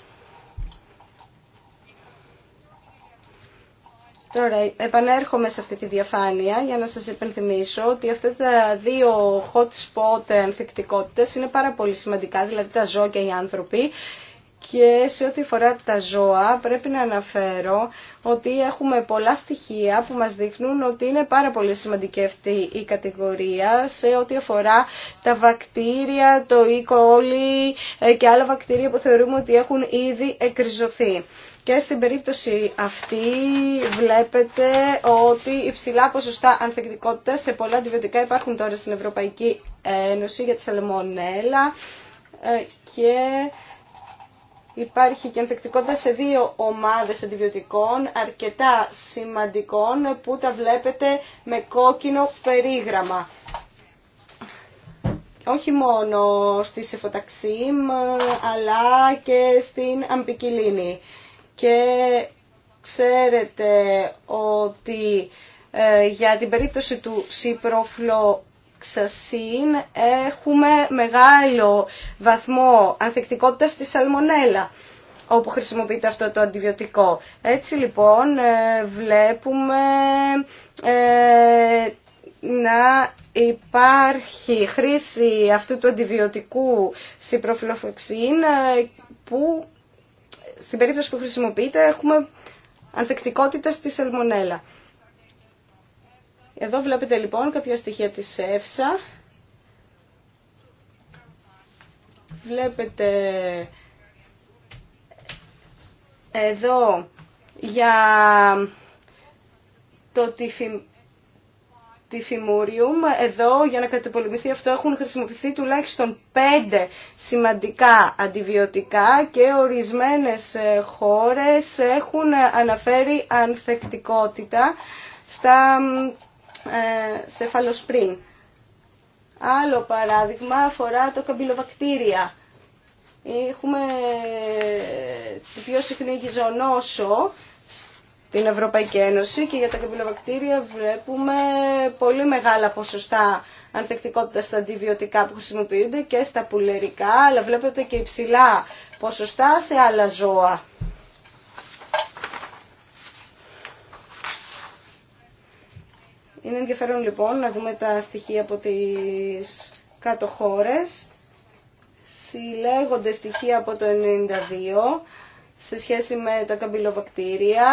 Τώρα επανέρχομαι σε αυτή τη διαφάνεια για να σας υπενθυμίσω ότι αυτά τα δύο hot spot ανθεκτικότητες είναι πάρα πολύ σημαντικά, δηλαδή τα ζώα και οι άνθρωποι. Και σε ό,τι αφορά τα ζώα πρέπει να αναφέρω ότι έχουμε πολλά στοιχεία που μας δείχνουν ότι είναι πάρα πολύ σημαντική αυτή η κατηγορία σε ό,τι αφορά τα βακτήρια, το οίκο, e. όλοι ε, και άλλα βακτήρια που θεωρούμε ότι έχουν ήδη εκριζωθεί. Και στην περίπτωση αυτή βλέπετε ότι υψηλά ποσοστά ανθεκτικότητα σε πολλά αντιβιωτικά υπάρχουν τώρα στην Ευρωπαϊκή Ένωση για τη σαλμονέλα ε, και υπάρχει και ανθεκτικότητα σε δύο ομάδες αντιβιωτικών αρκετά σημαντικών που τα βλέπετε με κόκκινο περίγραμμα. Όχι μόνο στη Σεφοταξίμ ε, αλλά και στην Αμπικιλίνη και ξέρετε ότι ε, για την περίπτωση του Σύπροφλο Ξασίν έχουμε μεγάλο βαθμό ανθεκτικότητας στη σαλμονέλα όπου χρησιμοποιείται αυτό το αντιβιωτικό. Έτσι λοιπόν ε, βλέπουμε ε, να υπάρχει χρήση αυτού του αντιβιωτικού ε, που στην περίπτωση που χρησιμοποιείται έχουμε ανθεκτικότητα στη σελμονέλα. Εδώ βλέπετε λοιπόν κάποια στοιχεία της ΕΦΣΑ. Βλέπετε εδώ για το ότι τη Εδώ για να κατεπολεμηθεί αυτό έχουν χρησιμοποιηθεί τουλάχιστον πέντε σημαντικά αντιβιωτικά και ορισμένες ε, χώρες έχουν αναφέρει ανθεκτικότητα στα ε, σεφαλοσπρίν. Άλλο παράδειγμα αφορά το καμπυλοβακτήρια. Έχουμε ε, τη πιο συχνή γυζονόσο την Ευρωπαϊκή Ένωση και για τα καμπυλοβακτήρια βλέπουμε πολύ μεγάλα ποσοστά ανθεκτικότητα στα αντιβιωτικά που χρησιμοποιούνται και στα πουλερικά, αλλά βλέπετε και υψηλά ποσοστά σε άλλα ζώα. Είναι ενδιαφέρον λοιπόν να δούμε τα στοιχεία από τις κάτω χώρες. Συλλέγονται στοιχεία από το 92 σε σχέση με τα καμπυλοβακτήρια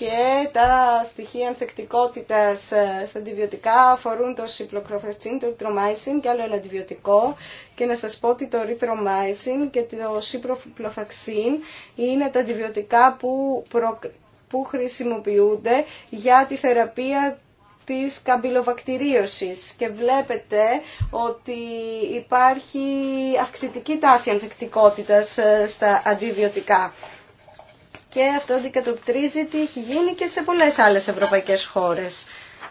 και τα στοιχεία ανθεκτικότητας ε, στα αντιβιωτικά αφορούν το σιπλοκροφετσίν, το ritromycin και άλλο ένα αντιβιωτικό και να σας πω ότι το ritromycin και το σιπλοφαξίν είναι τα αντιβιωτικά που, που χρησιμοποιούνται για τη θεραπεία της καμπυλοβακτηρίωσης και βλέπετε ότι υπάρχει αυξητική τάση ανθεκτικότητας ε, στα αντιβιωτικά και αυτό αντικατοπτρίζει τι έχει γίνει και σε πολλές άλλες ευρωπαϊκές χώρες.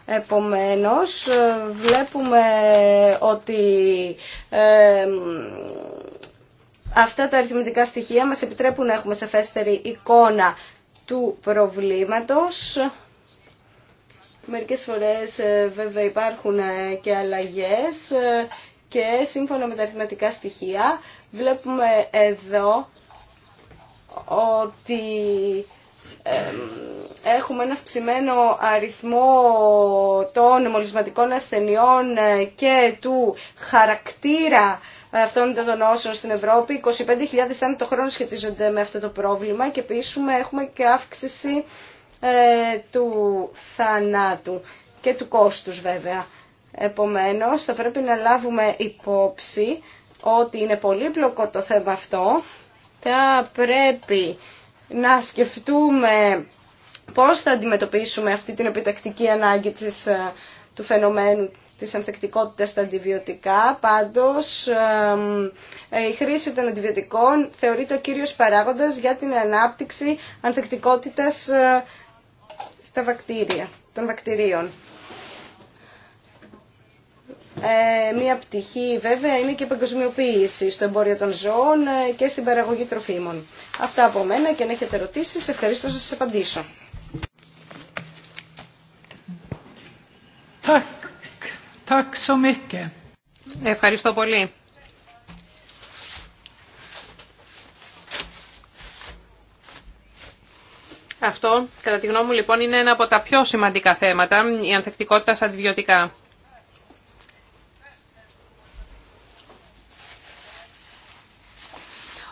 Επομένως, ε, βλέπουμε ότι ε, αυτά τα αριθμητικά στοιχεία μας επιτρέπουν να έχουμε σαφέστερη εικόνα του προβλήματος. Μερικές φορές ε, βέβαια υπάρχουν και αλλαγές και σύμφωνα με τα αριθμητικά στοιχεία βλέπουμε εδώ ότι έχουμε ένα αυξημένο αριθμό των μολυσματικών ασθενειών ε, και του χαρακτήρα αυτών των νόσων στην Ευρώπη. 25.000 ήταν το χρόνο σχετίζονται με αυτό το πρόβλημα και επίση έχουμε και αύξηση ε, του θανάτου και του κόστους βέβαια. Επομένως θα πρέπει να λάβουμε υπόψη ότι είναι πολύπλοκο το θέμα αυτό θα πρέπει να σκεφτούμε πώς θα αντιμετωπίσουμε αυτή την επιτακτική ανάγκη της, ε, του φαινομένου της ανθεκτικότητας στα αντιβιωτικά. Πάντως, ε, η χρήση των αντιβιωτικών θεωρείται ο κύριος παράγοντας για την ανάπτυξη ανθεκτικότητας ε, στα βακτήρια, των βακτηρίων. Ε, μία πτυχή βέβαια είναι και η παγκοσμιοποίηση στο εμπόριο των ζώων ε, και στην παραγωγή τροφίμων. Αυτά από μένα και αν έχετε ερωτήσεις ευχαριστώ να σας απαντήσω. Ευχαριστώ πολύ. Αυτό, κατά τη γνώμη μου, λοιπόν, είναι ένα από τα πιο σημαντικά θέματα, η ανθεκτικότητα στα αντιβιωτικά.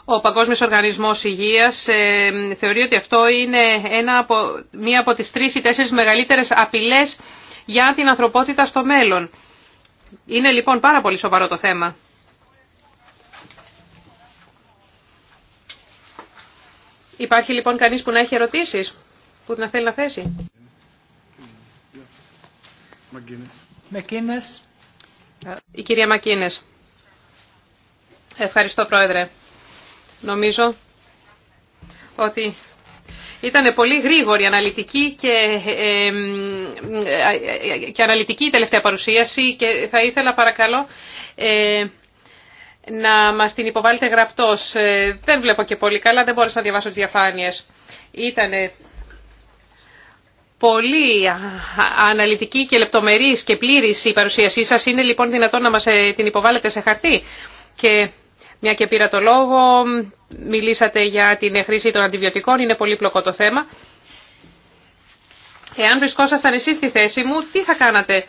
Ο Παγκόσμιος Οργανισμός Υγείας ε, θεωρεί ότι αυτό είναι ένα από, μία από τις τρεις ή τέσσερις μεγαλύτερες απειλές για την ανθρωπότητα στο μέλλον. Είναι λοιπόν πάρα πολύ σοβαρό το θέμα. Υπάρχει λοιπόν κανείς που να έχει ερωτήσεις, που να θέλει να θέσει. Μακίνες. Η κυρία Μακίνες. Ευχαριστώ πρόεδρε. Νομίζω ότι ήταν πολύ γρήγορη, αναλυτική και, ε, και αναλυτική η τελευταία παρουσίαση και θα ήθελα παρακαλώ ε, να μας την υποβάλλετε γραπτός. Ε, δεν βλέπω και πολύ καλά, δεν μπόρεσα να διαβάσω τις διαφάνειες. Ήταν πολύ αναλυτική και λεπτομερής και πλήρης η παρουσίασή σας. Είναι λοιπόν δυνατόν να μας ε, την υποβάλλετε σε χαρτί. Και μια και πήρα το λόγο, μιλήσατε για την χρήση των αντιβιωτικών, είναι πλοκό το θέμα. Εάν βρισκόσασταν εσείς στη θέση μου, τι θα κάνατε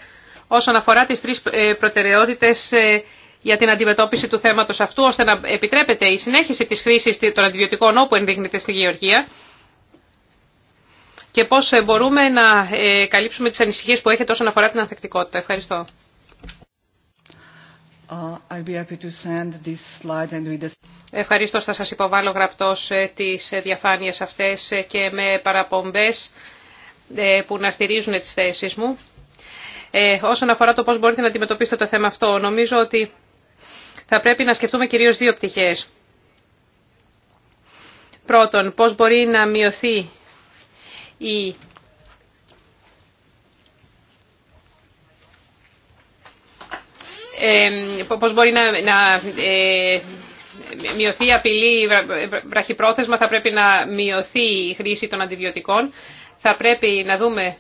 όσον αφορά τις τρεις ε, προτεραιότητες ε, για την αντιμετώπιση του θέματος αυτού, ώστε να επιτρέπεται η συνέχιση της χρήσης των αντιβιωτικών όπου ενδείχνεται στη γεωργία και πώς ε, μπορούμε να καλύψουμε τις ανησυχίες που έχετε όσον αφορά την ανθεκτικότητα. Ευχαριστώ. Uh, Ευχαριστώ, θα σας υποβάλω γραπτός ε, τις ε, διαφάνειες αυτές ε, και με παραπομπές που να στηρίζουν τις θέσεις μου. όσον αφορά το πώς μπορείτε να αντιμετωπίσετε το θέμα αυτό, νομίζω ότι θα πρέπει να σκεφτούμε κυρίως δύο πτυχές. Πρώτον, πώς μπορεί να μειωθεί η πώς μπορεί να, να ε, μειωθεί η απειλή βραχυπρόθεσμα, θα πρέπει να μειωθεί η χρήση των αντιβιωτικών. Θα πρέπει να δούμε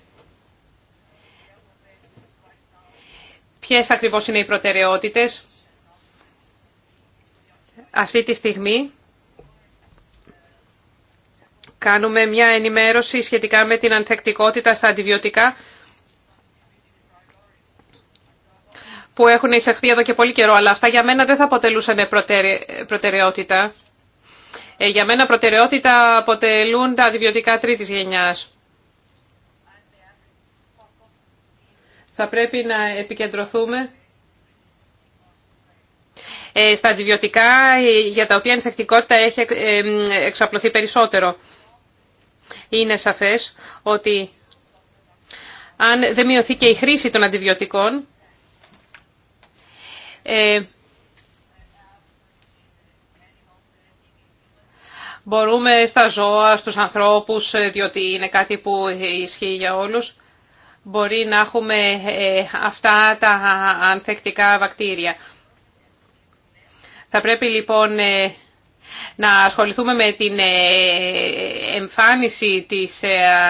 ποιες ακριβώς είναι οι προτεραιότητες αυτή τη στιγμή. Κάνουμε μια ενημέρωση σχετικά με την ανθεκτικότητα στα αντιβιωτικά που έχουν εισαχθεί εδώ και πολύ καιρό, αλλά αυτά για μένα δεν θα αποτελούσαν προτεραιότητα. Ε, για μένα προτεραιότητα αποτελούν τα αντιβιωτικά τρίτης γενιάς. Θα πρέπει να επικεντρωθούμε ε, στα αντιβιωτικά ε, για τα οποία η ανθεκτικότητα έχει εξαπλωθεί περισσότερο. Είναι σαφές ότι αν δεν μειωθεί και η χρήση των αντιβιωτικών, ε, μπορούμε στα ζώα, στους ανθρώπους, ε, διότι είναι κάτι που ισχύει για όλους, μπορεί να έχουμε ε, αυτά τα ανθεκτικά βακτήρια. Θα πρέπει λοιπόν να ασχοληθούμε με την εμφάνιση της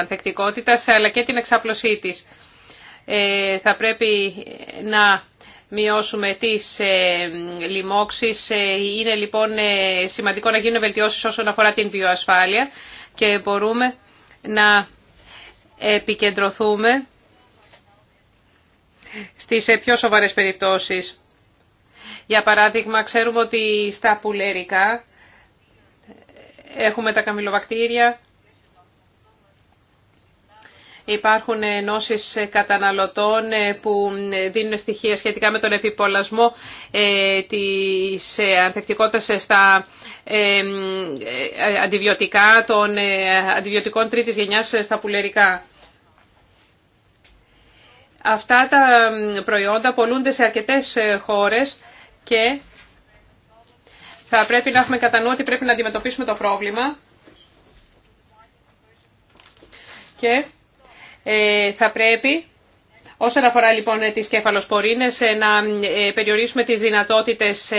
ανθεκτικότητας αλλά και την εξάπλωσή της. Θα πρέπει να μειώσουμε τις ε, λοιμώξεις. Ε, είναι λοιπόν ε, σημαντικό να γίνουν βελτιώσεις όσον αφορά την βιοασφάλεια και μπορούμε να επικεντρωθούμε στις πιο σοβαρές περιπτώσεις. Για παράδειγμα, ξέρουμε ότι στα πουλερικά έχουμε τα καμιλοβακτήρια Υπάρχουν ενώσει καταναλωτών ε, που ε, δίνουν στοιχεία σχετικά με τον επιπολασμό ε, της ανθεκτικότητας στα αντιβιωτικά των αντιβιωτικών τρίτης γενιάς στα πουλερικά. Αυτά τα προϊόντα πολλούνται σε αρκετές χώρες και θα πρέπει να έχουμε κατά νου ότι πρέπει να αντιμετωπίσουμε το πρόβλημα και ε, θα πρέπει... Όσον αφορά λοιπόν τις κεφαλοσπορίνες, ε, να ε, περιορίσουμε τις δυνατότητες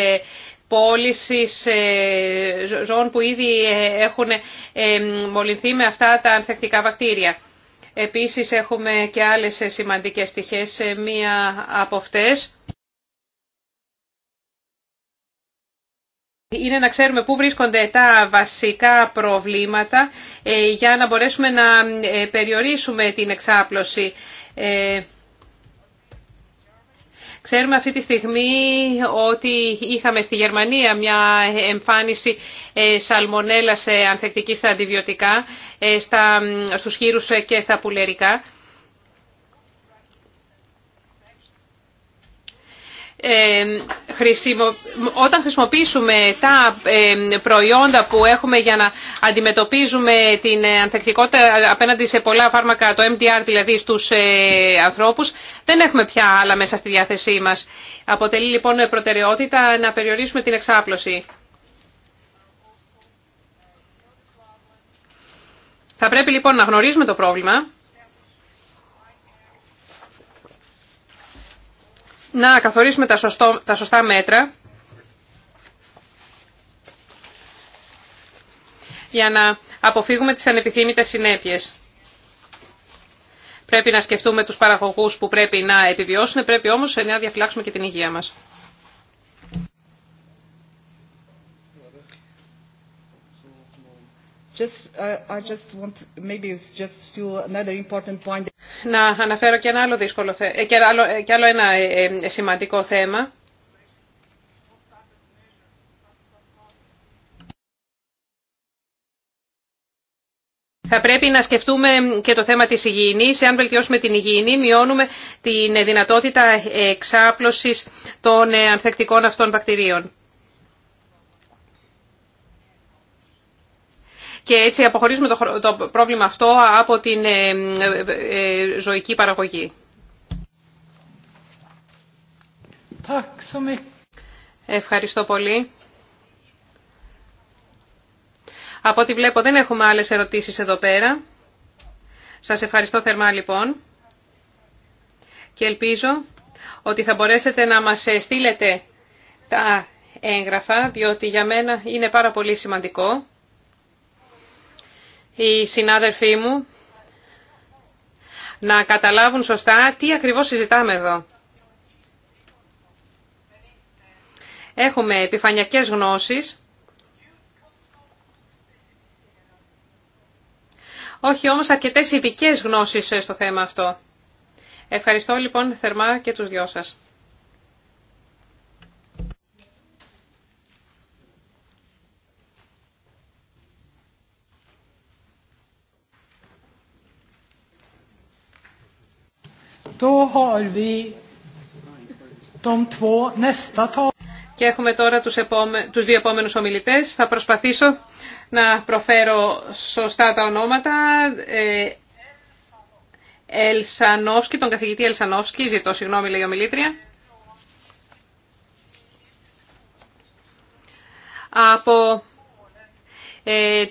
πώληση ζώων που ήδη έχουν μολυνθεί με αυτά τα ανθεκτικά βακτήρια. Επίσης έχουμε και άλλες σημαντικές στοιχές. Μία από αυτές είναι να ξέρουμε πού βρίσκονται τα βασικά προβλήματα ε, για να μπορέσουμε να ε, περιορίσουμε την εξάπλωση. Ε, ξέρουμε αυτή τη στιγμή ότι είχαμε στη Γερμανία μια εμφάνιση σαλμονέλας ανθεκτική στα αντιβιωτικά, στα, στους χείρους και στα πουλερικά. όταν χρησιμοποιήσουμε τα προϊόντα που έχουμε για να αντιμετωπίζουμε την ανθεκτικότητα απέναντι σε πολλά φάρμακα, το MDR δηλαδή στους ε, ανθρώπους, δεν έχουμε πια άλλα μέσα στη διάθεσή μας. Αποτελεί λοιπόν προτεραιότητα να περιορίσουμε την εξάπλωση. Θα πρέπει λοιπόν να γνωρίζουμε το πρόβλημα να καθορίσουμε τα, τα σωστά μέτρα για να αποφύγουμε τις ανεπιθύμητες συνέπειες. Πρέπει να σκεφτούμε τους παραγωγούς που πρέπει να επιβιώσουν, πρέπει όμως να διαφυλάξουμε και την υγεία μας. Να αναφέρω και ένα άλλο δύσκολο θέμα, ε, και άλλο, ε, και άλλο ένα ε, σημαντικό θέμα. Θα πρέπει να σκεφτούμε και το θέμα της υγιεινής. Εάν βελτιώσουμε την υγιεινή, μειώνουμε την δυνατότητα εξάπλωσης των ανθεκτικών αυτών βακτηρίων. και έτσι αποχωρίζουμε το πρόβλημα αυτό από την ε, ε, ε, ζωική παραγωγή. Ευχαριστώ πολύ. Από ό,τι βλέπω δεν έχουμε άλλες ερωτήσεις εδώ πέρα. Σας ευχαριστώ θερμά λοιπόν και ελπίζω ότι θα μπορέσετε να μας στείλετε τα έγγραφα, διότι για μένα είναι πάρα πολύ σημαντικό οι συνάδελφοί μου να καταλάβουν σωστά τι ακριβώς συζητάμε εδώ. Έχουμε επιφανειακές γνώσεις, όχι όμως αρκετές ειδικέ γνώσεις στο θέμα αυτό. Ευχαριστώ λοιπόν θερμά και τους δυο σας. Και έχουμε τώρα τους, τους δύο επόμενους ομιλητές. Θα προσπαθήσω να προφέρω σωστά τα ονόματα. Ε, Ελσανόφσκι, τον καθηγητή Ελσανόφσκι, ζητώ συγγνώμη λέει ομιλήτρια. Από ε,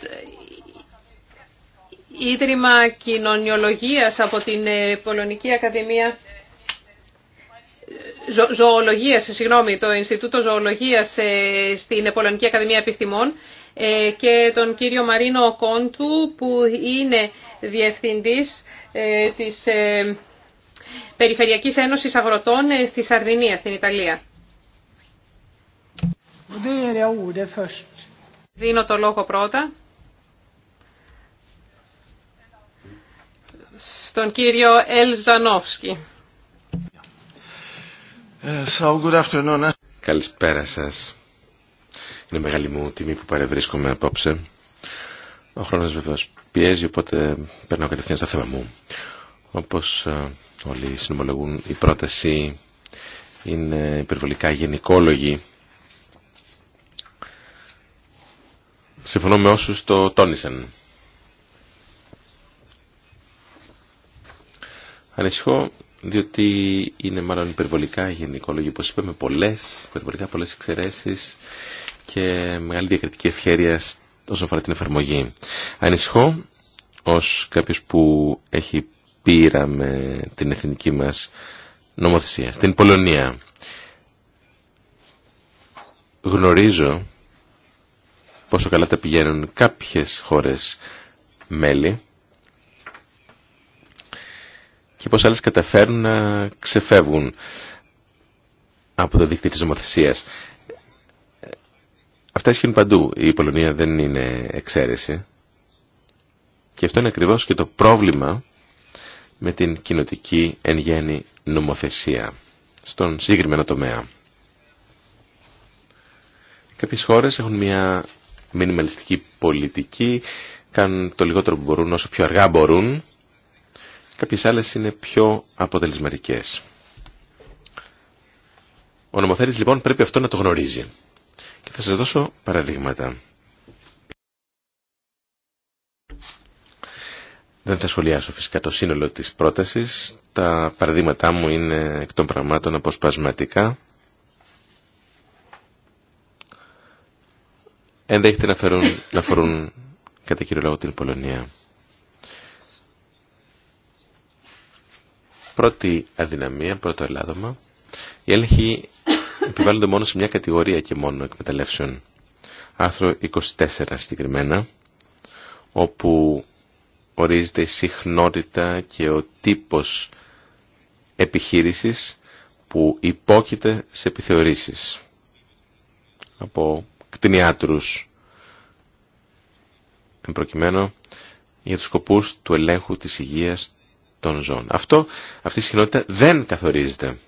Ίδρυμα Κοινωνιολογίας από την ε, Πολωνική Ακαδημία ε, Ζω, Ζωολογίας, συγγνώμη, το Ινστιτούτο Ζωολογίας ε, στην Πολωνική Ακαδημία Επιστημών και τον κύριο Μαρίνο Κόντου που είναι διευθυντής της Περιφερειακής Ένωσης Αγροτών στη Σαρδινία, στην Ιταλία. Δίνω το λόγο πρώτα. στον κύριο Ελζανόφσκι. Ε, Καλησπέρα σας. Είναι μεγάλη μου τιμή που παρευρίσκομαι απόψε. Ο χρόνος βεβαίως πιέζει, οπότε περνάω κατευθείαν στα θέμα μου. Όπως ε, όλοι συνομολογούν, η πρόταση είναι υπερβολικά γενικόλογη. Συμφωνώ με όσους το τόνισαν. Ανησυχώ διότι είναι μάλλον υπερβολικά γενικόλογοι, όπως είπαμε, πολλές, υπερβολικά πολλές εξαιρέσεις και μεγάλη διακριτική ευχαίρεια όσον αφορά την εφαρμογή. Ανησυχώ ως κάποιος που έχει πείρα με την εθνική μας νομοθεσία. Στην Πολωνία γνωρίζω πόσο καλά τα πηγαίνουν κάποιες χώρες μέλη και πώς άλλες καταφέρουν να ξεφεύγουν από το δίκτυο της νομοθεσίας. Αυτά ισχύουν παντού. Η Πολωνία δεν είναι εξαίρεση. Και αυτό είναι ακριβώς και το πρόβλημα με την κοινοτική εν γέννη νομοθεσία στον συγκεκριμένο τομέα. Κάποιες χώρες έχουν μια μινιμαλιστική πολιτική, κάνουν το λιγότερο που μπορούν όσο πιο αργά μπορούν Κάποιες άλλες είναι πιο αποτελεσματικές. Ο νομοθέτης λοιπόν πρέπει αυτό να το γνωρίζει. Και θα σας δώσω παραδείγματα. Δεν θα σχολιάσω φυσικά το σύνολο της πρότασης. Τα παραδείγματά μου είναι εκ των πραγμάτων αποσπασματικά. Ενδέχεται να, φερούν, να φορούν κατά κύριο λόγο την Πολωνία. Πρώτη αδυναμία, πρώτο ελάττωμα. οι έλεγχοι επιβάλλονται μόνο σε μια κατηγορία και μόνο εκμεταλλεύσεων. Άρθρο 24 συγκεκριμένα, όπου ορίζεται η συχνότητα και ο τύπος επιχείρησης που υπόκειται σε επιθεωρήσεις από κτηνιάτρους εν προκειμένου για τους σκοπούς του ελέγχου της υγείας των Αυτό, αυτή η συχνότητα δεν καθορίζεται.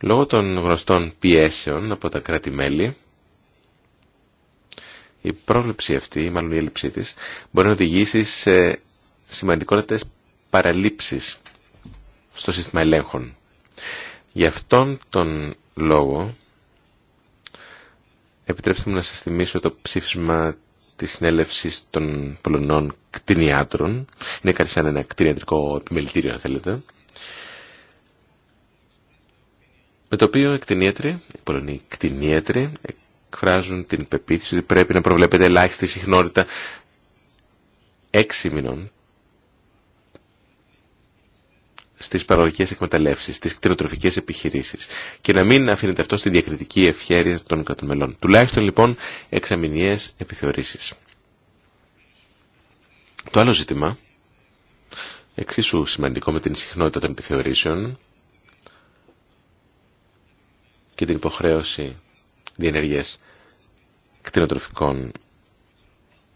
Λόγω των γνωστών πιέσεων από τα κράτη-μέλη, η πρόβληψη αυτή, αυτή, μάλλον η έλλειψή της, μπορεί να οδηγήσει σε σημαντικότερες παραλήψεις στο σύστημα ελέγχων. Γι' αυτόν τον λόγο, επιτρέψτε μου να σας θυμίσω το ψήφισμα της συνέλευσης των Πολωνών κτηνιάτρων. Είναι κάτι σαν ένα κτηνιατρικό επιμελητήριο, αν θέλετε. Με το οποίο οι κτηνίατροι, οι Πολωνοί κτηνίατροι, εκφράζουν την πεποίθηση ότι πρέπει να προβλέπεται ελάχιστη συχνότητα έξι μηνών στις παραγωγικές εκμεταλλεύσεις, στις κτηνοτροφικές επιχειρήσεις και να μην αφήνεται αυτό στη διακριτική ευχέρεια των κρατομέλων. Τουλάχιστον λοιπόν εξαμηνιαίες επιθεωρήσεις. Το άλλο ζήτημα, εξίσου σημαντικό με την συχνότητα των επιθεωρήσεων και την υποχρέωση διενεργίας κτηνοτροφικών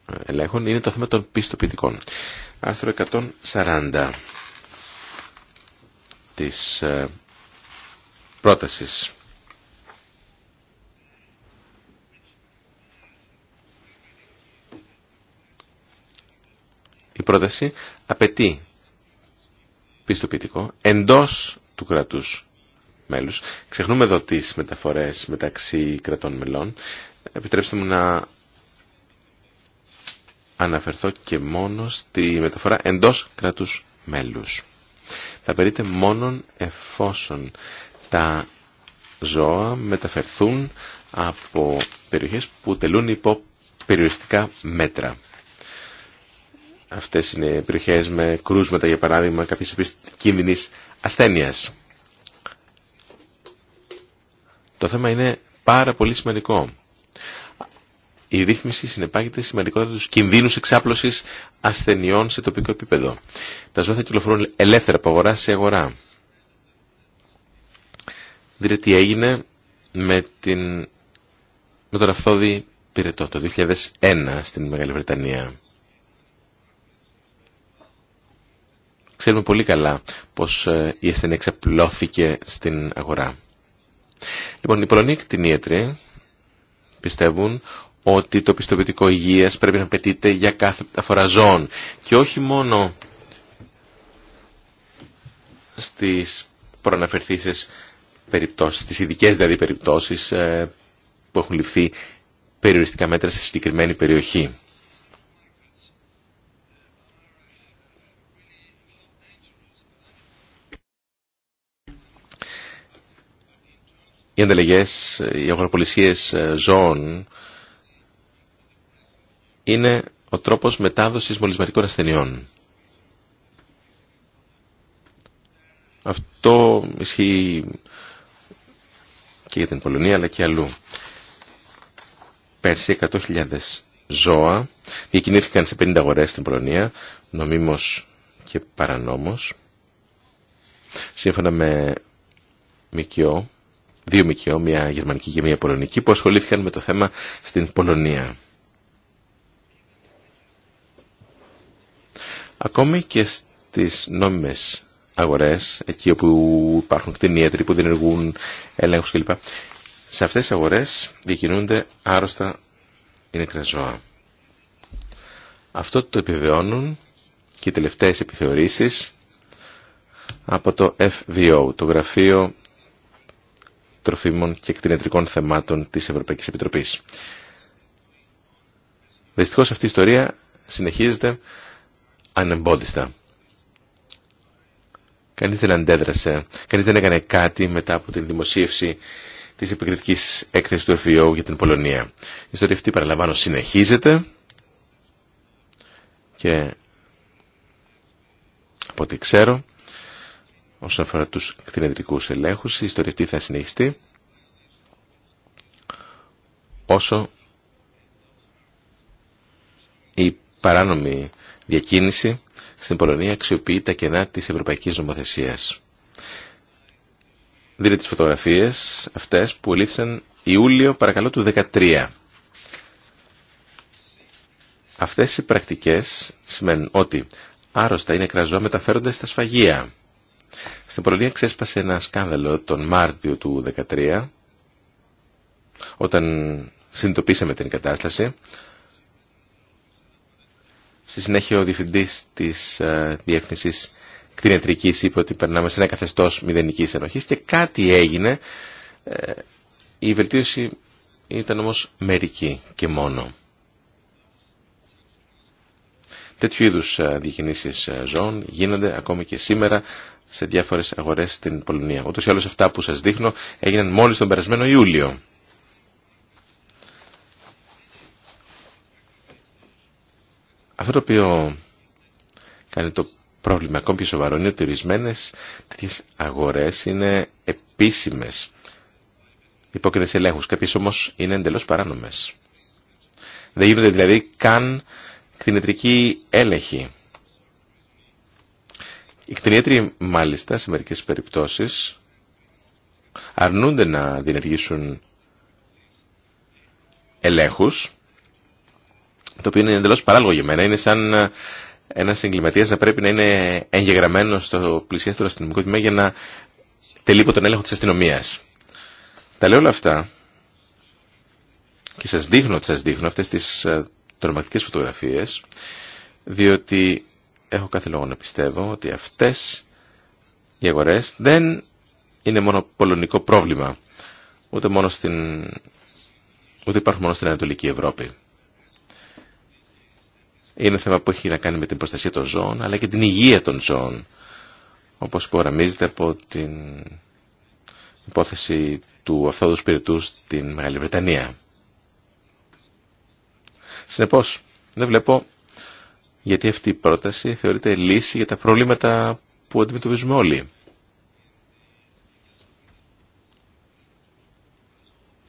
ε, ελέγχων, είναι το θέμα των πιστοποιητικών. Άρθρο 140 της ε, πρότασης. Η πρόταση απαιτεί πιστοποιητικό εντός του κρατούς μέλους. Ξεχνούμε εδώ τις μεταφορές μεταξύ κρατών μελών. Επιτρέψτε μου να αναφερθώ και μόνο στη μεταφορά εντός κρατούς μέλους θα περίτε μόνον εφόσον τα ζώα μεταφερθούν από περιοχές που τελούν υπό περιοριστικά μέτρα. Αυτές είναι περιοχές με κρούσματα, για παράδειγμα, κάποιες κίνδυνης ασθένειας. Το θέμα είναι πάρα πολύ σημαντικό. Η ρύθμιση συνεπάγεται του κινδύνου εξάπλωση ασθενειών σε τοπικό επίπεδο. Τα ζώα θα κυκλοφορούν ελεύθερα από αγορά σε αγορά. Δείτε τι έγινε με, την... με τον Αφθόδη πυρετό το 2001 στην Μεγάλη Βρετανία. Ξέρουμε πολύ καλά πως ε, η ασθενή εξαπλώθηκε στην αγορά. Λοιπόν, οι Πολωνοί κτηνίατροι πιστεύουν ότι το πιστοποιητικό υγείας πρέπει να πετείται για κάθε μεταφορά ζώων και όχι μόνο στις προαναφερθήσεις περιπτώσεις, στις ειδικέ δηλαδή περιπτώσεις ε, που έχουν ληφθεί περιοριστικά μέτρα σε συγκεκριμένη περιοχή. Οι ανταλλαγές, οι αγροπολισίες ε, ζώων είναι ο τρόπος μετάδοσης μολυσματικών ασθενειών. Αυτό ισχύει και για την Πολωνία αλλά και αλλού. Πέρσι 100.000 ζώα διακινήθηκαν σε 50 αγορές στην Πολωνία, νομίμως και παρανόμως. Σύμφωνα με ΜΚΟ, δύο ΜΚΟ, μια γερμανική και μια πολωνική, που ασχολήθηκαν με το θέμα στην Πολωνία. Ακόμη και στις νόμιμες αγορές, εκεί όπου υπάρχουν κτηνίατροι που δημιουργούν ελέγχους κλπ. Σε αυτές τις αγορές διακινούνται άρρωστα οι νεκρά ζώα. Αυτό το επιβεβαιώνουν και οι τελευταίες επιθεωρήσεις από το FVO, το Γραφείο Τροφίμων και Κτηνιατρικών Θεμάτων της Ευρωπαϊκής Επιτροπής. Δυστυχώς αυτή η ιστορία συνεχίζεται ανεμπόδιστα. Κανείς δεν αντέδρασε, κανείς δεν έκανε κάτι μετά από την δημοσίευση της επικριτικής έκθεσης του FEO για την Πολωνία. Η ιστορία αυτή παραλαμβάνω συνεχίζεται και από ό,τι ξέρω όσον αφορά τους κτηνεδρικούς ελέγχους η ιστορία αυτή θα συνεχιστεί όσο η παράνομη διακίνηση στην Πολωνία αξιοποιεί τα κενά της ευρωπαϊκής νομοθεσίας. Δείτε τις φωτογραφίες αυτές που λήφθησαν Ιούλιο παρακαλώ του 2013. Αυτές οι πρακτικές σημαίνουν ότι άρρωστα είναι κραζό μεταφέροντας στα σφαγεία. Στην Πολωνία ξέσπασε ένα σκάνδαλο τον Μάρτιο του 2013 όταν συνειδητοποίησαμε την κατάσταση Στη συνέχεια ο διευθυντής της ε, διεύθυνση κτηνιατρικής είπε ότι περνάμε σε ένα καθεστώ μηδενική ενοχή και κάτι έγινε. Ε, η βελτίωση ήταν όμω μερική και μόνο. Τέτοιου είδου ε, διακινήσεις ζώων γίνονται ακόμη και σήμερα σε διάφορε αγορέ στην Πολωνία. Ούτω ή άλλω αυτά που σα δείχνω έγιναν μόλι τον περασμένο Ιούλιο. Αυτό το οποίο κάνει το πρόβλημα ακόμη πιο σοβαρό είναι ότι ορισμένε τέτοιε αγορέ είναι επίσημε. Υπόκειται σε ελέγχου. Κάποιε όμω είναι εντελώ παράνομε. Δεν γίνονται δηλαδή καν κτηνιατρικοί έλεγχοι. Οι κτηνίατροι μάλιστα σε μερικές περιπτώσεις αρνούνται να διενεργήσουν ελέγχους το οποίο είναι εντελώ παράλογο για μένα. Είναι σαν ε, ένα εγκληματία να πρέπει να είναι εγγεγραμμένο στο πλησιέστερο αστυνομικό τμήμα για να τελείπω τον έλεγχο της αστυνομία. Τα λέω όλα αυτά και σας δείχνω ότι σα δείχνω αυτές τις ε, τρομακτικές φωτογραφίες διότι έχω κάθε λόγο να πιστεύω ότι αυτές οι αγορέ δεν είναι μόνο πολωνικό πρόβλημα ούτε, μόνο στην... ούτε υπάρχουν μόνο στην Ανατολική Ευρώπη είναι θέμα που έχει να κάνει με την προστασία των ζώων αλλά και την υγεία των ζώων όπως υπογραμμίζεται από την υπόθεση του αυθόδου σπιριτού στην Μεγάλη Βρετανία. Συνεπώς, δεν βλέπω γιατί αυτή η πρόταση θεωρείται λύση για τα προβλήματα που αντιμετωπίζουμε όλοι.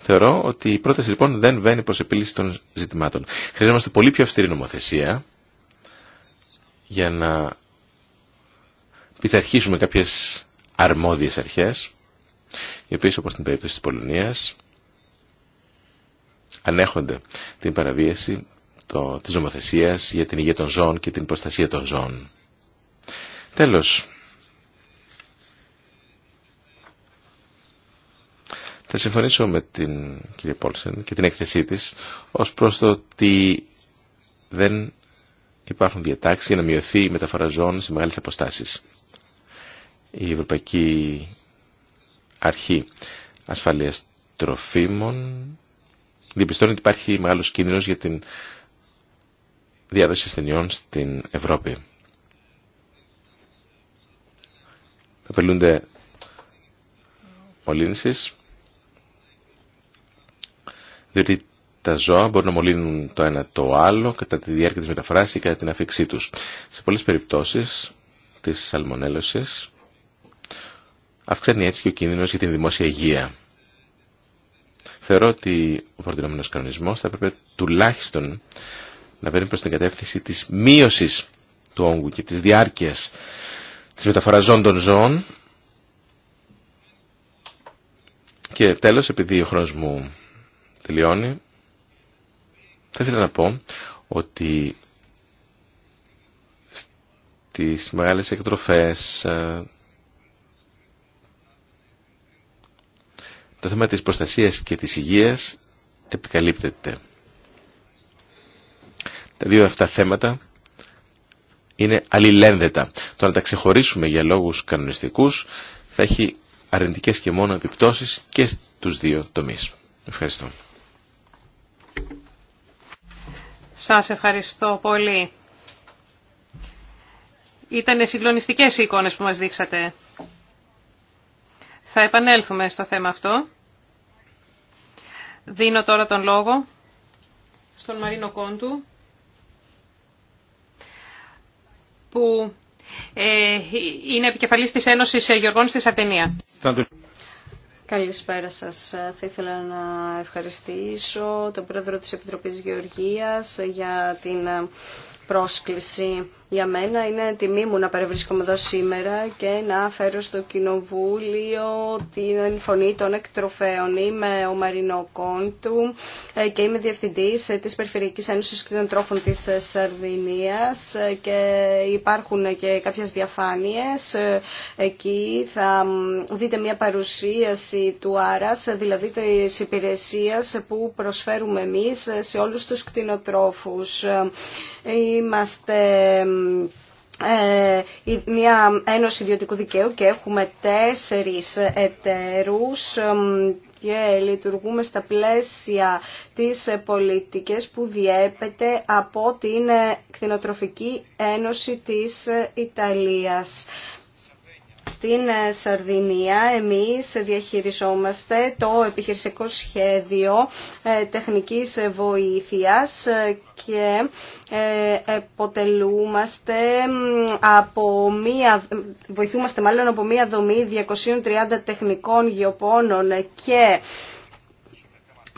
Θεωρώ ότι η πρόταση λοιπόν δεν βαίνει προς επίλυση των ζητημάτων. Χρειαζόμαστε πολύ πιο αυστηρή νομοθεσία για να πειθαρχήσουμε κάποιες αρμόδιες αρχές, οι οποίες όπως στην περίπτωση της Πολωνίας ανέχονται την παραβίαση το, της νομοθεσίας για την υγεία των ζώων και την προστασία των ζώων. Τέλος, Θα συμφωνήσω με την κυρία Πόλσεν και την έκθεσή της ως προς το ότι δεν υπάρχουν διατάξεις για να μειωθεί η μεταφορά ζώων σε μεγάλες αποστάσεις. Η Ευρωπαϊκή Αρχή Ασφαλείας Τροφίμων διαπιστώνει ότι υπάρχει μεγάλος κίνδυνος για την διάδοση ασθενειών στην Ευρώπη. Απελούνται μολύνσεις διότι τα ζώα μπορούν να μολύνουν το ένα το άλλο κατά τη διάρκεια της μεταφράσης ή κατά την αφήξή τους. Σε πολλές περιπτώσεις της σαλμονέλωσης αυξάνει έτσι και ο κίνδυνος για την δημόσια υγεία. Θεωρώ ότι ο προτινόμενος κανονισμός θα έπρεπε τουλάχιστον να παίρνει προς την κατεύθυνση της μείωσης του όγκου και της διάρκειας της ζών των ζώων και τέλος επειδή ο χρόνος μου τελειώνει, θα ήθελα να πω ότι στις μεγάλες εκτροφές ε, το θέμα της προστασίας και της υγείας επικαλύπτεται. Τα δύο αυτά θέματα είναι αλληλένδετα. Το να τα ξεχωρίσουμε για λόγους κανονιστικούς θα έχει αρνητικές και μόνο επιπτώσεις και στους δύο τομείς. Ευχαριστώ. Σας ευχαριστώ πολύ. Ήταν συγκλονιστικές οι εικόνες που μας δείξατε. Θα επανέλθουμε στο θέμα αυτό. Δίνω τώρα τον λόγο στον Μαρίνο Κόντου, που ε, είναι επικεφαλής της Ένωσης Γεωργών στη Σαρτενία. Καλησπέρα σας. Θα ήθελα να ευχαριστήσω τον Πρόεδρο της Επιτροπής Γεωργίας για την πρόσκληση. Για μένα είναι τιμή μου να παρευρίσκομαι εδώ σήμερα και να φέρω στο Κοινοβούλιο την φωνή των εκτροφέων. Είμαι ο Μαρινό Κόντου ε, και είμαι διευθυντής ε, της Περιφερειακής Ένωση Κοινοτρόφων της ε, Σαρδινίας και υπάρχουν και κάποιες διαφάνειες. Εκεί θα δείτε μια παρουσίαση του Άρας, δηλαδή τη υπηρεσίας που προσφέρουμε εμεί σε όλους τους κτηνοτρόφους. Είμαστε ε, μια ένωση ιδιωτικού δικαίου και έχουμε τέσσερις εταίρους και λειτουργούμε στα πλαίσια της πολιτικής που διέπεται από την Κτηνοτροφική Ένωση της Ιταλίας. Στην ε, Σαρδινία εμείς διαχειριζόμαστε το επιχειρησιακό σχέδιο ε, τεχνικής βοήθειας ε, και αποτελούμαστε από μία, βοηθούμαστε μάλλον από μία δομή 230 τεχνικών γεωπόνων και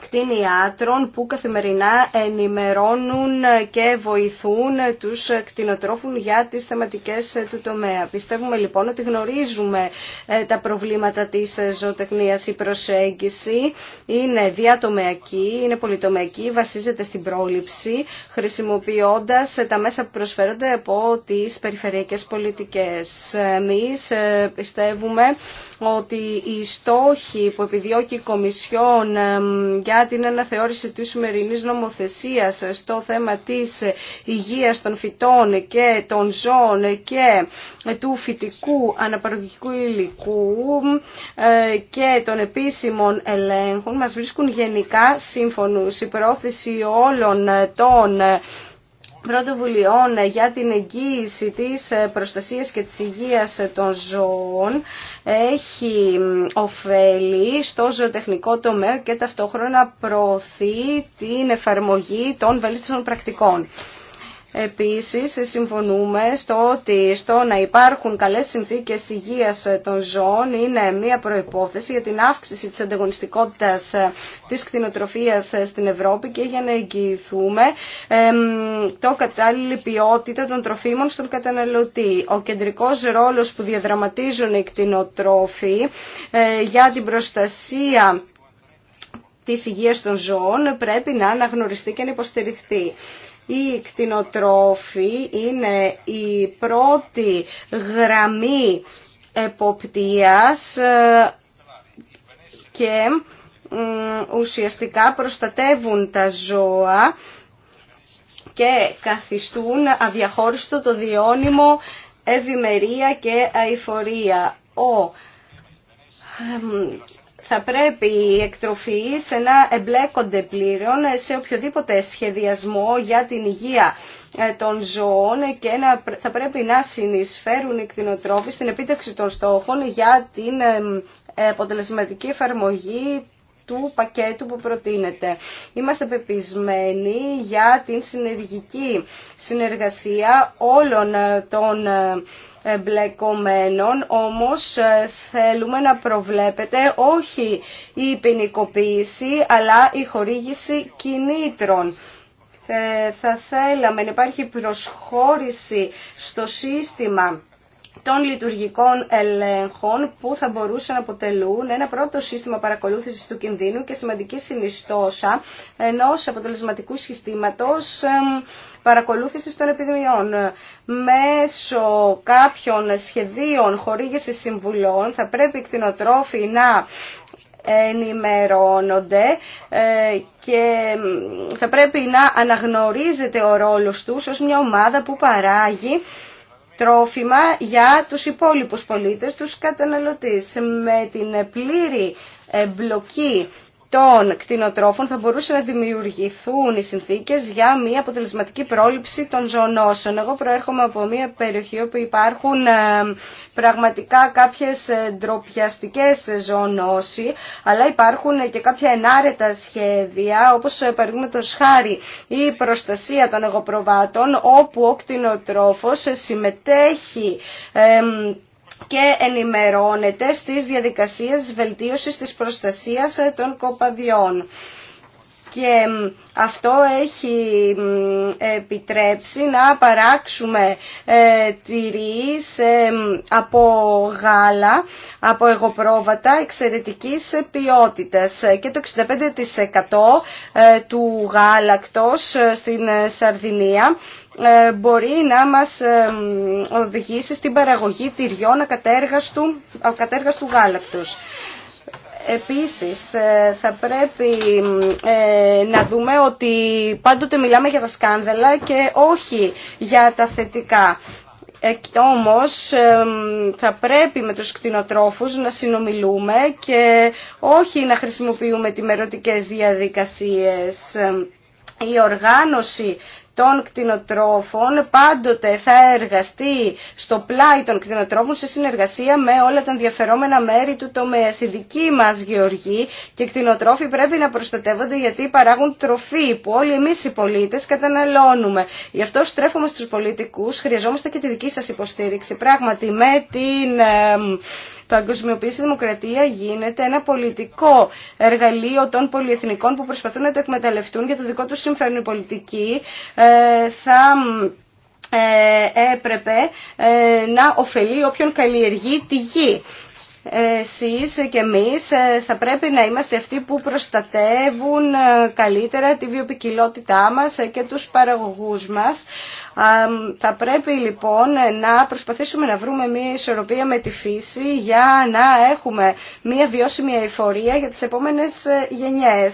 κτηνιάτρων που καθημερινά ενημερώνουν και βοηθούν τους κτηνοτρόφους για τις θεματικές του τομέα. Πιστεύουμε λοιπόν ότι γνωρίζουμε ε, τα προβλήματα της ζωοτεχνίας. Η προσέγγιση είναι διατομεακή, είναι πολυτομεακή, βασίζεται στην πρόληψη, χρησιμοποιώντας τα μέσα που προσφέρονται από τις περιφερειακές πολιτικές. Εμείς ε, πιστεύουμε ότι οι στόχοι που επιδιώκει η Κομισιόν ε, για την αναθεώρηση της σημερινής νομοθεσίας στο θέμα της υγείας των φυτών και των ζώων και του φυτικού αναπαραγωγικού υλικού ε, και των επίσημων ελέγχων μας βρίσκουν γενικά σύμφωνους. Η πρόθεση όλων των πρωτοβουλειών για την εγγύηση της ε, προστασίας και της υγείας των ζώων έχει ωφέλη στο ζωοτεχνικό τομέα και ταυτόχρονα προωθεί την εφαρμογή των βελτιστικών πρακτικών. Επίσης, συμφωνούμε στο ότι στο να υπάρχουν καλές συνθήκες υγείας των ζώων είναι μια προϋπόθεση για την αύξηση της ανταγωνιστικότητας της κτηνοτροφίας στην Ευρώπη και για να εγγυηθούμε το κατάλληλη ποιότητα των τροφίμων στον καταναλωτή. Ο κεντρικός ρόλος που διαδραματίζουν οι κτηνοτρόφοι ε, για την προστασία της υγείας των ζώων πρέπει να αναγνωριστεί και να υποστηριχθεί. Οι κτηνοτρόφοι είναι η πρώτη γραμμή εποπτείας ε, και ουσιαστικά προστατεύουν τα ζώα και καθιστούν αδιαχώριστο το διώνυμο ευημερία και αηφορία. Ο ε, θα πρέπει οι εκτροφείς να εμπλέκονται πλήρων σε οποιοδήποτε σχεδιασμό για την υγεία ε, των ζώων και να, θα πρέπει να συνεισφέρουν οι κτηνοτρόφοι στην επίτευξη των στόχων για την αποτελεσματική εφαρμογή του πακέτου που προτείνεται. Είμαστε πεπισμένοι για την συνεργική συνεργασία όλων ε, των ε, εμπλεκομένων, όμως ε, θέλουμε να προβλέπετε όχι η ποινικοποίηση, αλλά η χορήγηση κινήτρων ε, θα θέλαμε να υπάρχει προσχώρηση στο σύστημα των λειτουργικών ελέγχων που θα μπορούσαν να αποτελούν ένα πρώτο σύστημα παρακολούθησης του κινδύνου και σημαντική συνιστόσα ενός αποτελεσματικού συστήματος παρακολούθησης των επιδημιών. Μέσω κάποιων σχεδίων χορήγησης συμβουλών θα πρέπει οι κτηνοτρόφοι να ενημερώνονται ε, και θα πρέπει να αναγνωρίζεται ο ρόλος τους ως μια ομάδα που παράγει τρόφιμα για τους υπόλοιπους πολίτες, τους καταναλωτές. Με την πλήρη εμπλοκή των κτηνοτρόφων θα μπορούσε να δημιουργηθούν οι συνθήκε για μια αποτελεσματική πρόληψη των ζωνώσεων. Εγώ προέρχομαι από μια περιοχή όπου υπάρχουν ε, πραγματικά κάποιε ντροπιαστικέ ζωνώσει, αλλά υπάρχουν και κάποια ενάρετα σχέδια, όπω ε, παραδείγματο χάρη η προστασία των εγωπροβάτων, όπου ο κτηνοτρόφο συμμετέχει ε, και ενημερώνεται στις διαδικασίες βελτίωσης της προστασίας ε, των κοπαδιών. Και αυτό έχει επιτρέψει να παράξουμε ε, τυρί ε, από γάλα, από εγωπρόβατα εξαιρετικής ποιότητας. Και το 65% του γάλακτος στην Σαρδινία ε, μπορεί να μας ε, οδηγήσει στην παραγωγή τυριών ακατέργαστου, του γάλακτος. Επίσης ε, θα πρέπει να δούμε ότι πάντοτε μιλάμε για τα σκάνδαλα και όχι για τα θετικά. Όμως θα πρέπει με τους κτηνοτρόφους να συνομιλούμε και όχι να χρησιμοποιούμε τη διαδικασίες. Η οργάνωση των κτηνοτρόφων πάντοτε θα εργαστεί στο πλάι των κτηνοτρόφων σε συνεργασία με όλα τα ενδιαφερόμενα μέρη του τομέα. Οι δικοί μας γεωργοί και κτηνοτρόφοι πρέπει να προστατεύονται γιατί παράγουν τροφή που όλοι εμείς οι πολίτες καταναλώνουμε. Γι' αυτό στρέφουμε στους πολιτικού, χρειαζόμαστε και τη δική σας υποστήριξη. Πράγματι με την παγκοσμιοποίηση δημοκρατία γίνεται ένα πολιτικό εργαλείο των πολυεθνικών που προσπαθούν να το εκμεταλλευτούν για το δικό τους συμφέρον. Η πολιτική ε, θα ε, έπρεπε ε, να ωφελεί όποιον καλλιεργεί τη γη εσείς και εμείς ε, θα πρέπει να είμαστε αυτοί που προστατεύουν ε, καλύτερα τη βιοπικιλότητά μας ε, και τους παραγωγούς μας. Θα πρέπει λοιπόν να προσπαθήσουμε να βρούμε μια ισορροπία με τη φύση για να έχουμε μια βιώσιμη εφορία για τις επόμενες γενιές.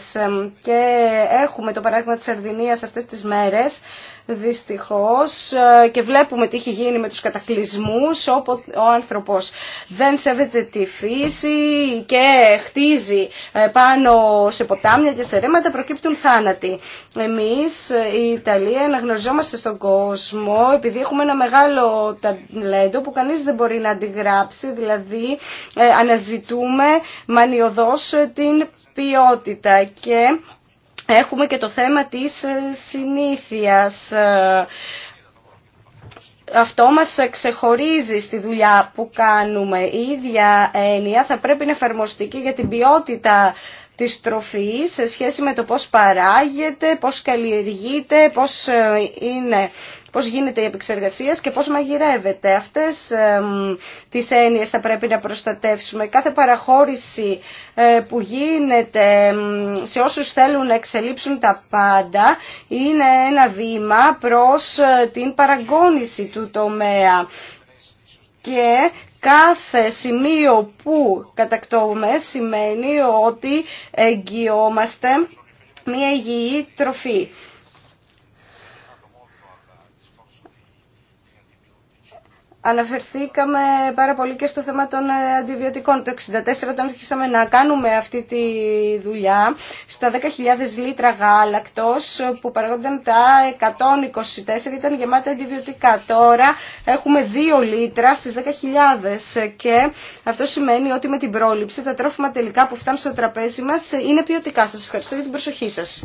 Και έχουμε το παράδειγμα της Αρδινίας αυτές τις μέρες δυστυχώς ε, και βλέπουμε τι έχει γίνει με τους κατακλυσμούς όπου ο άνθρωπος δεν σέβεται τη φύση και χτίζει ε, πάνω σε ποτάμια και σε ρήματα προκύπτουν θάνατοι. Εμείς η ε, Ιταλία αναγνωριζόμαστε στον κόσμο επειδή έχουμε ένα μεγάλο ταλέντο που κανείς δεν μπορεί να αντιγράψει δηλαδή αναζητούμε μανιωδώς την ποιότητα και έχουμε και το θέμα της ε, συνήθειας. Ε, αυτό μας ξεχωρίζει στη δουλειά που κάνουμε. Η ίδια έννοια θα πρέπει να εφαρμοστεί και για την ποιότητα της τροφής σε σχέση με το πώς παράγεται, πώς καλλιεργείται, πώς, ε, είναι, πώς γίνεται η επεξεργασία και πώς μαγειρεύεται. Αυτές ε, τις έννοιες θα πρέπει να προστατεύσουμε. Κάθε παραχώρηση ε, που γίνεται σε όσους θέλουν να εξελίψουν τα πάντα είναι ένα βήμα προς ε, την παραγκόνηση του τομέα και κάθε σημείο που κατακτώμε σημαίνει ότι εγγυόμαστε μια υγιή τροφή. Αναφερθήκαμε πάρα πολύ και στο θέμα των ε, αντιβιωτικών. Το 1964 όταν αρχίσαμε να κάνουμε αυτή τη δουλειά, στα 10.000 λίτρα γάλακτος που παραγόνταν τα 124 ήταν γεμάτα αντιβιωτικά. Τώρα έχουμε 2 λίτρα στις 10.000 και αυτό σημαίνει ότι με την πρόληψη τα τρόφιμα τελικά που φτάνουν στο τραπέζι μας ε, είναι ποιοτικά. Σας ευχαριστώ για την προσοχή σας.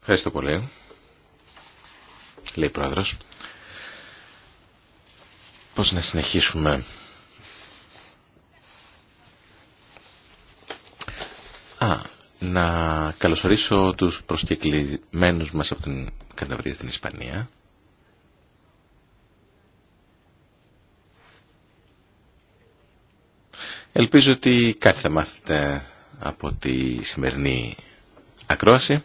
Ευχαριστώ πολύ. Λέει η πρόεδρος. Πώς να συνεχίσουμε. να καλωσορίσω τους προσκεκλημένους μας από την Κανταβρία στην Ισπανία. Ελπίζω ότι κάτι θα μάθετε από τη σημερινή ακρόαση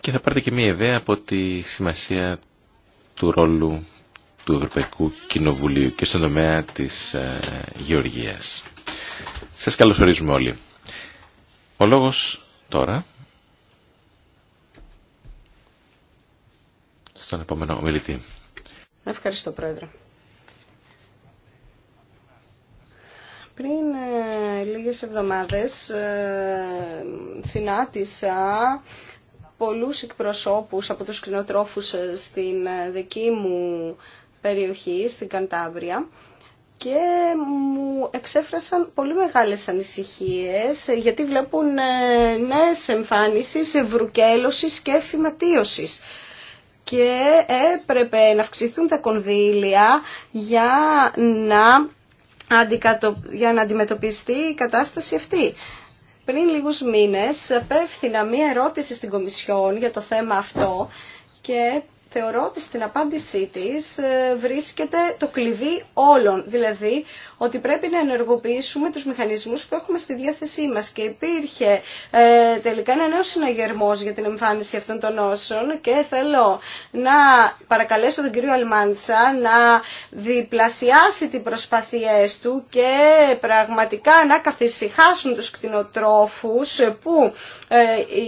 και θα πάρετε και μία ιδέα από τη σημασία του ρόλου του Ευρωπαϊκού Κοινοβουλίου και στον τομέα της ε, γεωργίας. Σας καλωσορίζουμε όλοι. Ο λόγος τώρα στον επόμενο ομιλητή. Ευχαριστώ, Πρόεδρε. Πριν ε, λίγες εβδομάδες ε, συνάντησα πολλούς εκπροσώπους από τους κοινοτρόφους ε, στην δική μου περιοχή, στην Καντάβρια και μου εξέφρασαν πολύ μεγάλες ανησυχίες γιατί βλέπουν νέες εμφάνισεις ευρουκέλωσης και φυματίωσης και έπρεπε να αυξηθούν τα κονδύλια για να για να αντιμετωπιστεί η κατάσταση αυτή. Πριν λίγους μήνες απέφθηνα μία ερώτηση στην Κομισιόν για το θέμα αυτό και θεωρώ ότι στην απάντησή της ε, βρίσκεται το κλειδί όλων. Δηλαδή ότι πρέπει να ενεργοποιήσουμε τους μηχανισμούς που έχουμε στη διάθεσή μας. Και υπήρχε ε, τελικά ένα νέο συναγερμός για την εμφάνιση αυτών των όσων και θέλω να παρακαλέσω τον κύριο Αλμάντσα να διπλασιάσει τις προσπαθίες του και πραγματικά να καθησυχάσουν τους κτηνοτρόφους που ε,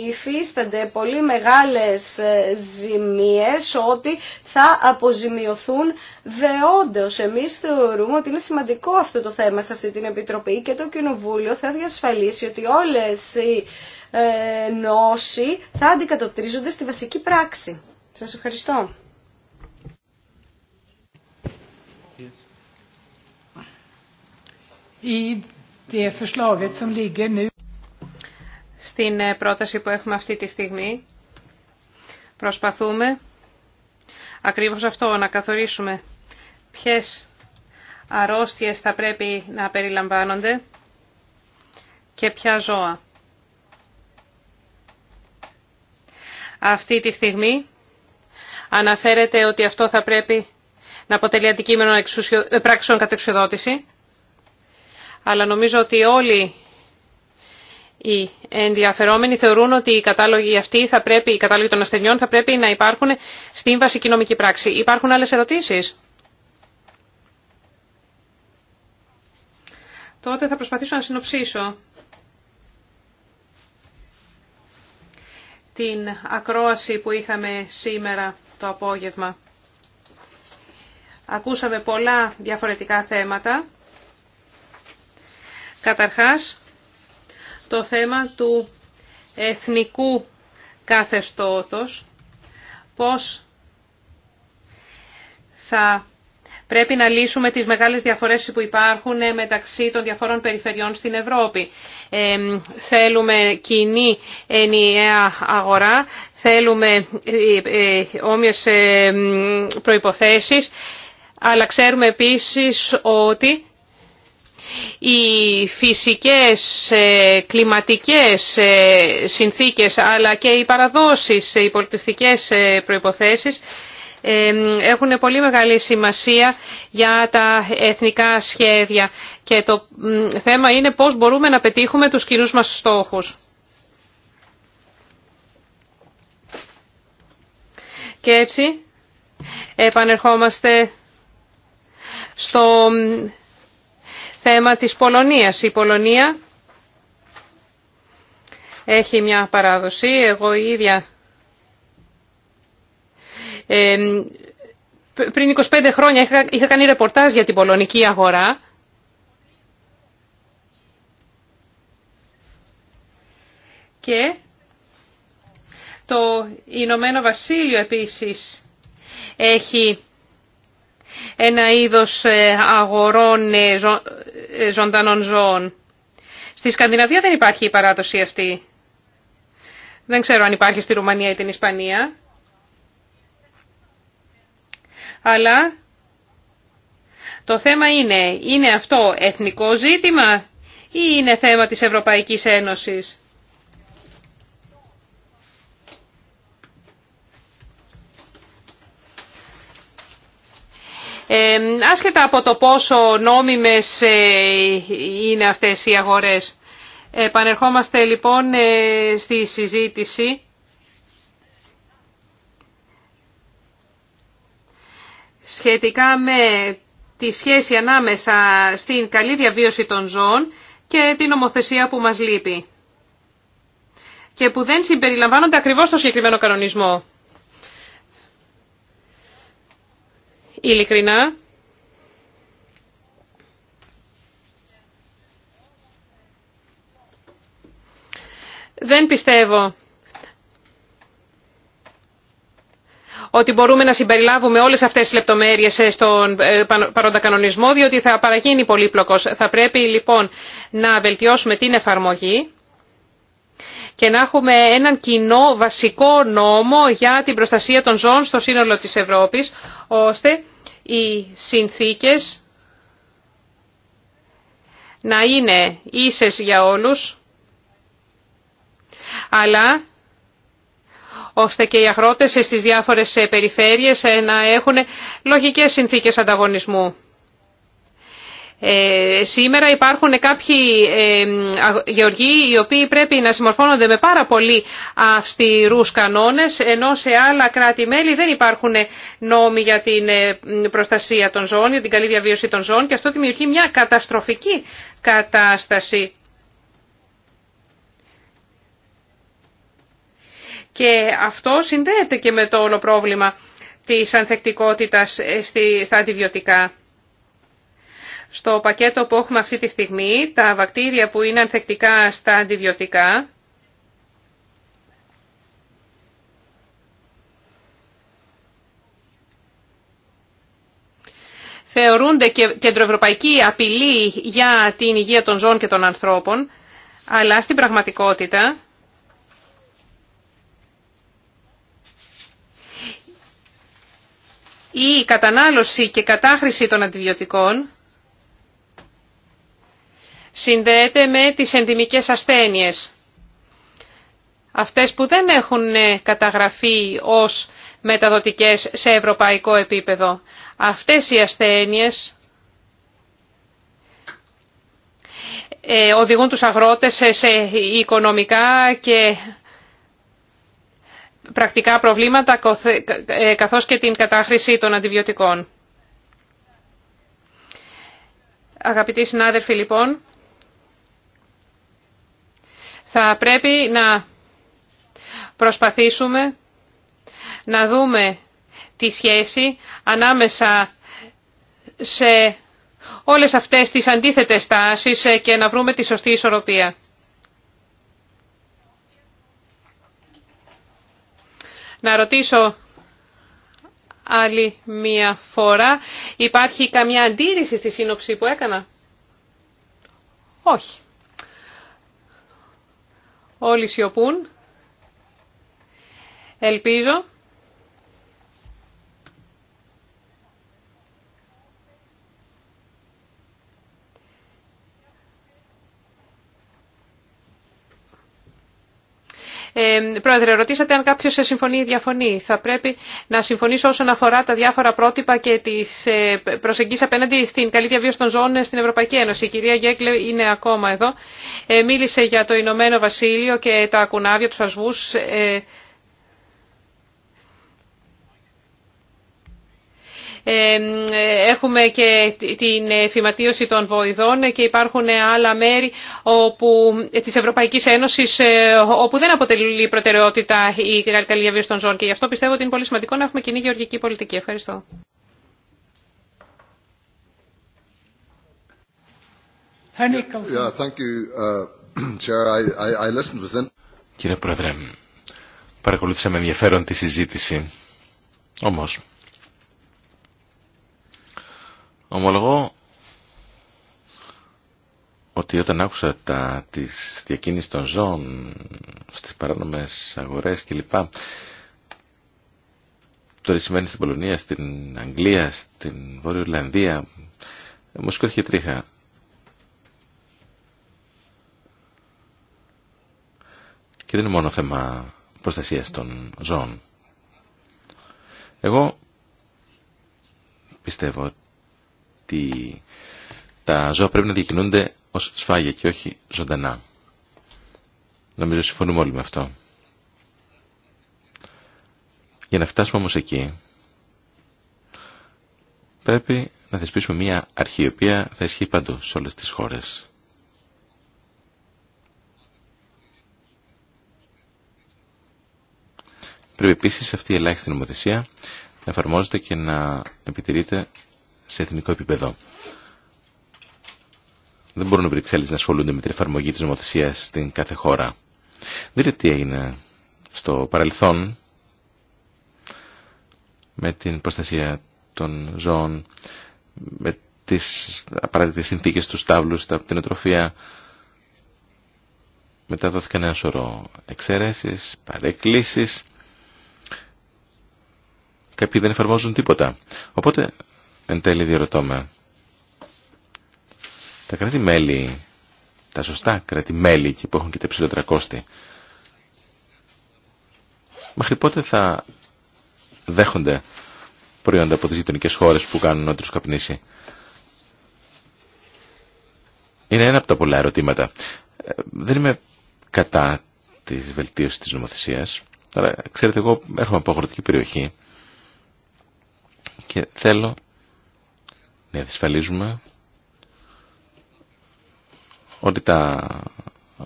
υφίστανται πολύ μεγάλες ζημίες ότι θα αποζημιωθούν δεόντως. Εμείς θεωρούμε ότι είναι σημαντικό αυτό το θέμα σε αυτή την Επιτροπή και το Κοινοβούλιο θα διασφαλίσει ότι όλες οι ε, νόσοι θα αντικατοπτρίζονται στη βασική πράξη. Σας ευχαριστώ. Στην ε, πρόταση που έχουμε αυτή τη στιγμή προσπαθούμε ακριβώς αυτό, να καθορίσουμε ποιες αρρώστιες θα πρέπει να περιλαμβάνονται και ποια ζώα. Αυτή τη στιγμή αναφέρεται ότι αυτό θα πρέπει να αποτελεί αντικείμενο ε, πράξεων κατεξοδότηση, αλλά νομίζω ότι όλοι οι ενδιαφερόμενοι θεωρούν ότι οι κατάλογοι αυτοί θα πρέπει, οι κατάλογοι των ασθενειών θα πρέπει να υπάρχουν στην βασική νομική πράξη. Υπάρχουν άλλες ερωτήσεις. Τότε θα προσπαθήσω να συνοψίσω την ακρόαση που είχαμε σήμερα το απόγευμα. Ακούσαμε πολλά διαφορετικά θέματα. Καταρχάς, το θέμα του εθνικού καθεστώτος, πώς θα πρέπει να λύσουμε τις μεγάλες διαφορές που υπάρχουν ε, μεταξύ των διαφόρων περιφερειών στην Ευρώπη. Ε, θέλουμε κοινή ενιαία αγορά, θέλουμε ε, όμοιες προϋποθέσεις, αλλά ξέρουμε επίσης ότι οι φυσικές, ε, κλιματικές ε, συνθήκες αλλά και οι παραδόσεις, ε, οι πολιτιστικές προϋποθέσεις έχουν πολύ μεγάλη σημασία για τα εθνικά σχέδια και το θέμα είναι πώς μπορούμε να πετύχουμε τους κοινούς μας στόχους. Και έτσι επανερχόμαστε στο θέμα της Πολωνίας. Η Πολωνία έχει μια παράδοση. Εγώ ίδια πριν 25 χρόνια είχα, είχα κάνει ρεπορτάζ για την πολωνική αγορά. Και το Ηνωμένο Βασίλειο επίσης έχει ένα είδος ε, αγορών ε, ε, ζωντανών ζώων. Στη Σκανδιναβία δεν υπάρχει η παράδοση αυτή. Δεν ξέρω αν υπάρχει στη Ρουμανία ή την Ισπανία. Αλλά το θέμα είναι, είναι αυτό εθνικό ζήτημα ή είναι θέμα της Ευρωπαϊκής Ένωσης. άσχετα από το πόσο νόμιμες ε, είναι αυτές οι αγορές. Επανερχόμαστε λοιπόν ε, στη συζήτηση. σχετικά με τη σχέση ανάμεσα στην καλή διαβίωση των ζώων και την ομοθεσία που μας λείπει και που δεν συμπεριλαμβάνονται ακριβώς στο συγκεκριμένο κανονισμό. ειλικρινά δεν πιστεύω ότι μπορούμε να συμπεριλάβουμε όλες αυτές τις λεπτομέρειες ε, στον ε, παρόντα κανονισμό, διότι θα παραγίνει πολύπλοκος. Θα πρέπει λοιπόν να βελτιώσουμε την εφαρμογή και να έχουμε έναν κοινό βασικό νόμο για την προστασία των ζώων στο σύνολο της Ευρώπης, ώστε οι συνθήκες να είναι ίσες για όλους, αλλά ώστε και οι αγρότες στις διάφορες περιφέρειες ε, να έχουν λογικές συνθήκες ανταγωνισμού. Ε, σήμερα υπάρχουν κάποιοι ε, γεωργοί οι οποίοι πρέπει να συμμορφώνονται με πάρα πολύ αυστηρούς κανόνες ενώ σε άλλα κράτη-μέλη δεν υπάρχουν νόμοι για την ε, προστασία των ζώων, για την καλή διαβίωση των ζώων και αυτό δημιουργεί μια καταστροφική κατάσταση. Και αυτό συνδέεται και με το όλο πρόβλημα της ανθεκτικότητας ε, στα αντιβιωτικά στο πακέτο που έχουμε αυτή τη στιγμή, τα βακτήρια που είναι ανθεκτικά στα αντιβιωτικά, θεωρούνται και κεντροευρωπαϊκή απειλή για την υγεία των ζώων και των ανθρώπων, αλλά στην πραγματικότητα η κατανάλωση και κατάχρηση των αντιβιωτικών συνδέεται με τις εντιμικές ασθένειες. Αυτές που δεν έχουν ε, καταγραφεί ως μεταδοτικές σε ευρωπαϊκό επίπεδο. Αυτές οι ασθένειες ε, οδηγούν τους αγρότες σε οικονομικά και πρακτικά προβλήματα ε, καθώς και την κατάχρηση των αντιβιωτικών. Αγαπητοί συνάδελφοι, λοιπόν, θα πρέπει να προσπαθήσουμε να δούμε τη σχέση ανάμεσα σε όλες αυτές τις αντίθετες τάσεις ε, και να βρούμε τη σωστή ισορροπία. Να ρωτήσω άλλη μία φορά, υπάρχει καμιά αντίρρηση στη σύνοψη που έκανα. Όχι. Όλοι σιωπούν. Ελπίζω. Ε, πρόεδρε, ρωτήσατε αν κάποιος συμφωνεί ή διαφωνεί. Θα πρέπει να συμφωνήσω όσον αφορά τα διάφορα πρότυπα και τι ε, προσεγγίσεις απέναντι στην καλή διαβίωση των ζώων στην Ευρωπαϊκή Ένωση. Η κυρία Γκέκλε είναι ακόμα εδώ. Ε, μίλησε για το Ηνωμένο Βασίλειο και τα κουνάβια, του ασβού. Ε, Έχουμε και την φυματίωση των βοηδών και υπάρχουν άλλα μέρη όπου, της Ευρωπαϊκής Ένωσης ε, όπου δεν αποτελεί προτεραιότητα η καλή διαβίωση των ζώων και γι' αυτό πιστεύω ότι είναι πολύ σημαντικό να έχουμε κοινή γεωργική πολιτική. Ευχαριστώ. Κύριε Πρόεδρε, παρακολούθησα με ενδιαφέρον τη συζήτηση. Όμως, Ομολογώ ότι όταν άκουσα τα της των ζώων στις παράνομες αγορές κλπ. Το σημαίνει στην Πολωνία, στην Αγγλία, στην Βόρειο Ιρλανδία. Μου σκόρχε τρίχα. Και δεν είναι μόνο θέμα προστασίας των ζώων. Εγώ πιστεύω ότι τα ζώα πρέπει να διακινούνται ως σφάγια και όχι ζωντανά. Νομίζω συμφωνούμε όλοι με αυτό. Για να φτάσουμε όμως εκεί, πρέπει να θεσπίσουμε μία αρχή, η οποία θα ισχύει παντού σε όλες τις χώρες. Πρέπει επίσης αυτή η ελάχιστη νομοθεσία να εφαρμόζεται και να επιτηρείται σε εθνικό επίπεδο. Δεν μπορούν οι Βρυξέλλες να ασχολούνται με την εφαρμογή της νομοθεσίας στην κάθε χώρα. Δείτε τι έγινε στο παρελθόν με την προστασία των ζώων, με τις απαραίτητες συνθήκες του στάβλου, τα πτυνοτροφία. Μετά δόθηκαν ένα σωρό εξαίρεσεις, παρεκκλήσεις. Κάποιοι δεν εφαρμόζουν τίποτα. Οπότε Εν τέλει διερωτώ Τα κράτη-μέλη, τα σωστά κράτη-μέλη που έχουν και τα υψηλότερα κόστη, μέχρι πότε θα δέχονται προϊόντα από τις γειτονικές χώρες που κάνουν ό,τι καπνίσει. Είναι ένα από τα πολλά ερωτήματα. Ε, δεν είμαι κατά της βελτίωσης της νομοθεσίας, αλλά ξέρετε εγώ έρχομαι από αγροτική περιοχή και θέλω διασφαλίζουμε ότι τα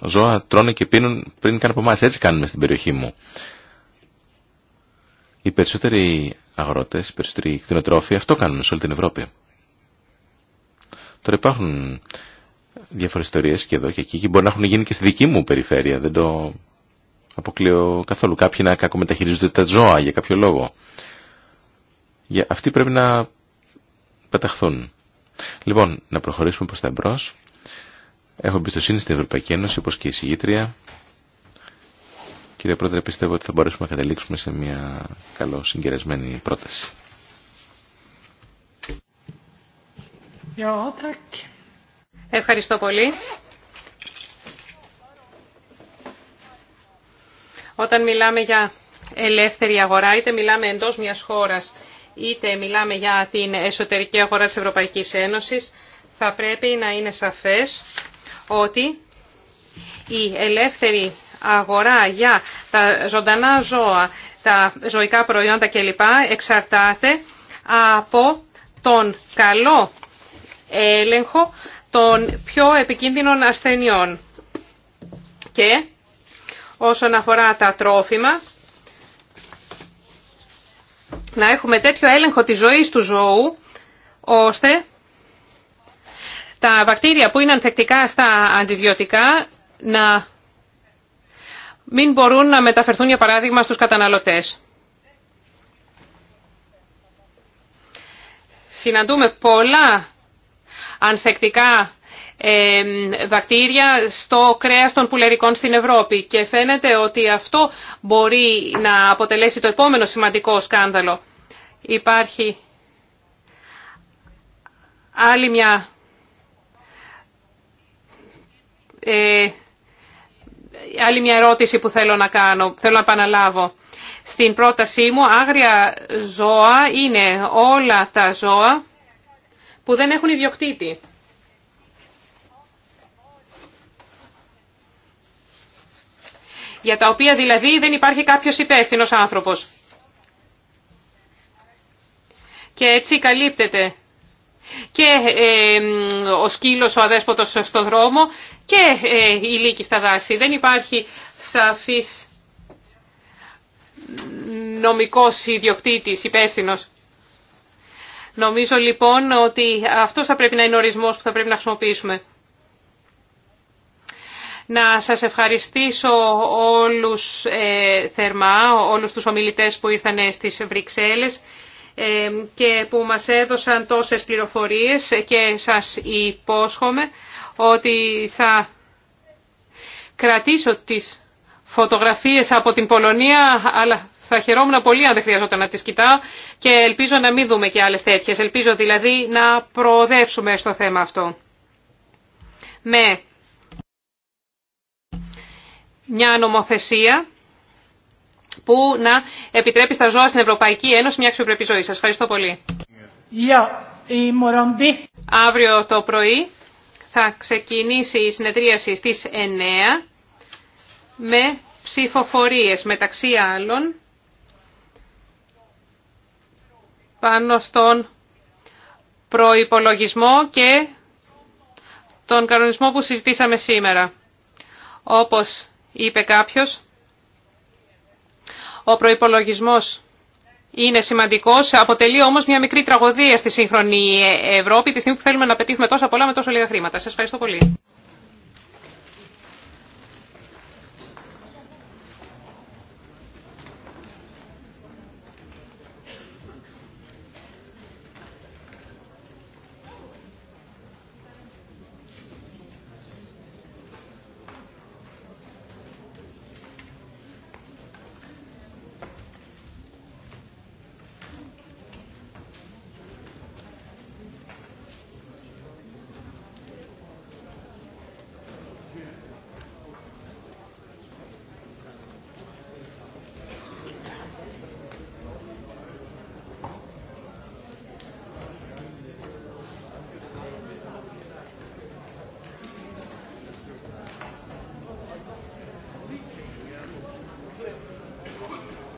ζώα τρώνε και πίνουν πριν καν από εμάς. Έτσι κάνουμε στην περιοχή μου. Οι περισσότεροι αγρότες, οι περισσότεροι κτηνοτρόφοι αυτό κάνουν σε όλη την Ευρώπη. Τώρα υπάρχουν διάφορες ιστορίες και εδώ και εκεί και μπορεί να έχουν γίνει και στη δική μου περιφέρεια. Δεν το αποκλείω καθόλου. Κάποιοι να κακομεταχειρίζονται τα ζώα για κάποιο λόγο. Για αυτοί πρέπει να πεταχθούν. Λοιπόν, να προχωρήσουμε προς τα εμπρός. Έχω εμπιστοσύνη στην Ευρωπαϊκή Ένωση, όπως και η συγγήτρια. Κύριε Πρόεδρε, πιστεύω ότι θα μπορέσουμε να καταλήξουμε σε μια καλό συγκερασμένη πρόταση. Ευχαριστώ πολύ. Όταν μιλάμε για ελεύθερη αγορά, είτε μιλάμε εντός μιας χώρας, είτε μιλάμε για την εσωτερική αγορά της Ευρωπαϊκής Ένωσης, θα πρέπει να είναι σαφές ότι η ελεύθερη αγορά για τα ζωντανά ζώα, τα ζωικά προϊόντα κλπ. εξαρτάται από τον καλό έλεγχο των πιο επικίνδυνων ασθενειών. Και όσον αφορά τα τρόφιμα, να έχουμε τέτοιο έλεγχο της ζωής του ζώου, ώστε τα βακτήρια που είναι ανθεκτικά στα αντιβιωτικά να μην μπορούν να μεταφερθούν, για παράδειγμα, στους καταναλωτές. Συναντούμε πολλά ανθεκτικά βακτήρια στο κρέας των πουλερικών στην Ευρώπη και φαίνεται ότι αυτό μπορεί να αποτελέσει το επόμενο σημαντικό σκάνδαλο. Υπάρχει άλλη μια ε, άλλη μια ερώτηση που θέλω να κάνω, θέλω να επαναλάβω. Στην πρότασή μου άγρια ζώα είναι όλα τα ζώα που δεν έχουν ιδιοκτήτη. για τα οποία δηλαδή δεν υπάρχει κάποιος υπεύθυνος άνθρωπος. Και έτσι καλύπτεται και ε, ο σκύλος, ο αδέσποτος στο δρόμο και ε, η λύκη στα δάση. Δεν υπάρχει σαφής νομικός ιδιοκτήτης υπεύθυνο. Νομίζω λοιπόν ότι αυτός θα πρέπει να είναι ο ορισμός που θα πρέπει να χρησιμοποιήσουμε να σας ευχαριστήσω όλους ε, θερμά, όλους τους ομιλητές που ήρθαν ε, στις Βρυξέλλες ε, και που μας έδωσαν τόσες πληροφορίες και σας υπόσχομαι ότι θα κρατήσω τις φωτογραφίες από την Πολωνία, αλλά θα χαιρόμουν πολύ αν δεν χρειαζόταν να τις κοιτάω και ελπίζω να μην δούμε και άλλες τέτοιες. Ελπίζω δηλαδή να προοδεύσουμε στο θέμα αυτό. Με μια νομοθεσία που να επιτρέπει στα ζώα στην Ευρωπαϊκή Ένωση μια αξιοπρεπή ζωή. Σας ευχαριστώ πολύ. Αύριο το πρωί θα ξεκινήσει η συνεδρίαση στις 9 με ψηφοφορίες μεταξύ άλλων πάνω στον προϋπολογισμό και τον κανονισμό που συζητήσαμε σήμερα. Όπως είπε κάποιος, ο προϋπολογισμός είναι σημαντικός, αποτελεί όμως μια μικρή τραγωδία στη σύγχρονη Ευρώπη, τη στιγμή που θέλουμε να πετύχουμε τόσα πολλά με τόσο λίγα χρήματα. Σας ευχαριστώ πολύ.